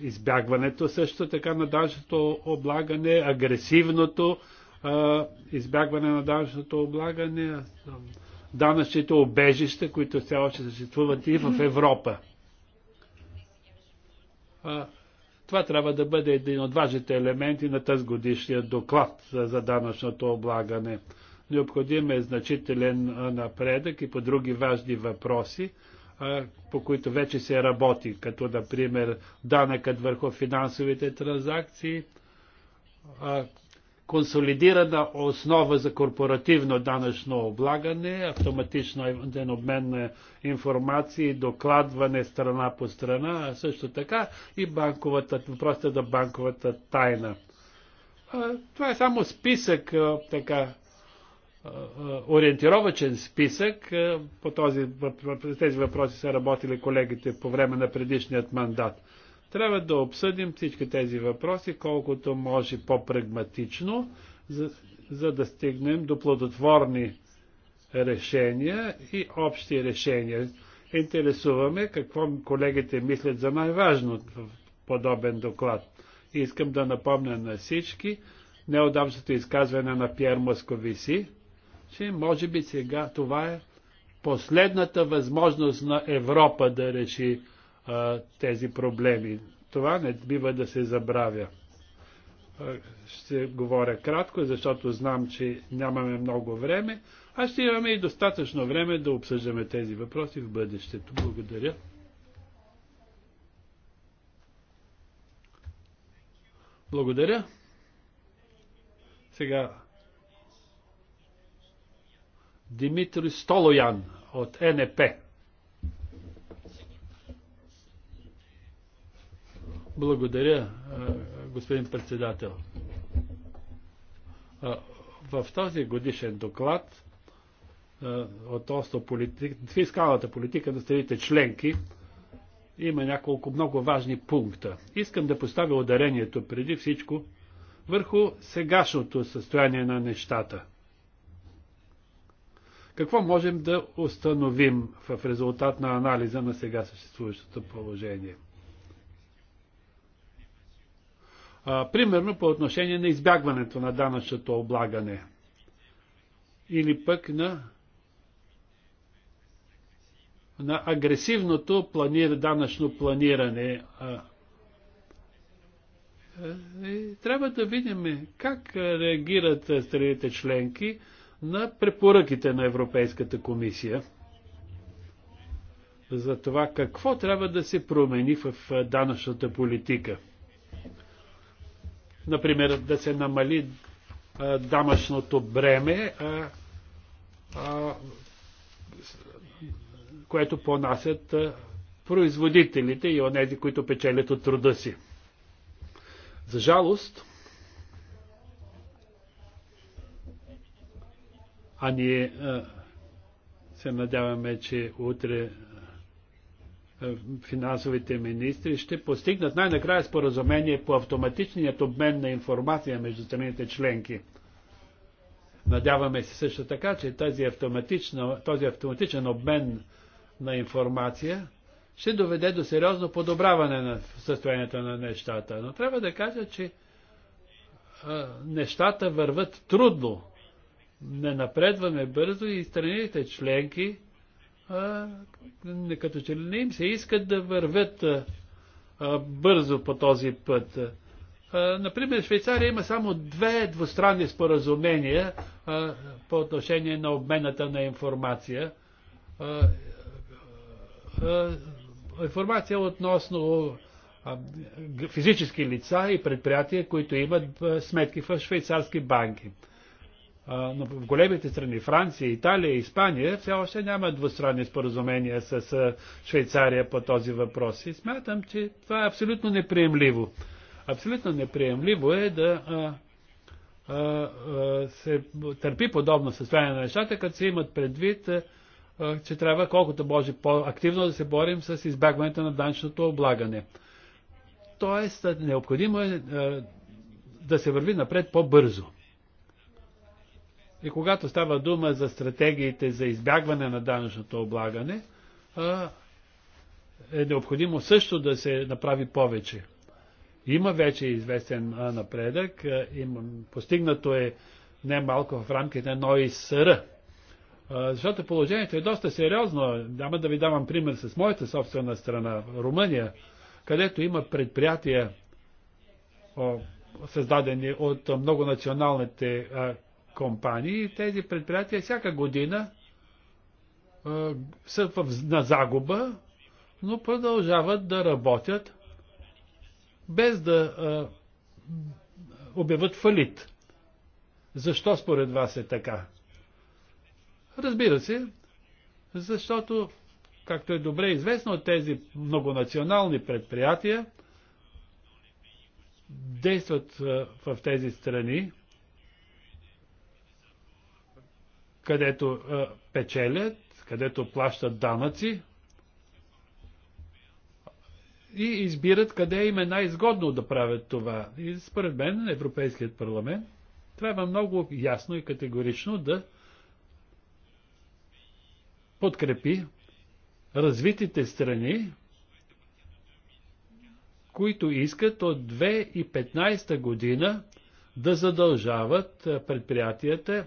[SPEAKER 1] избягването също така на данъчното облагане, агресивното а, избягване на данъчното облагане, данъчните обежища, които все още съществуват и в Европа. А, това трябва да бъде един от важните елементи на тази годишния доклад за данъчното облагане. Необходим е значителен напредък и по други важни въпроси по които вече се работи, като например данъкът върху финансовите транзакции, консолидирана основа за корпоративно данъчно облагане, автоматично ден обмен на информации, докладване страна по страна, а също така и банковата, просто е за банковата тайна. Това е само списък така ориентировачен списък. По този, тези въпроси са работили колегите по време на предишният мандат. Трябва да обсъдим всички тези въпроси колкото може по-прагматично, за, за да стигнем до плодотворни решения и общи решения. Интересуваме какво колегите мислят за най-важното в подобен доклад. Искам да напомня на всички неудобството изказване на Пьер Московиси, че може би сега това е последната възможност на Европа да реши а, тези проблеми. Това не бива да се забравя. А, ще говоря кратко, защото знам, че нямаме много време, а ще имаме и достатъчно време да обсъждаме тези въпроси в бъдещето. Благодаря. Благодаря. Сега Димитри Столоян от НЕП. Благодаря, господин председател. В този годишен доклад относно фискалната политика на страните членки има няколко много важни пункта. Искам да поставя ударението преди всичко върху сегашното състояние на нещата – какво можем да установим в резултат на анализа на сега съществуващото положение? А, примерно по отношение на избягването на данъчното облагане или пък на, на агресивното планир, данъчно планиране. А, а, е, е, трябва да видим как реагират страните членки на препоръките на Европейската комисия за това какво трябва да се промени в данъчната политика. Например, да се намали данъчното бреме, а, а, което понасят производителите и онези, които печелят от труда си. За жалост, А ние а, се надяваме, че утре а, финансовите министри ще постигнат най-накрая споразумение по автоматичният обмен на информация между страните членки. Надяваме се също така, че тази този автоматичен обмен на информация ще доведе до сериозно подобраване на състоянието на нещата. Но трябва да кажа, че а, нещата върват трудно не напредваме бързо и страните членки а, като че не им се искат да вървят а, бързо по този път. А, например, в Швейцария има само две двустранни споразумения а, по отношение на обмената на информация. А, а, информация относно а, физически лица и предприятия, които имат а, сметки в швейцарски банки но в големите страни, Франция, Италия, Испания, все още няма двустранни споразумения с Швейцария по този въпрос. И смятам, че това е абсолютно неприемливо. Абсолютно неприемливо е да а, а, а, се търпи подобно състояние на нещата, като се имат предвид, а, а, че трябва колкото може по-активно да се борим с избягването на данчното облагане. Тоест, необходимо е а, да се върви напред по-бързо. И когато става дума за стратегиите за избягване на данъчното облагане, е необходимо също да се направи повече. Има вече известен напредък, постигнато е немалко в рамките на ОИСР. Защото положението е доста сериозно. Няма да ви давам пример с моята собствена страна, Румъния, където има предприятия, създадени от многонационалните компании. Тези предприятия всяка година е, са в, на загуба, но продължават да работят без да е, обяват фалит. Защо според вас е така? Разбира се, защото, както е добре известно тези многонационални предприятия, действат в тези страни, където а, печелят, където плащат данъци и избират къде им е най-изгодно да правят това. И според мен Европейският парламент трябва много ясно и категорично да подкрепи развитите страни, които искат от 2015 година да задължават предприятията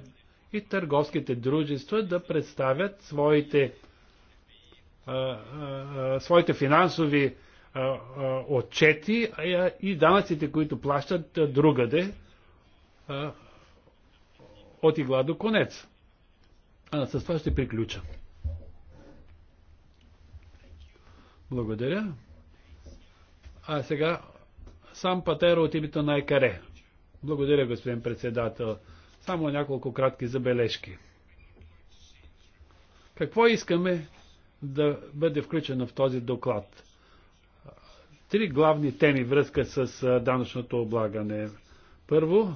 [SPEAKER 1] и търговските дружества да представят своите, а, а, своите финансови а, отчети и данъците, които плащат другаде от игла до конец. А с това ще приключа. Благодаря. А сега сам Патеро от името на Екаре. Благодаря, господин председател. Само няколко кратки забележки. Какво искаме да бъде включено в този доклад? Три главни теми връзка с данъчното облагане. Първо,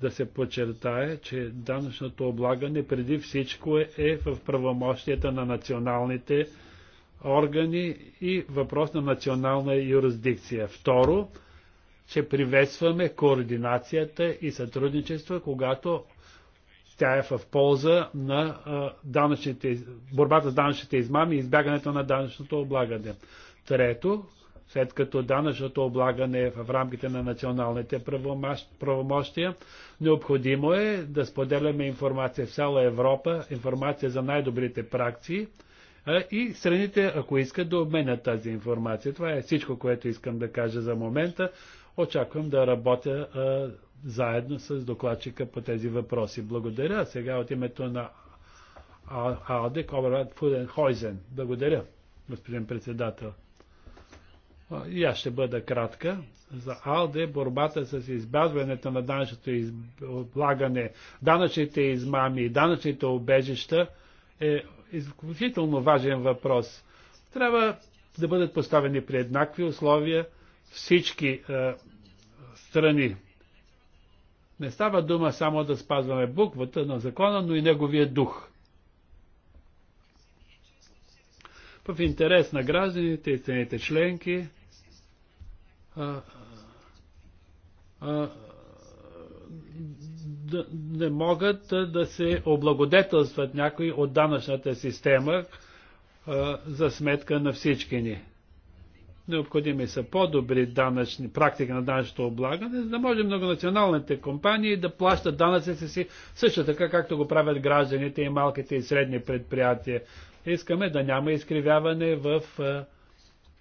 [SPEAKER 1] да се подчертае, че данъчното облагане преди всичко е, е в правомощията на националните органи и въпрос на национална юрисдикция. Второ, че приветстваме координацията и сътрудничество, когато тя е в полза на данъчните, борбата с данъчните измами и избягането на данъчното облагане. Трето, след като данъчното облагане е в рамките на националните правомощия, необходимо е да споделяме информация в цяла Европа, информация за най-добрите практики и страните, ако искат да обменят тази информация. Това е всичко, което искам да кажа за момента. Очаквам да работя а, заедно с докладчика по тези въпроси. Благодаря сега от името на Алдек Фуден Фуденхойзен. Благодаря, господин председател. И аз ще бъда кратка. За АЛДЕ борбата с избазването на данъчното облагане, данъчните измами и данъчните обежища е изключително важен въпрос. Трябва да бъдат поставени при еднакви условия всички а, е, страни. Не става дума само да спазваме буквата на закона, но и неговия дух. В интерес на гражданите и цените членки а, е, а, е, да, не могат да се облагодетелстват някои от данъчната система а, за сметка на всички ни. Необходими са по-добри данъчни практики на данъчното облагане, за да може многонационалните компании да плащат данъците си също така, както го правят гражданите и малките и средни предприятия. Искаме да няма изкривяване в е,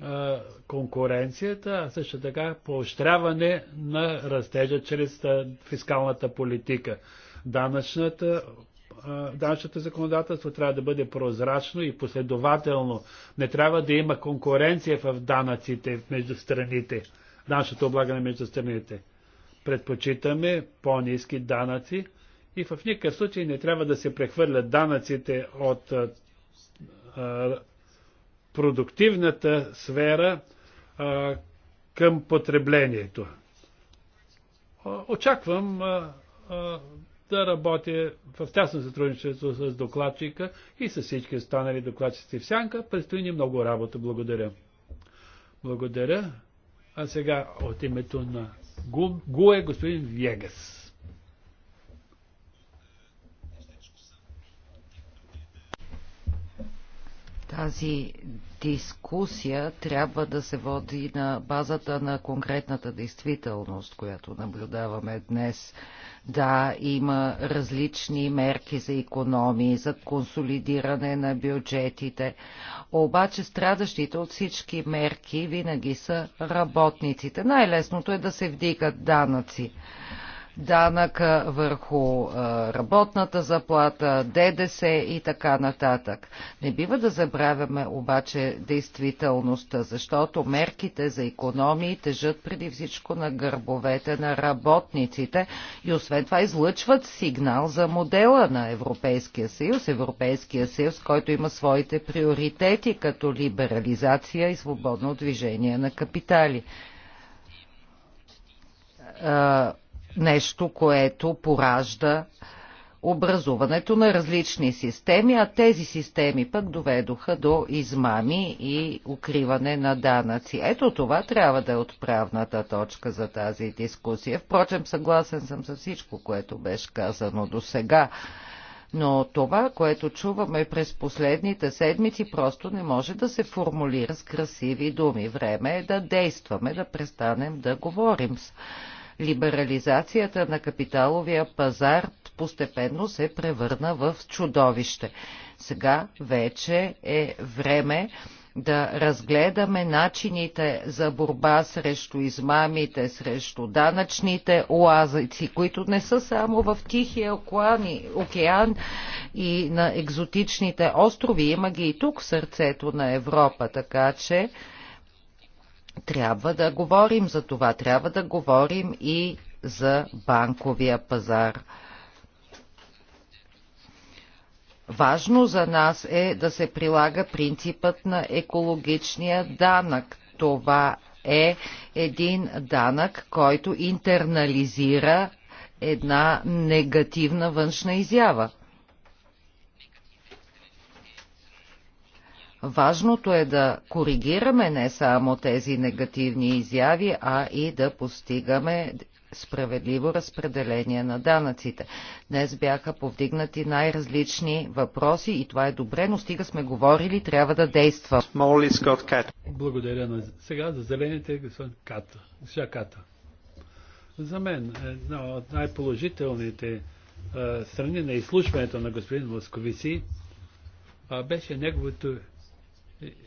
[SPEAKER 1] е, конкуренцията, а също така поощряване на растежа чрез е, фискалната политика. Данъчната данъчното законодателство трябва да бъде прозрачно и последователно. Не трябва да има конкуренция в данъците между страните, данъчното облагане между страните. Предпочитаме по-низки данъци и в никакъв случай не трябва да се прехвърлят данъците от а, а, продуктивната сфера а, към потреблението. Очаквам да работя в тясно сътрудничество с докладчика и с всички останали докладчици в сянка. Предстои ни много работа. Благодаря. Благодаря. А сега от името на ГУ, ГУ е господин Вегас.
[SPEAKER 2] Тази дискусия трябва да се води на базата на конкретната действителност, която наблюдаваме днес. Да, има различни мерки за економии, за консолидиране на бюджетите, обаче страдащите от всички мерки винаги са работниците. Най-лесното е да се вдигат данъци данъка върху работната заплата, ДДС и така нататък. Не бива да забравяме обаче действителността, защото мерките за економии тежат преди всичко на гърбовете на работниците и освен това излъчват сигнал за модела на Европейския съюз, Европейския съюз, който има своите приоритети като либерализация и свободно движение на капитали нещо, което поражда образуването на различни системи, а тези системи пък доведоха до измами и укриване на данъци. Ето това трябва да е отправната точка за тази дискусия. Впрочем, съгласен съм с всичко, което беше казано до сега. Но това, което чуваме през последните седмици, просто не може да се формулира с красиви думи. Време е да действаме, да престанем да говорим. С либерализацията на капиталовия пазар постепенно се превърна в чудовище. Сега вече е време да разгледаме начините за борба срещу измамите, срещу данъчните оазици, които не са само в Тихия океан и, океан и на екзотичните острови. Има ги и тук в сърцето на Европа, така че трябва да говорим за това, трябва да говорим и за банковия пазар. Важно за нас е да се прилага принципът на екологичния данък. Това е един данък, който интернализира една негативна външна изява. Важното е да коригираме не само тези негативни изяви, а и да постигаме справедливо разпределение на данъците. Днес бяха повдигнати най-различни въпроси и това е добре, но стига сме говорили, трябва да действа.
[SPEAKER 1] Благодаря. На... Сега за зелените господин Ката. Сега Ката. За мен една от най-положителните е, страни на изслушването на господин Московиси беше неговото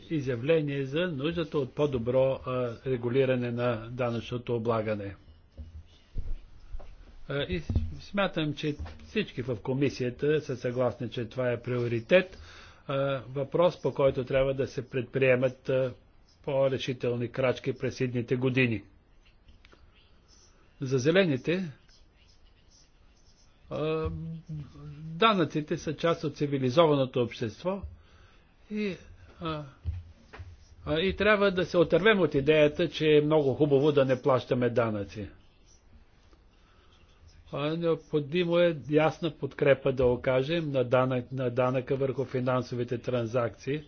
[SPEAKER 1] изявление за нуждата от по-добро регулиране на данъчното облагане. И смятам, че всички в комисията са съгласни, че това е приоритет. Въпрос, по който трябва да се предприемат по-решителни крачки през едните години. За зелените данъците са част от цивилизованото общество и и трябва да се отървем от идеята, че е много хубаво да не плащаме данъци. Необходимо е ясна подкрепа да окажем на, данък, на данъка върху финансовите транзакции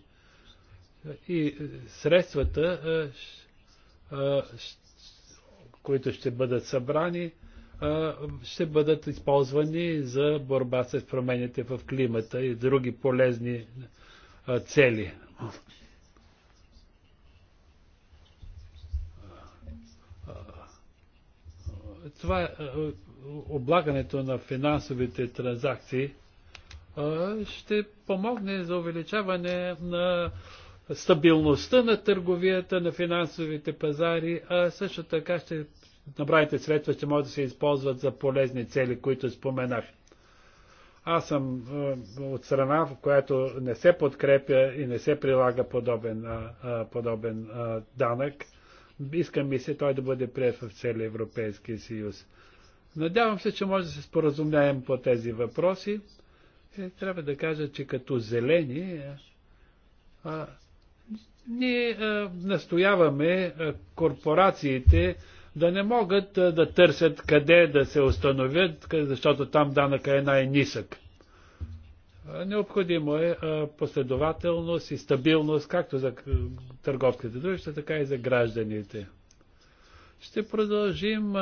[SPEAKER 1] и средствата, които ще бъдат събрани, ще бъдат използвани за борба с промените в климата и други полезни цели. Това е, е, облагането на финансовите транзакции е, ще помогне за увеличаване на стабилността на търговията, на финансовите пазари, а също така ще направите средства, ще могат да се използват за полезни цели, които споменах. Аз съм от страна, в която не се подкрепя и не се прилага подобен, подобен данък. Искам ми се той да бъде прият в целия Европейския съюз. Надявам се, че може да се споразумеем по тези въпроси. И е, трябва да кажа, че като зелени а, ние а, настояваме а, корпорациите да не могат да търсят къде да се установят, защото там данъка е най-нисък. Необходимо е последователност и стабилност, както за търговските дружества, така и за гражданите. Ще продължим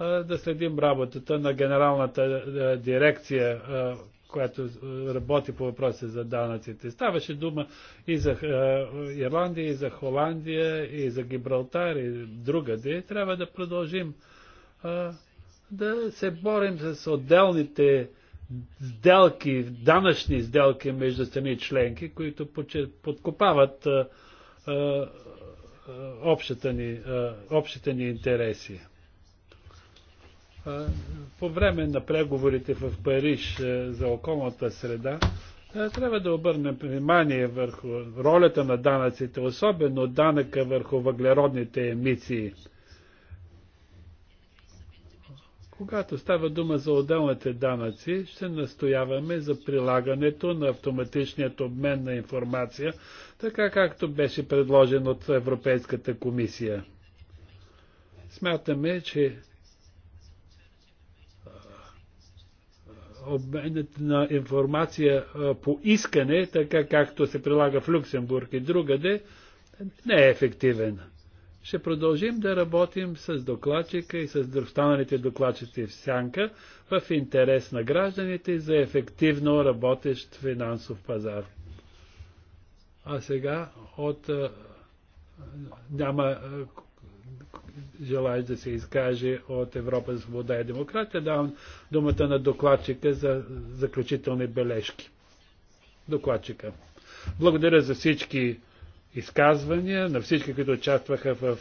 [SPEAKER 1] да следим работата на Генералната дирекция която е, работи по въпроса за данъците. Ставаше дума и за е, Ирландия, и за Холандия, и за Гибралтар, и другаде. Трябва да продължим е, да се борим с отделните сделки, данъчни сделки между страни членки, които подкопават общата ни, общите ни интереси по време на преговорите в Париж за околната среда трябва да обърнем внимание върху ролята на данъците, особено данъка върху въглеродните емисии. Когато става дума за отделните данъци, ще настояваме за прилагането на автоматичният обмен на информация, така както беше предложен от Европейската комисия. Смятаме, че обменът на информация по искане, така както се прилага в Люксембург и другаде, не е ефективен. Ще продължим да работим с докладчика и с останалите докладчици в сянка в интерес на гражданите за ефективно работещ финансов пазар. А сега от няма желаеш да се изкаже от Европа за свобода и демократия. Давам думата на докладчика за заключителни бележки. Докладчика. Благодаря за всички изказвания, на всички, които участваха в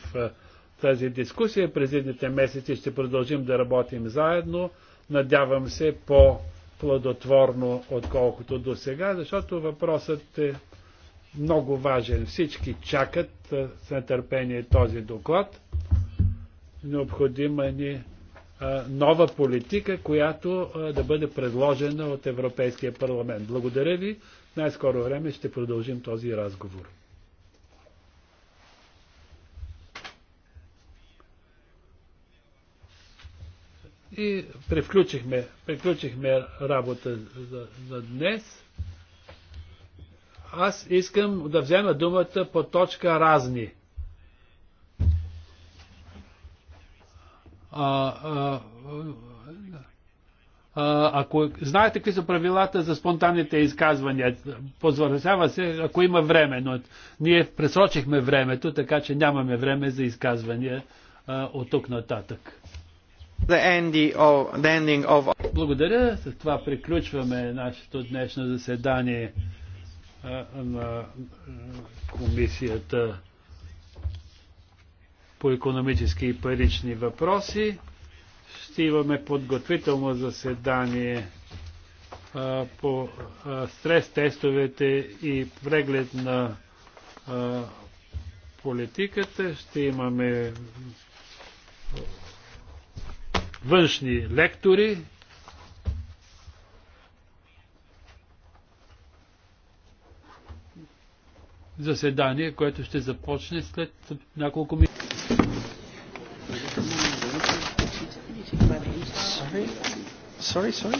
[SPEAKER 1] тази дискусия. През едните месеци ще продължим да работим заедно. Надявам се по-плодотворно, отколкото до сега, защото въпросът е много важен. Всички чакат с нетърпение този доклад. Необходима ни нова политика, която да бъде предложена от Европейския парламент. Благодаря ви. Най-скоро време ще продължим този разговор. И приключихме, приключихме работа за, за днес. Аз искам да взема думата по точка разни. А, а, а, ако знаете какви са правилата за спонтанните изказвания, позволява се, ако има време, но ние пресрочихме времето, така че нямаме време за изказвания а, от тук нататък.
[SPEAKER 3] The of, the of...
[SPEAKER 1] Благодаря. С това приключваме нашето днешно заседание на комисията по економически и парични въпроси. Ще имаме подготвително заседание по стрес-тестовете и преглед на политиката. Ще имаме външни лектори, заседание, което ще започне след няколко минути.
[SPEAKER 6] Sorry, sorry.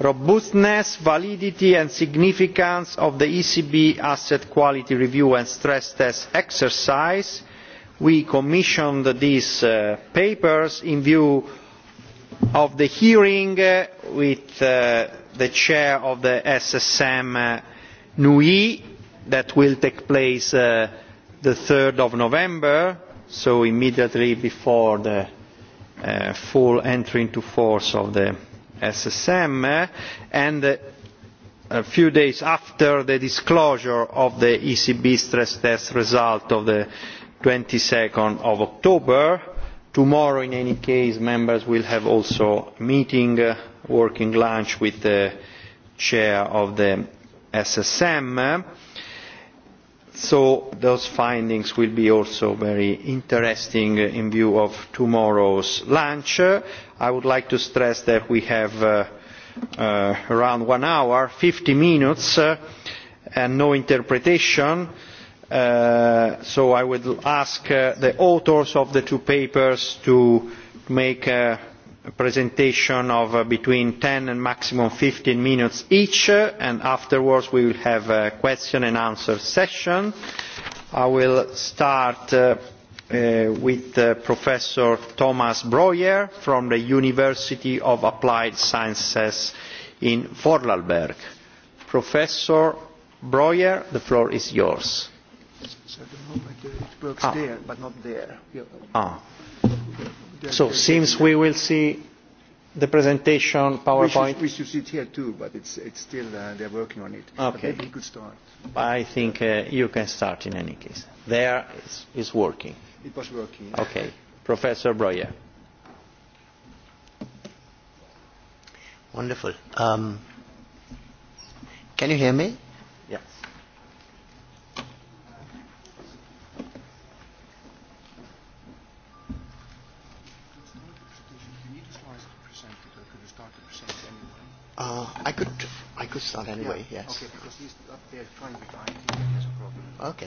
[SPEAKER 3] robustness validity and significance of the ecb asset quality review and stress test exercise we commissioned these papers in view of the hearing with the chair of the ssm nouy that will take place on three november so immediately before the full entry into force of the SSM and a few days after the disclosure of the ECB stress test result of the two of October. Tomorrow, in any case, members will have also a meeting, a working lunch with the chair of the SSM So those findings will be also very interesting in view of tomorrow's lunch. I would like to stress that we have around one hour, fifty minutes, and no interpretation. so I would ask the authors of the two papers to make a presentation of between ten and maximum fifteen minutes each and afterwards we will have a question and answer session. I will start with Professor Thomas Breuer from the University of Applied Sciences in Vorarlberg. Professor Breuer, the floor is yours. So at
[SPEAKER 7] the moment it works there, but not
[SPEAKER 3] there. Ah So since we will see the presentation PowerPoint. We should, we should see it here too, but it's, it's still uh, they're working on it. Okay. But maybe you could start. I think uh, you can start in any case. There it's, it's working. It was working. Yeah. Okay.
[SPEAKER 8] Professor Breuer. Wonderful. Um, can you hear me? Uh, I could, I could start anyway. Yeah. Yes. Okay,
[SPEAKER 5] because he's up there trying to. you think he has a problem. Okay.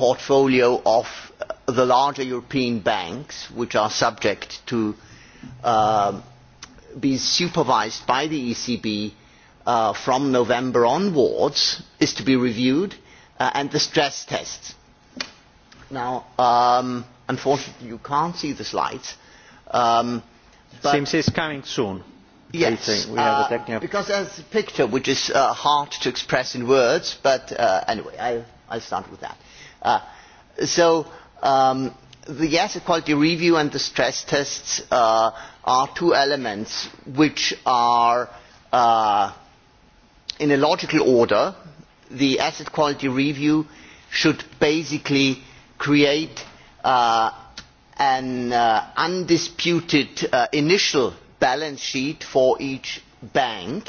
[SPEAKER 8] portfolio of the larger European banks, which are subject to uh, be supervised by the ECB uh, from November onwards, is to be reviewed, uh, and the stress tests. Now, um, unfortunately, you can't see the slides. Um, but Seems it's coming soon. Yes, uh, because there's a picture which is uh, hard to express in words, but uh, anyway, I, I'll start with that. Uh, so the asset quality review and the stress tests are two elements which are in a logical order. the asset quality review should basically create an undisputed initial balance sheet for each bank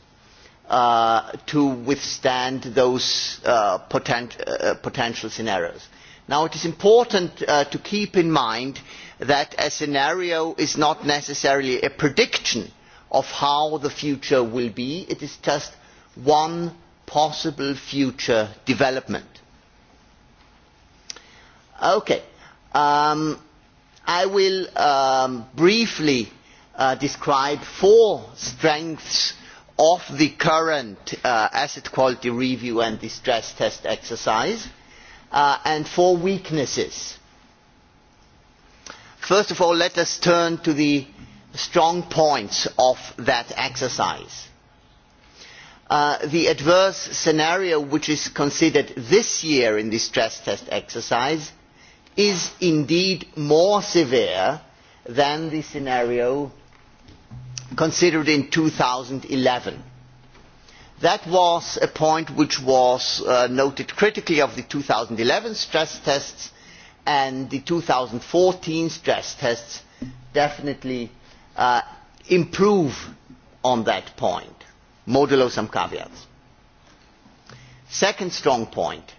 [SPEAKER 8] to withstand those potential scenarios. Now it is important to keep in mind that a scenario is not necessarily a prediction of how the future will be it is just one possible future development. i will briefly describe four strengths of the current asset quality review and the stress test exercise and four weaknesses. First of all, let us turn to the strong points of that exercise. the adverse scenario which is considered this year in the stress test exercise is indeed more severe than the scenario considered in two thousand and eleven that was a point which was noted critically of the two thousand and eleven stress tests and the two thousand and fourteen stress tests definitely improve on that point modulo some caveats. second strong point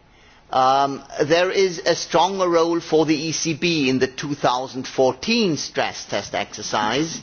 [SPEAKER 8] there is a stronger role for the ecb in the two thousand and fourteen stress test exercise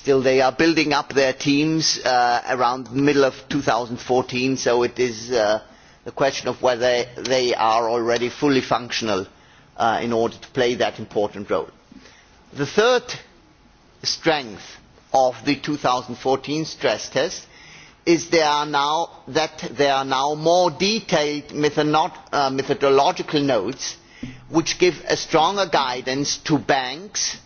[SPEAKER 8] still they are building up their teams around the middle of two thousand and fourteen so it is a question of whether they are already fully functional in order to play that important role. the third strength of the two thousand and fourteen stress test is that there are now more detailed methodological notes which give stronger guidance to banks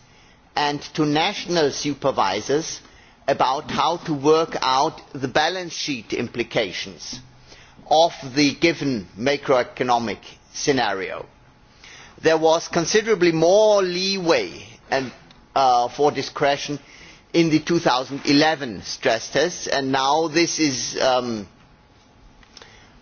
[SPEAKER 8] and to national supervisors about how to work out the balance sheet implications of the given macroeconomic scenario. There was considerably more leeway for discretion in the 2011 stress tests, and now this is, um,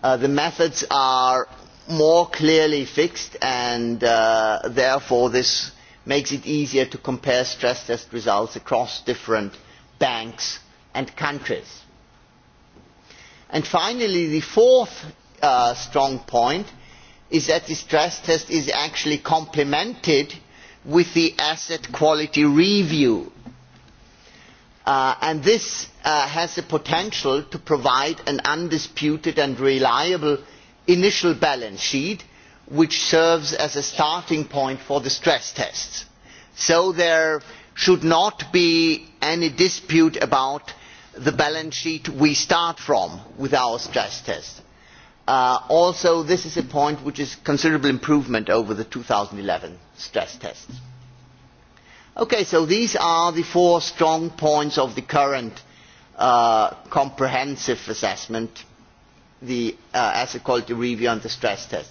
[SPEAKER 8] uh, the methods are more clearly fixed, and uh, therefore this makes it easier to compare stress test results across different banks and countries. finally the fourth strong point is that the stress test is actually complemented with the asset quality review and this has the potential to provide an undisputed and reliable initial balance sheet which serves as a starting point for the stress tests. So there should not be any dispute about the balance sheet we start from with our stress test. also, this is a point which is considerable improvement over the eleven stress tests. Okay, so these are the four strong points of the current comprehensive assessment, the asset quality review and the stress test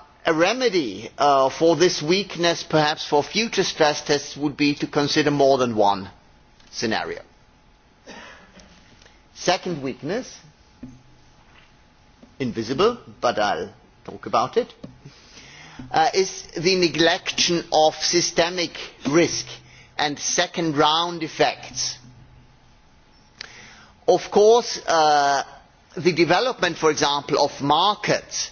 [SPEAKER 8] a remedy for this weakness perhaps for future stress tests would be to consider more than one scenario. second weakness invisible but i will talk about it is the neglect of systemic risk and second round effects. of course the development for example of markets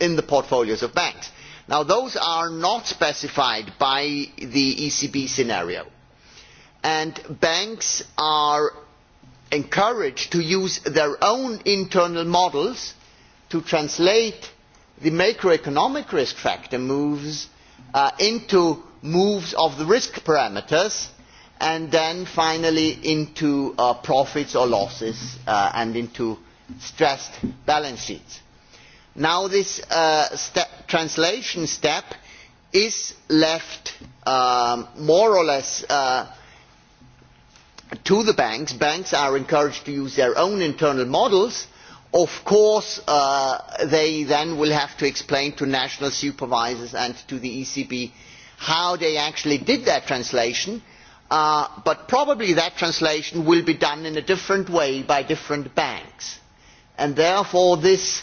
[SPEAKER 8] in the portfolios of banks. Now, those are not specified by the ECB scenario. And banks are encouraged to use their own internal models to translate the macroeconomic risk factor moves into moves of the risk parameters and then finally into profits or losses and into stressed balance sheets now this translation step is left more or less to the banks. Banks are encouraged to use their own internal models. Of course, they then will have to explain to national supervisors and to the ECB how they actually did that translation. but probably that translation will be done in a different way by different banks. And therefore this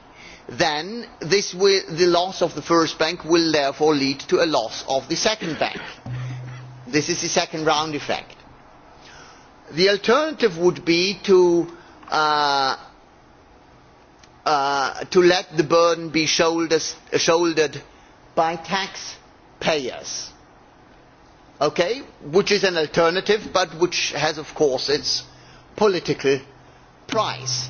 [SPEAKER 8] then the loss of the first bank will therefore lead to a loss of the second bank. this is the second round effect. the alternative would be to let the burden be shouldered by taxpayers which is an alternative but which has of course its political price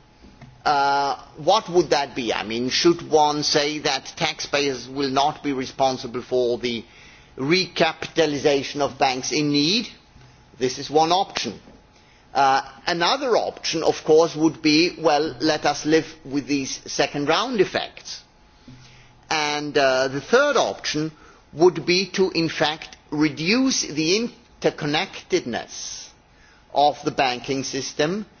[SPEAKER 8] what would that be? I mean, should one say that taxpayers will not be responsible for the recapitalisation of banks in need? This is one option. another option, of course, would be, well, let us live with these second round effects. And the third option would be to, in fact, reduce the interconnectedness of the banking system uh,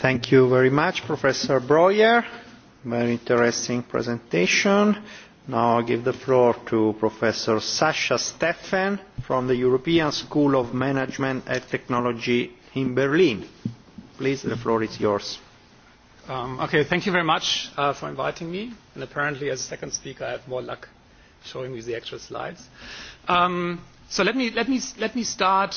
[SPEAKER 3] Thank you very much, Professor Breuer. Very interesting presentation. Now I give the floor to Professor Sasha Steffen from the European School of Management and Technology in Berlin. Please, the floor is yours.
[SPEAKER 7] Um, okay, thank you very much uh, for inviting me. And apparently, as a second speaker, I have more luck showing you the actual slides. Um, so let me, let me, let me start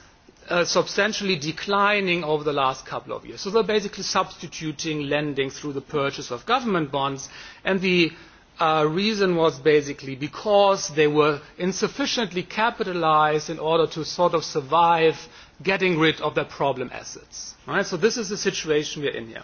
[SPEAKER 7] substantially declining over the last couple of years. So they're basically substituting lending through the purchase of government bonds. And the uh, reason was basically because they were insufficiently capitalized in order to sort of survive getting rid of their problem assets. Right? So this is the situation we're in here.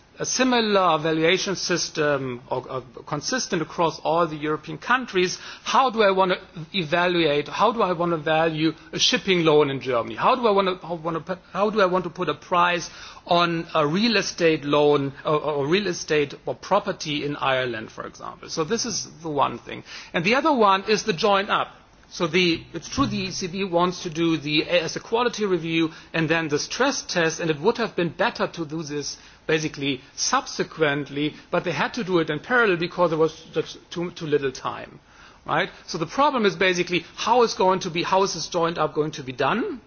[SPEAKER 7] a similar valuation system or, or consistent across all the European countries, how do I want to evaluate, how do I want to value a shipping loan in Germany? How do I want to, how want to, how do I want to put a price on a real estate loan or, or real estate or property in Ireland, for example? So this is the one thing. And the other one is the join up. So the, it's true the ECB wants to do the as a quality review and then the stress test, and it would have been better to do this basically subsequently, but they had to do it in parallel because there was just too, too little time. Right? So the problem is basically how is going to be how is this joined up going to be done?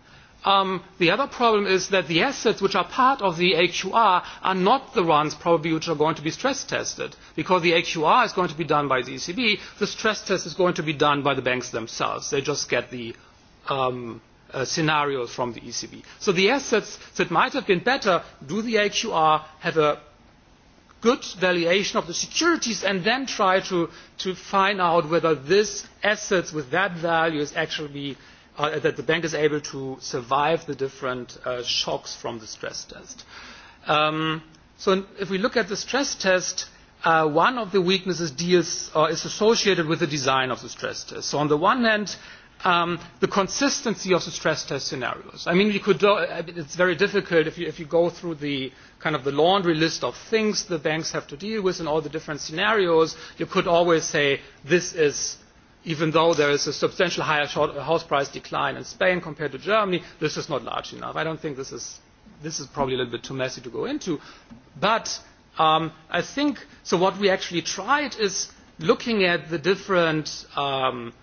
[SPEAKER 7] Um, the other problem is that the assets which are part of the AQR are not the ones probably which are going to be stress tested because the AQR is going to be done by the ECB. The stress test is going to be done by the banks themselves. They just get the um, scenarios from the ECB. So the assets that might have been better do the AQR have a good valuation of the securities and then try to, to find out whether this assets with that value is actually uh, that the bank is able to survive the different uh, shocks from the stress test. Um, so if we look at the stress test, uh, one of the weaknesses deals or is associated with the design of the stress test. So on the one hand, um, the consistency of the stress test scenarios. I mean, you could, uh, it's very difficult if you, if you go through the kind of the laundry list of things the banks have to deal with in all the different scenarios. You could always say this is, even though there is a substantial higher short, house price decline in Spain compared to Germany, this is not large enough. I don't think this is, this is probably a little bit too messy to go into. But um, I think, so what we actually tried is looking at the different um, –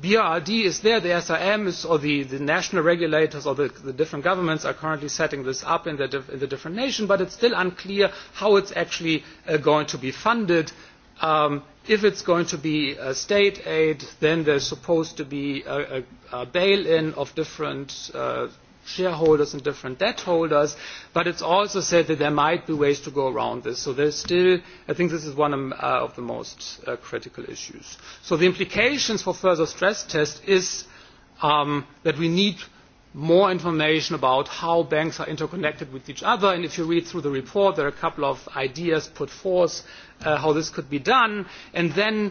[SPEAKER 7] BRRD is there, the is or the, the national regulators or the, the different governments are currently setting this up in the, diff, in the different nation, but it's still unclear how it's actually uh, going to be funded. Um, if it's going to be a state aid, then there's supposed to be a, a, a bail-in of different uh, shareholders and different debt holders, but it's also said that there might be ways to go around this. So there's still, I think this is one of the most critical issues. So the implications for further stress tests is that we need more information about how banks are interconnected with each other. And if you read through the report, there are a couple of ideas put forth uh, how this could be done. And then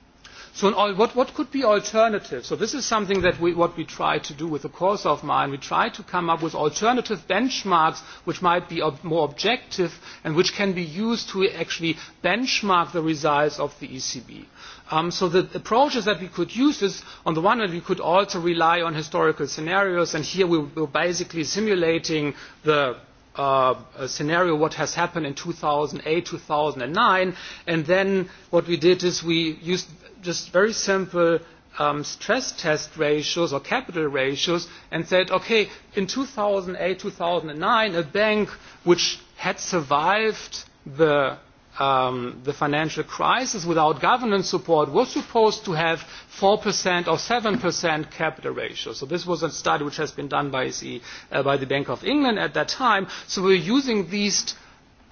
[SPEAKER 7] So in all, what, what could be alternatives? So this is something that we, what we try to do with the course of mine. We try to come up with alternative benchmarks which might be ob more objective and which can be used to actually benchmark the results of the ECB. Um, so the approaches that we could use is, on the one hand, we could also rely on historical scenarios, and here we were basically simulating the uh, scenario what has happened in 2008, 2009, and then what we did is we used just very simple um, stress test ratios or capital ratios and said, okay, in 2008, 2009, a bank which had survived the um, the financial crisis without governance support was supposed to have 4% or 7% capital ratio. So this was a study which has been done by, the, uh, by the Bank of England at that time. So we're using these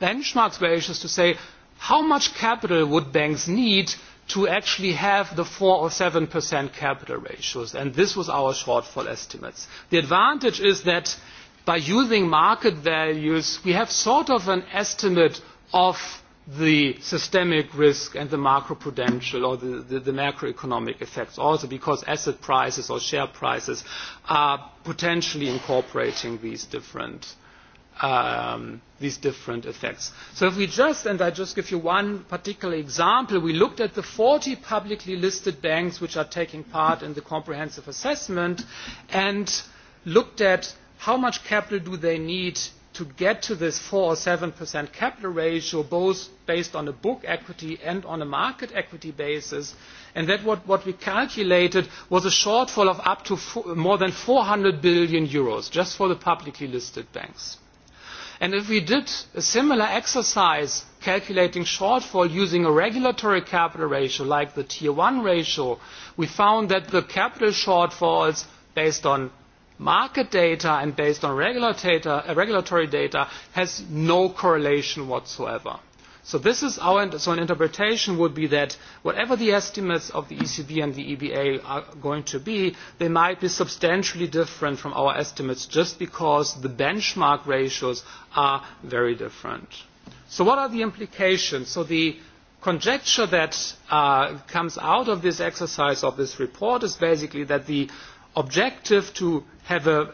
[SPEAKER 7] benchmark ratios to say how much capital would banks need to actually have the 4 or 7% capital ratios. And this was our shortfall estimates. The advantage is that by using market values, we have sort of an estimate of the systemic risk and the macroprudential or the, the, the macroeconomic effects also because asset prices or share prices are potentially incorporating these different uh, um, these different effects. So if we just, and I just give you one particular example, we looked at the 40 publicly listed banks which are taking part in the comprehensive assessment and looked at how much capital do they need to get to this 4 or 7% capital ratio, both based on a book equity and on a market equity basis. And that what, what we calculated was a shortfall of up to four more than 400 billion euros just for the publicly listed banks. And if we did a similar exercise calculating shortfall using a regulatory capital ratio like the Tier one ratio, we found that the capital shortfalls based on market data and based on regulatory data has no correlation whatsoever So this is our, so an interpretation would be that whatever the estimates of the ECB and the EBA are going to be, they might be substantially different from our estimates just because the benchmark ratios are very different. So what are the implications? So the conjecture that uh, comes out of this exercise of this report is basically that the objective to have a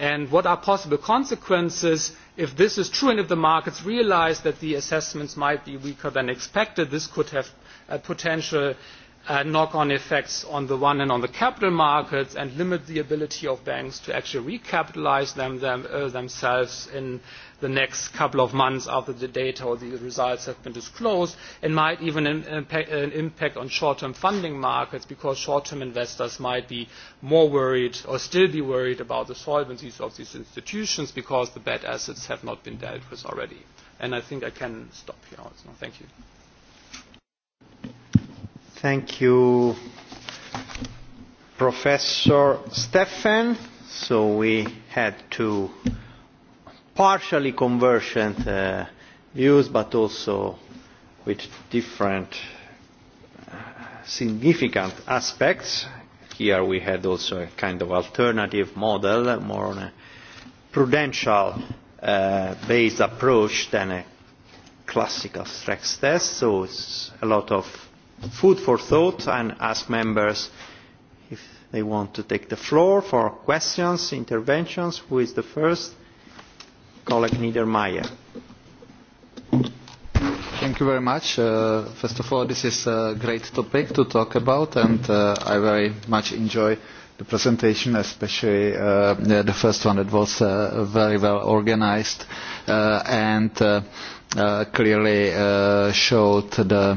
[SPEAKER 7] and what are possible consequences if this is true and if the markets realise that the assessments might be weaker than expected. This could have potential knock-on effects on the one hand on the capital markets and limit the ability of banks to actually recapitalise themselves in the next couple of months after the data or the results have been disclosed and might even impact on short-term funding markets because short-term investors might be more worried or still be worried about the solvencies of these institutions because the bad assets have not been dealt with already. And I think I can stop here also. Thank you.
[SPEAKER 3] Thank you, Professor Stefan. So we had to partially convergent uh, views, but also with different significant aspects. Here we had also a kind of alternative model, more on a prudential uh, based approach than a classical stress test. So it's a lot of food for thought and ask members if they want to take the floor for questions, interventions. Who is the first? colleague Niedermayer. Thank you very much. Uh, first of all, this is a great topic
[SPEAKER 9] to talk about, and uh, I very much enjoy the presentation, especially uh, the first one that was uh, very well organized uh, and uh, uh, clearly uh, showed the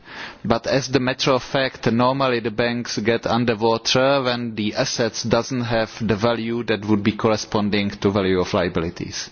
[SPEAKER 9] but as a matter of fact normally the banks get under water when the assets do not have the value that would be corresponding to the value of liabilities.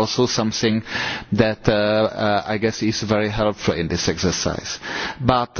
[SPEAKER 9] also something that I guess is very helpful in this exercise. But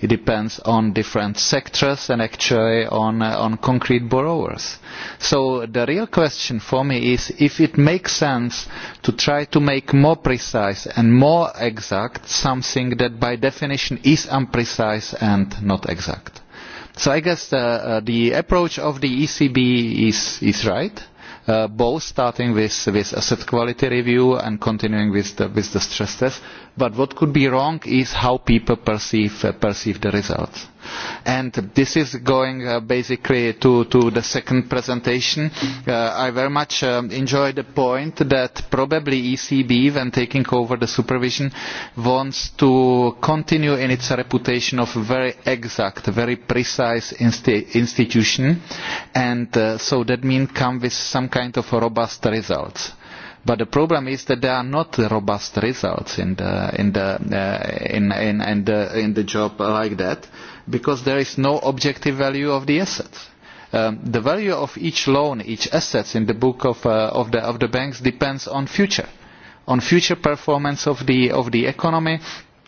[SPEAKER 9] It depends on different sectors and actually on, uh, on concrete borrowers. So the real question for me is if it makes sense to try to make more precise and more exact something that by definition is imprecise and not exact. So I guess the, uh, the approach of the ECB is, is right both starting with, with asset quality review and continuing with the, with the stress test, but what could be wrong is how people perceive, uh, perceive the results. And this is going uh, basically to, to the second presentation. Uh, I very much um, enjoy the point that probably ECB, when taking over the supervision, wants to continue in its reputation of a very exact, very precise insti institution. And uh, so that means come with some kind of robust results But the problem is that there are not robust results in the in the uh, in in in the in the job like that, because there is no objective value of the assets. Um, the value of each loan, each assets in the book of uh, of the of the banks depends on future, on future performance of the of the economy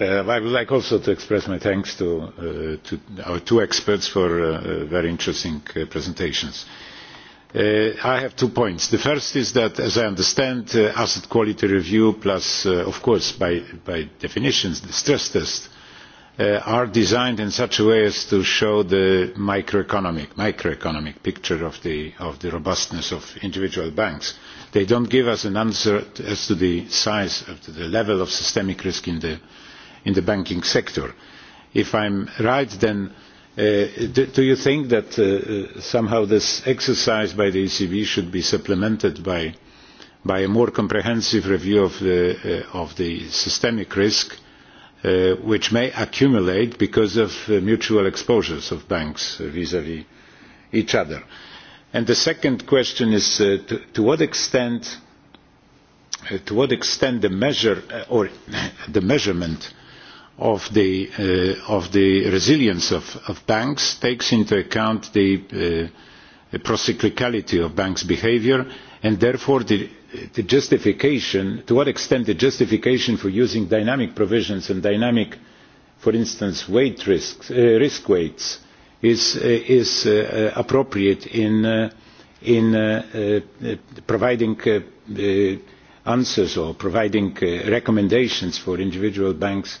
[SPEAKER 5] I would like also to express my thanks to, our two experts for very interesting presentations. I have two points. The first is that, as I understand, asset quality review plus, of course, by, by definition, the stress test are designed in such a way as to show the microeconomic, microeconomic picture of the, of the robustness of individual banks. They don't give us an answer as to the size, of the level of systemic risk in the in the banking sector. If I am right, then do you think that somehow this exercise by the ECB should be supplemented by by a more comprehensive review of the, systemic risk which may accumulate because of mutual exposures of banks vis-à-vis each other. And the second question is to, what extent to what extent the measure or the measurement of the of the resilience of banks takes into account the procyclicality of banks' behaviour and therefore the the justification to what extent the justification for using dynamic provisions and dynamic for instance weight risks risk weights is appropriate in providing answers or providing recommendations for individual banks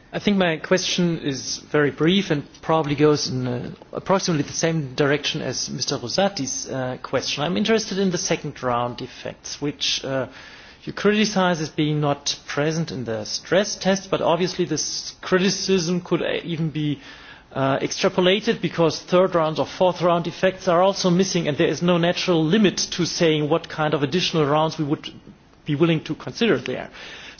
[SPEAKER 10] I think my question is very brief and probably goes in uh, approximately the same direction as Mr. Rosati's uh, question. I'm interested in the second round effects, which uh, you criticize as being not present in the stress test, but obviously this criticism could even be uh, extrapolated because third round or fourth round effects are also missing and there is no natural limit to saying what kind of additional rounds we would be willing to consider there. Uh,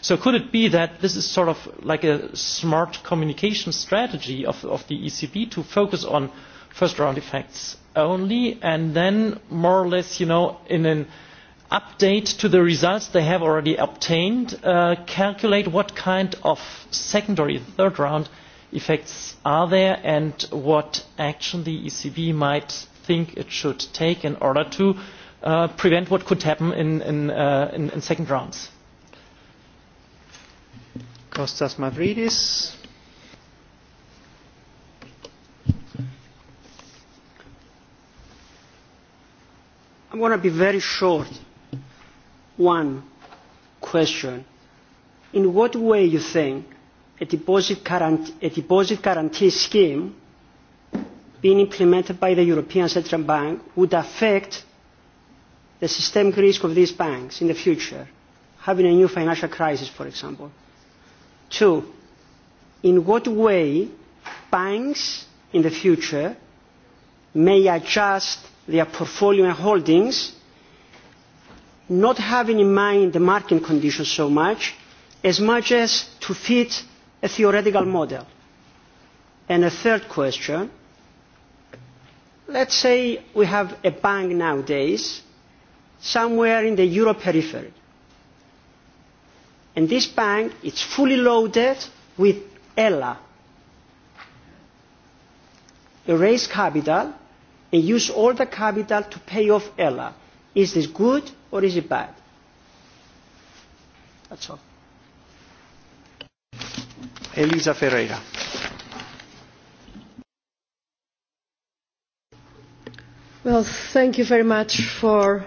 [SPEAKER 10] So could it be that this is sort of like a smart communication strategy of, of the ECB to focus on first round effects only and then more or less, you know, in an update to the results they have already obtained, uh, calculate what kind of secondary third round effects are there and what action the ECB might think it should take in order to uh, prevent what could happen in, in, uh, in, in second rounds. Kostas
[SPEAKER 6] Mavridis. I'm going to be very short. One question. In what way you think a deposit, guarantee, a deposit guarantee scheme being implemented by the European Central Bank would affect the systemic risk of these banks in the future, having a new financial crisis, for example? Two, in what way banks in the future may adjust their portfolio and holdings, not having in mind the market conditions so much, as much as to fit a theoretical model. And a third question, let's say we have a bank nowadays somewhere in the euro periphery and this bank is fully loaded with ella You raise capital and use all the capital to pay off ella Is this good or is it bad? That's all.
[SPEAKER 3] Elisa Ferreira.
[SPEAKER 11] Well, thank you very much for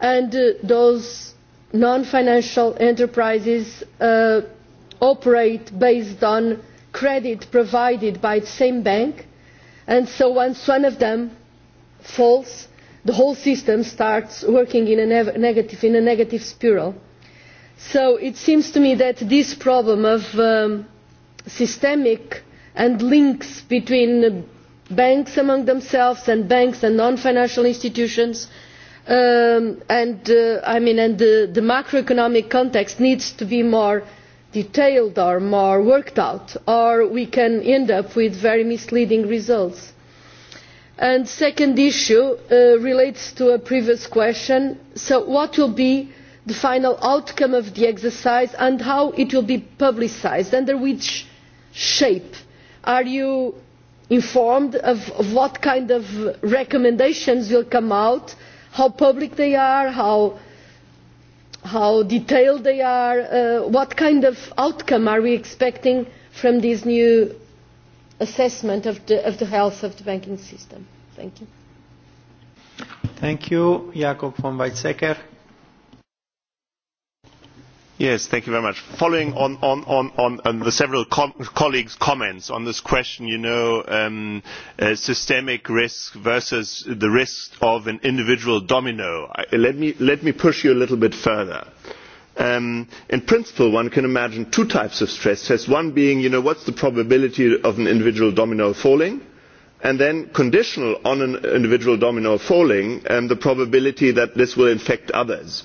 [SPEAKER 11] and those non-financial enterprises operate based on credit provided by the same bank and so once one of them falls the whole system starts working in a negative in a negative spiral so it seems to me that this problem of um, systemic and links between banks among themselves and banks and non-financial institutions and the macroeconomic context needs to be more detailed or more worked out or we can end up with very misleading results. the second issue relates to a previous question what will be the final outcome of the exercise and how it will be publicised under which shape? are you informed of what kind of recommendations will come out? how public they are, how how detailed they are, uh, what kind of outcome are we expecting from this new assessment of the, of the health of the banking system. Thank you.
[SPEAKER 3] Thank you, Jakob von
[SPEAKER 12] Weizsäcker following on the several colleagues' comments on this question of systemic risk versus the risk of an individual domino let me push you a little bit further. in principle one can imagine two types of stress tests one being what is the probability of an individual domino falling and then conditional on an individual domino falling and the probability that this will infect others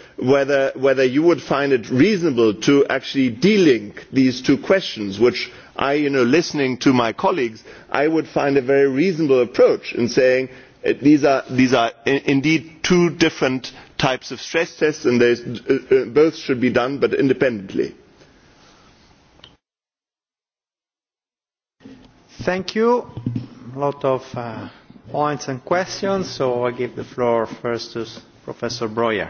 [SPEAKER 12] whether you would find it reasonable to actually delink these two questions which i listening to my colleagues I would find a very reasonable approach in saying these are indeed two different types of stress tests and both should be done but independently.
[SPEAKER 3] Thank you. A lot of uh, points and questions, so I give the floor first to Professor Breuer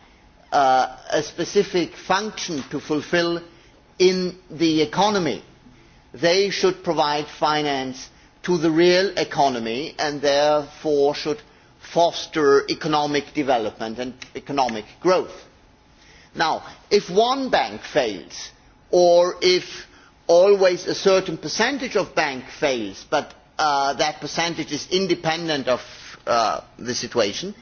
[SPEAKER 8] uh, a specific function to fulfil in the economy. They should provide finance to the real economy and therefore should foster economic development and economic growth. Now, if one bank fails, or if always a certain percentage of banks fails, but uh, that percentage is independent of uh, the situation, uh,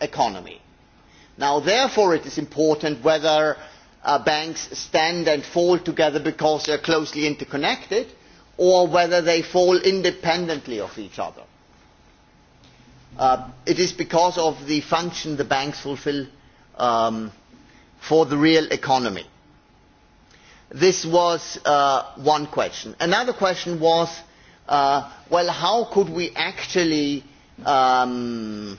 [SPEAKER 8] economy. Now, therefore, it is important whether banks stand and fall together because they are closely interconnected or whether they fall independently of each other. it is because of the function the banks fulfill um for the real economy. This was uh one question. Another question was, uh well, how could we actually um,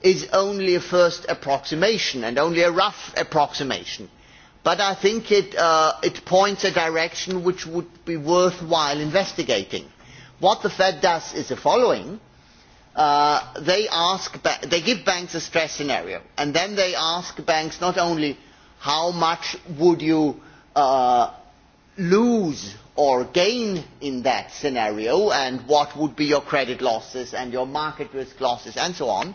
[SPEAKER 8] is only a first approximation and only a rough approximation but i think it points in a direction which would be worthwhile investigating. what the fed does is the following they give banks a stress scenario and then they ask banks not only how much would you lose or gain in that scenario and what would be your credit losses and your market risk losses and so on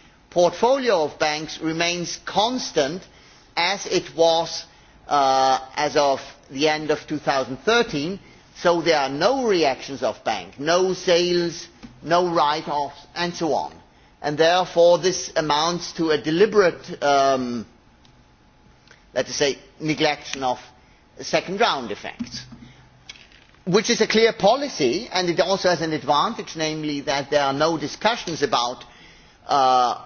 [SPEAKER 8] portfolio of banks remains constant as it was as of the end of two thousand and thirteen so there are no reactions of banks no sales no write offs and so on and therefore this amounts to a deliberate um, let us say neglection of second round effects which is a clear policy and it also has an advantage namely that there are no discussions about uh,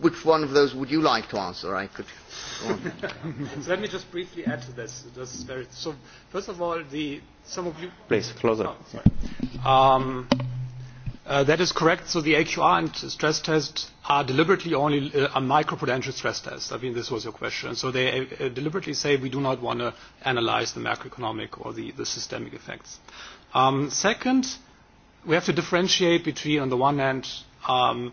[SPEAKER 8] which one of those would you like to answer? I could. so
[SPEAKER 7] let me just briefly add to this. very, so first of all, the some of you. Please closer. Oh, sorry. Um, uh, that is correct. So the AQR and stress test are deliberately only uh, a microprudential stress test. I mean, this was your question. So they uh, deliberately say we do not want to analyze the macroeconomic or the, the systemic effects. Um, second, we have to differentiate between, on the one hand, um,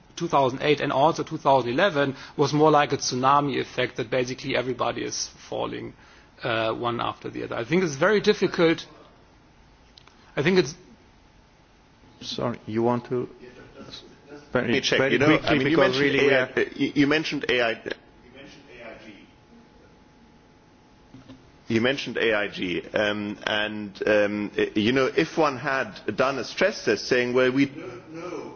[SPEAKER 7] 2008 and also 2011 was more like a tsunami effect that basically everybody is falling uh, one after the other. I think it's very difficult. I think it's.
[SPEAKER 12] Sorry, you want to. Very, check. you know, I mean, you mentioned really AI, we are... you mentioned AI. You mentioned AIG, um, and um, you know, if one had done a stress test saying, "Well, we don't know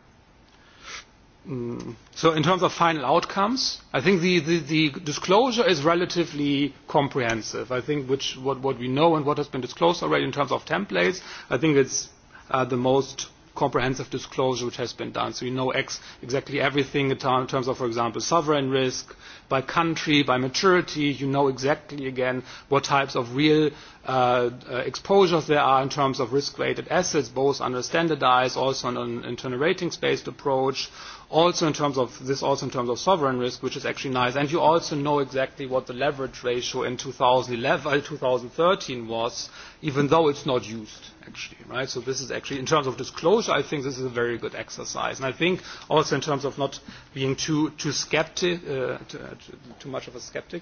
[SPEAKER 7] so in terms of final outcomes, I think the, the, the disclosure is relatively comprehensive. I think which, what, what we know and what has been disclosed already in terms of templates, I think it's uh, the most comprehensive disclosure which has been done. So you know ex exactly everything in terms of, for example, sovereign risk, by country, by maturity. You know exactly, again, what types of real uh, exposures there are in terms of risk-weighted assets, both under standardized, also on an internal ratings-based approach, also in terms of this also in terms of sovereign risk, which is actually nice. And you also know exactly what the leverage ratio in 2011, uh, 2013 was, even though it's not used actually, right? So this is actually in terms of disclosure, I think this is a very good exercise. And I think also in terms of not being too too skeptic, uh, too, too much of a skeptic.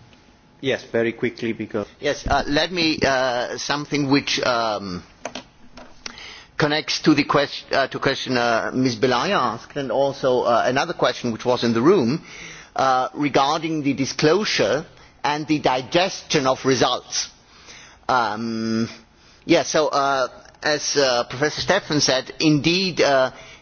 [SPEAKER 8] Yes, very quickly because. Yes, let me uh, something which um, connects to the question, uh, to question uh, Ms. Belaya asked, and also uh, another question which was in the room uh, regarding the disclosure and the digestion of results. Um, yes, so as uh, Professor Stefan said, indeed. Uh,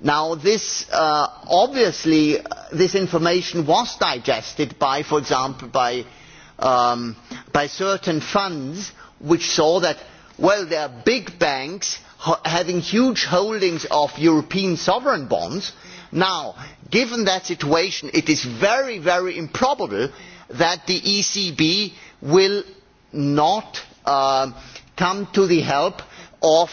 [SPEAKER 8] Now, this, obviously, this information was digested by, for example, by, certain funds which saw that, well, there are big banks having huge holdings of European sovereign bonds. Now, given that situation, it is very, very improbable that the ECB will not come to the help of,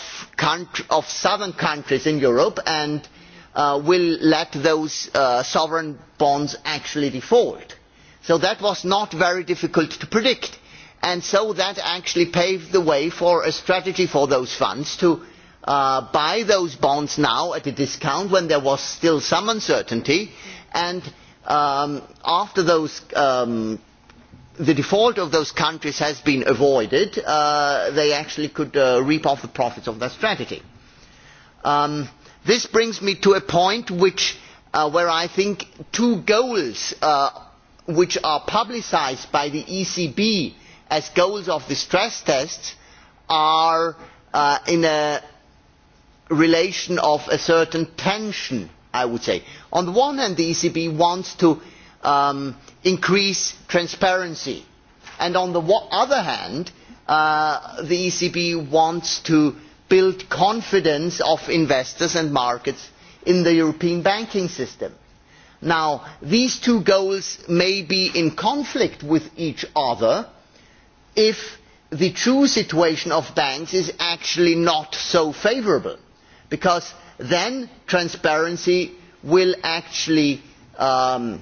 [SPEAKER 8] southern countries in Europe and will let those sovereign bonds actually default. So that was not very difficult to predict. And so that actually paved the way for a strategy for those funds to buy those bonds now at a discount when there was still some uncertainty and after those the default of those countries has been avoided. Uh, they actually could uh, reap off the profits of that strategy. Um, this brings me to a point which, uh, where I think two goals uh, which are publicized by the ECB as goals of the stress tests are uh, in a relation of a certain tension, I would say. On the one hand, the ECB wants to um, increase transparency. And on the other hand, the ECB wants to build confidence of investors and markets in the European banking system. Now, these two goals may be in conflict with each other if the true situation of banks is actually not so favourable, because then transparency will actually um,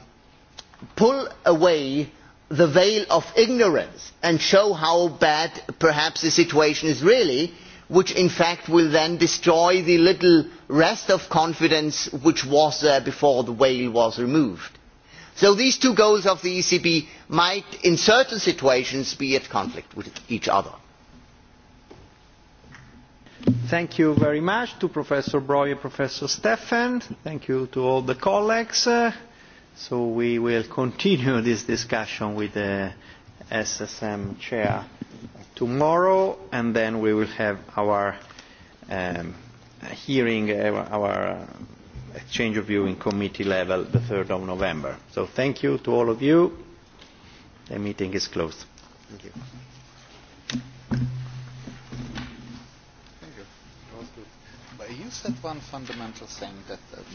[SPEAKER 8] pull away the veil of ignorance and show how bad perhaps the situation is really which in fact will then destroy the little rest of confidence which was there before the veil was removed. So these two goals of the ECB might in certain situations be at conflict with each other.
[SPEAKER 3] Thank you very much to Professor Breuer and Professor Steffen. Thank you to all the colleagues. So we will continue this discussion with the SSM chair tomorrow, and then we will have our um, hearing, our exchange of view in committee level the 3rd of November. So thank you to all of you. The meeting is closed. Thank you. Thank you.
[SPEAKER 5] That was good. But you said one fundamental thing that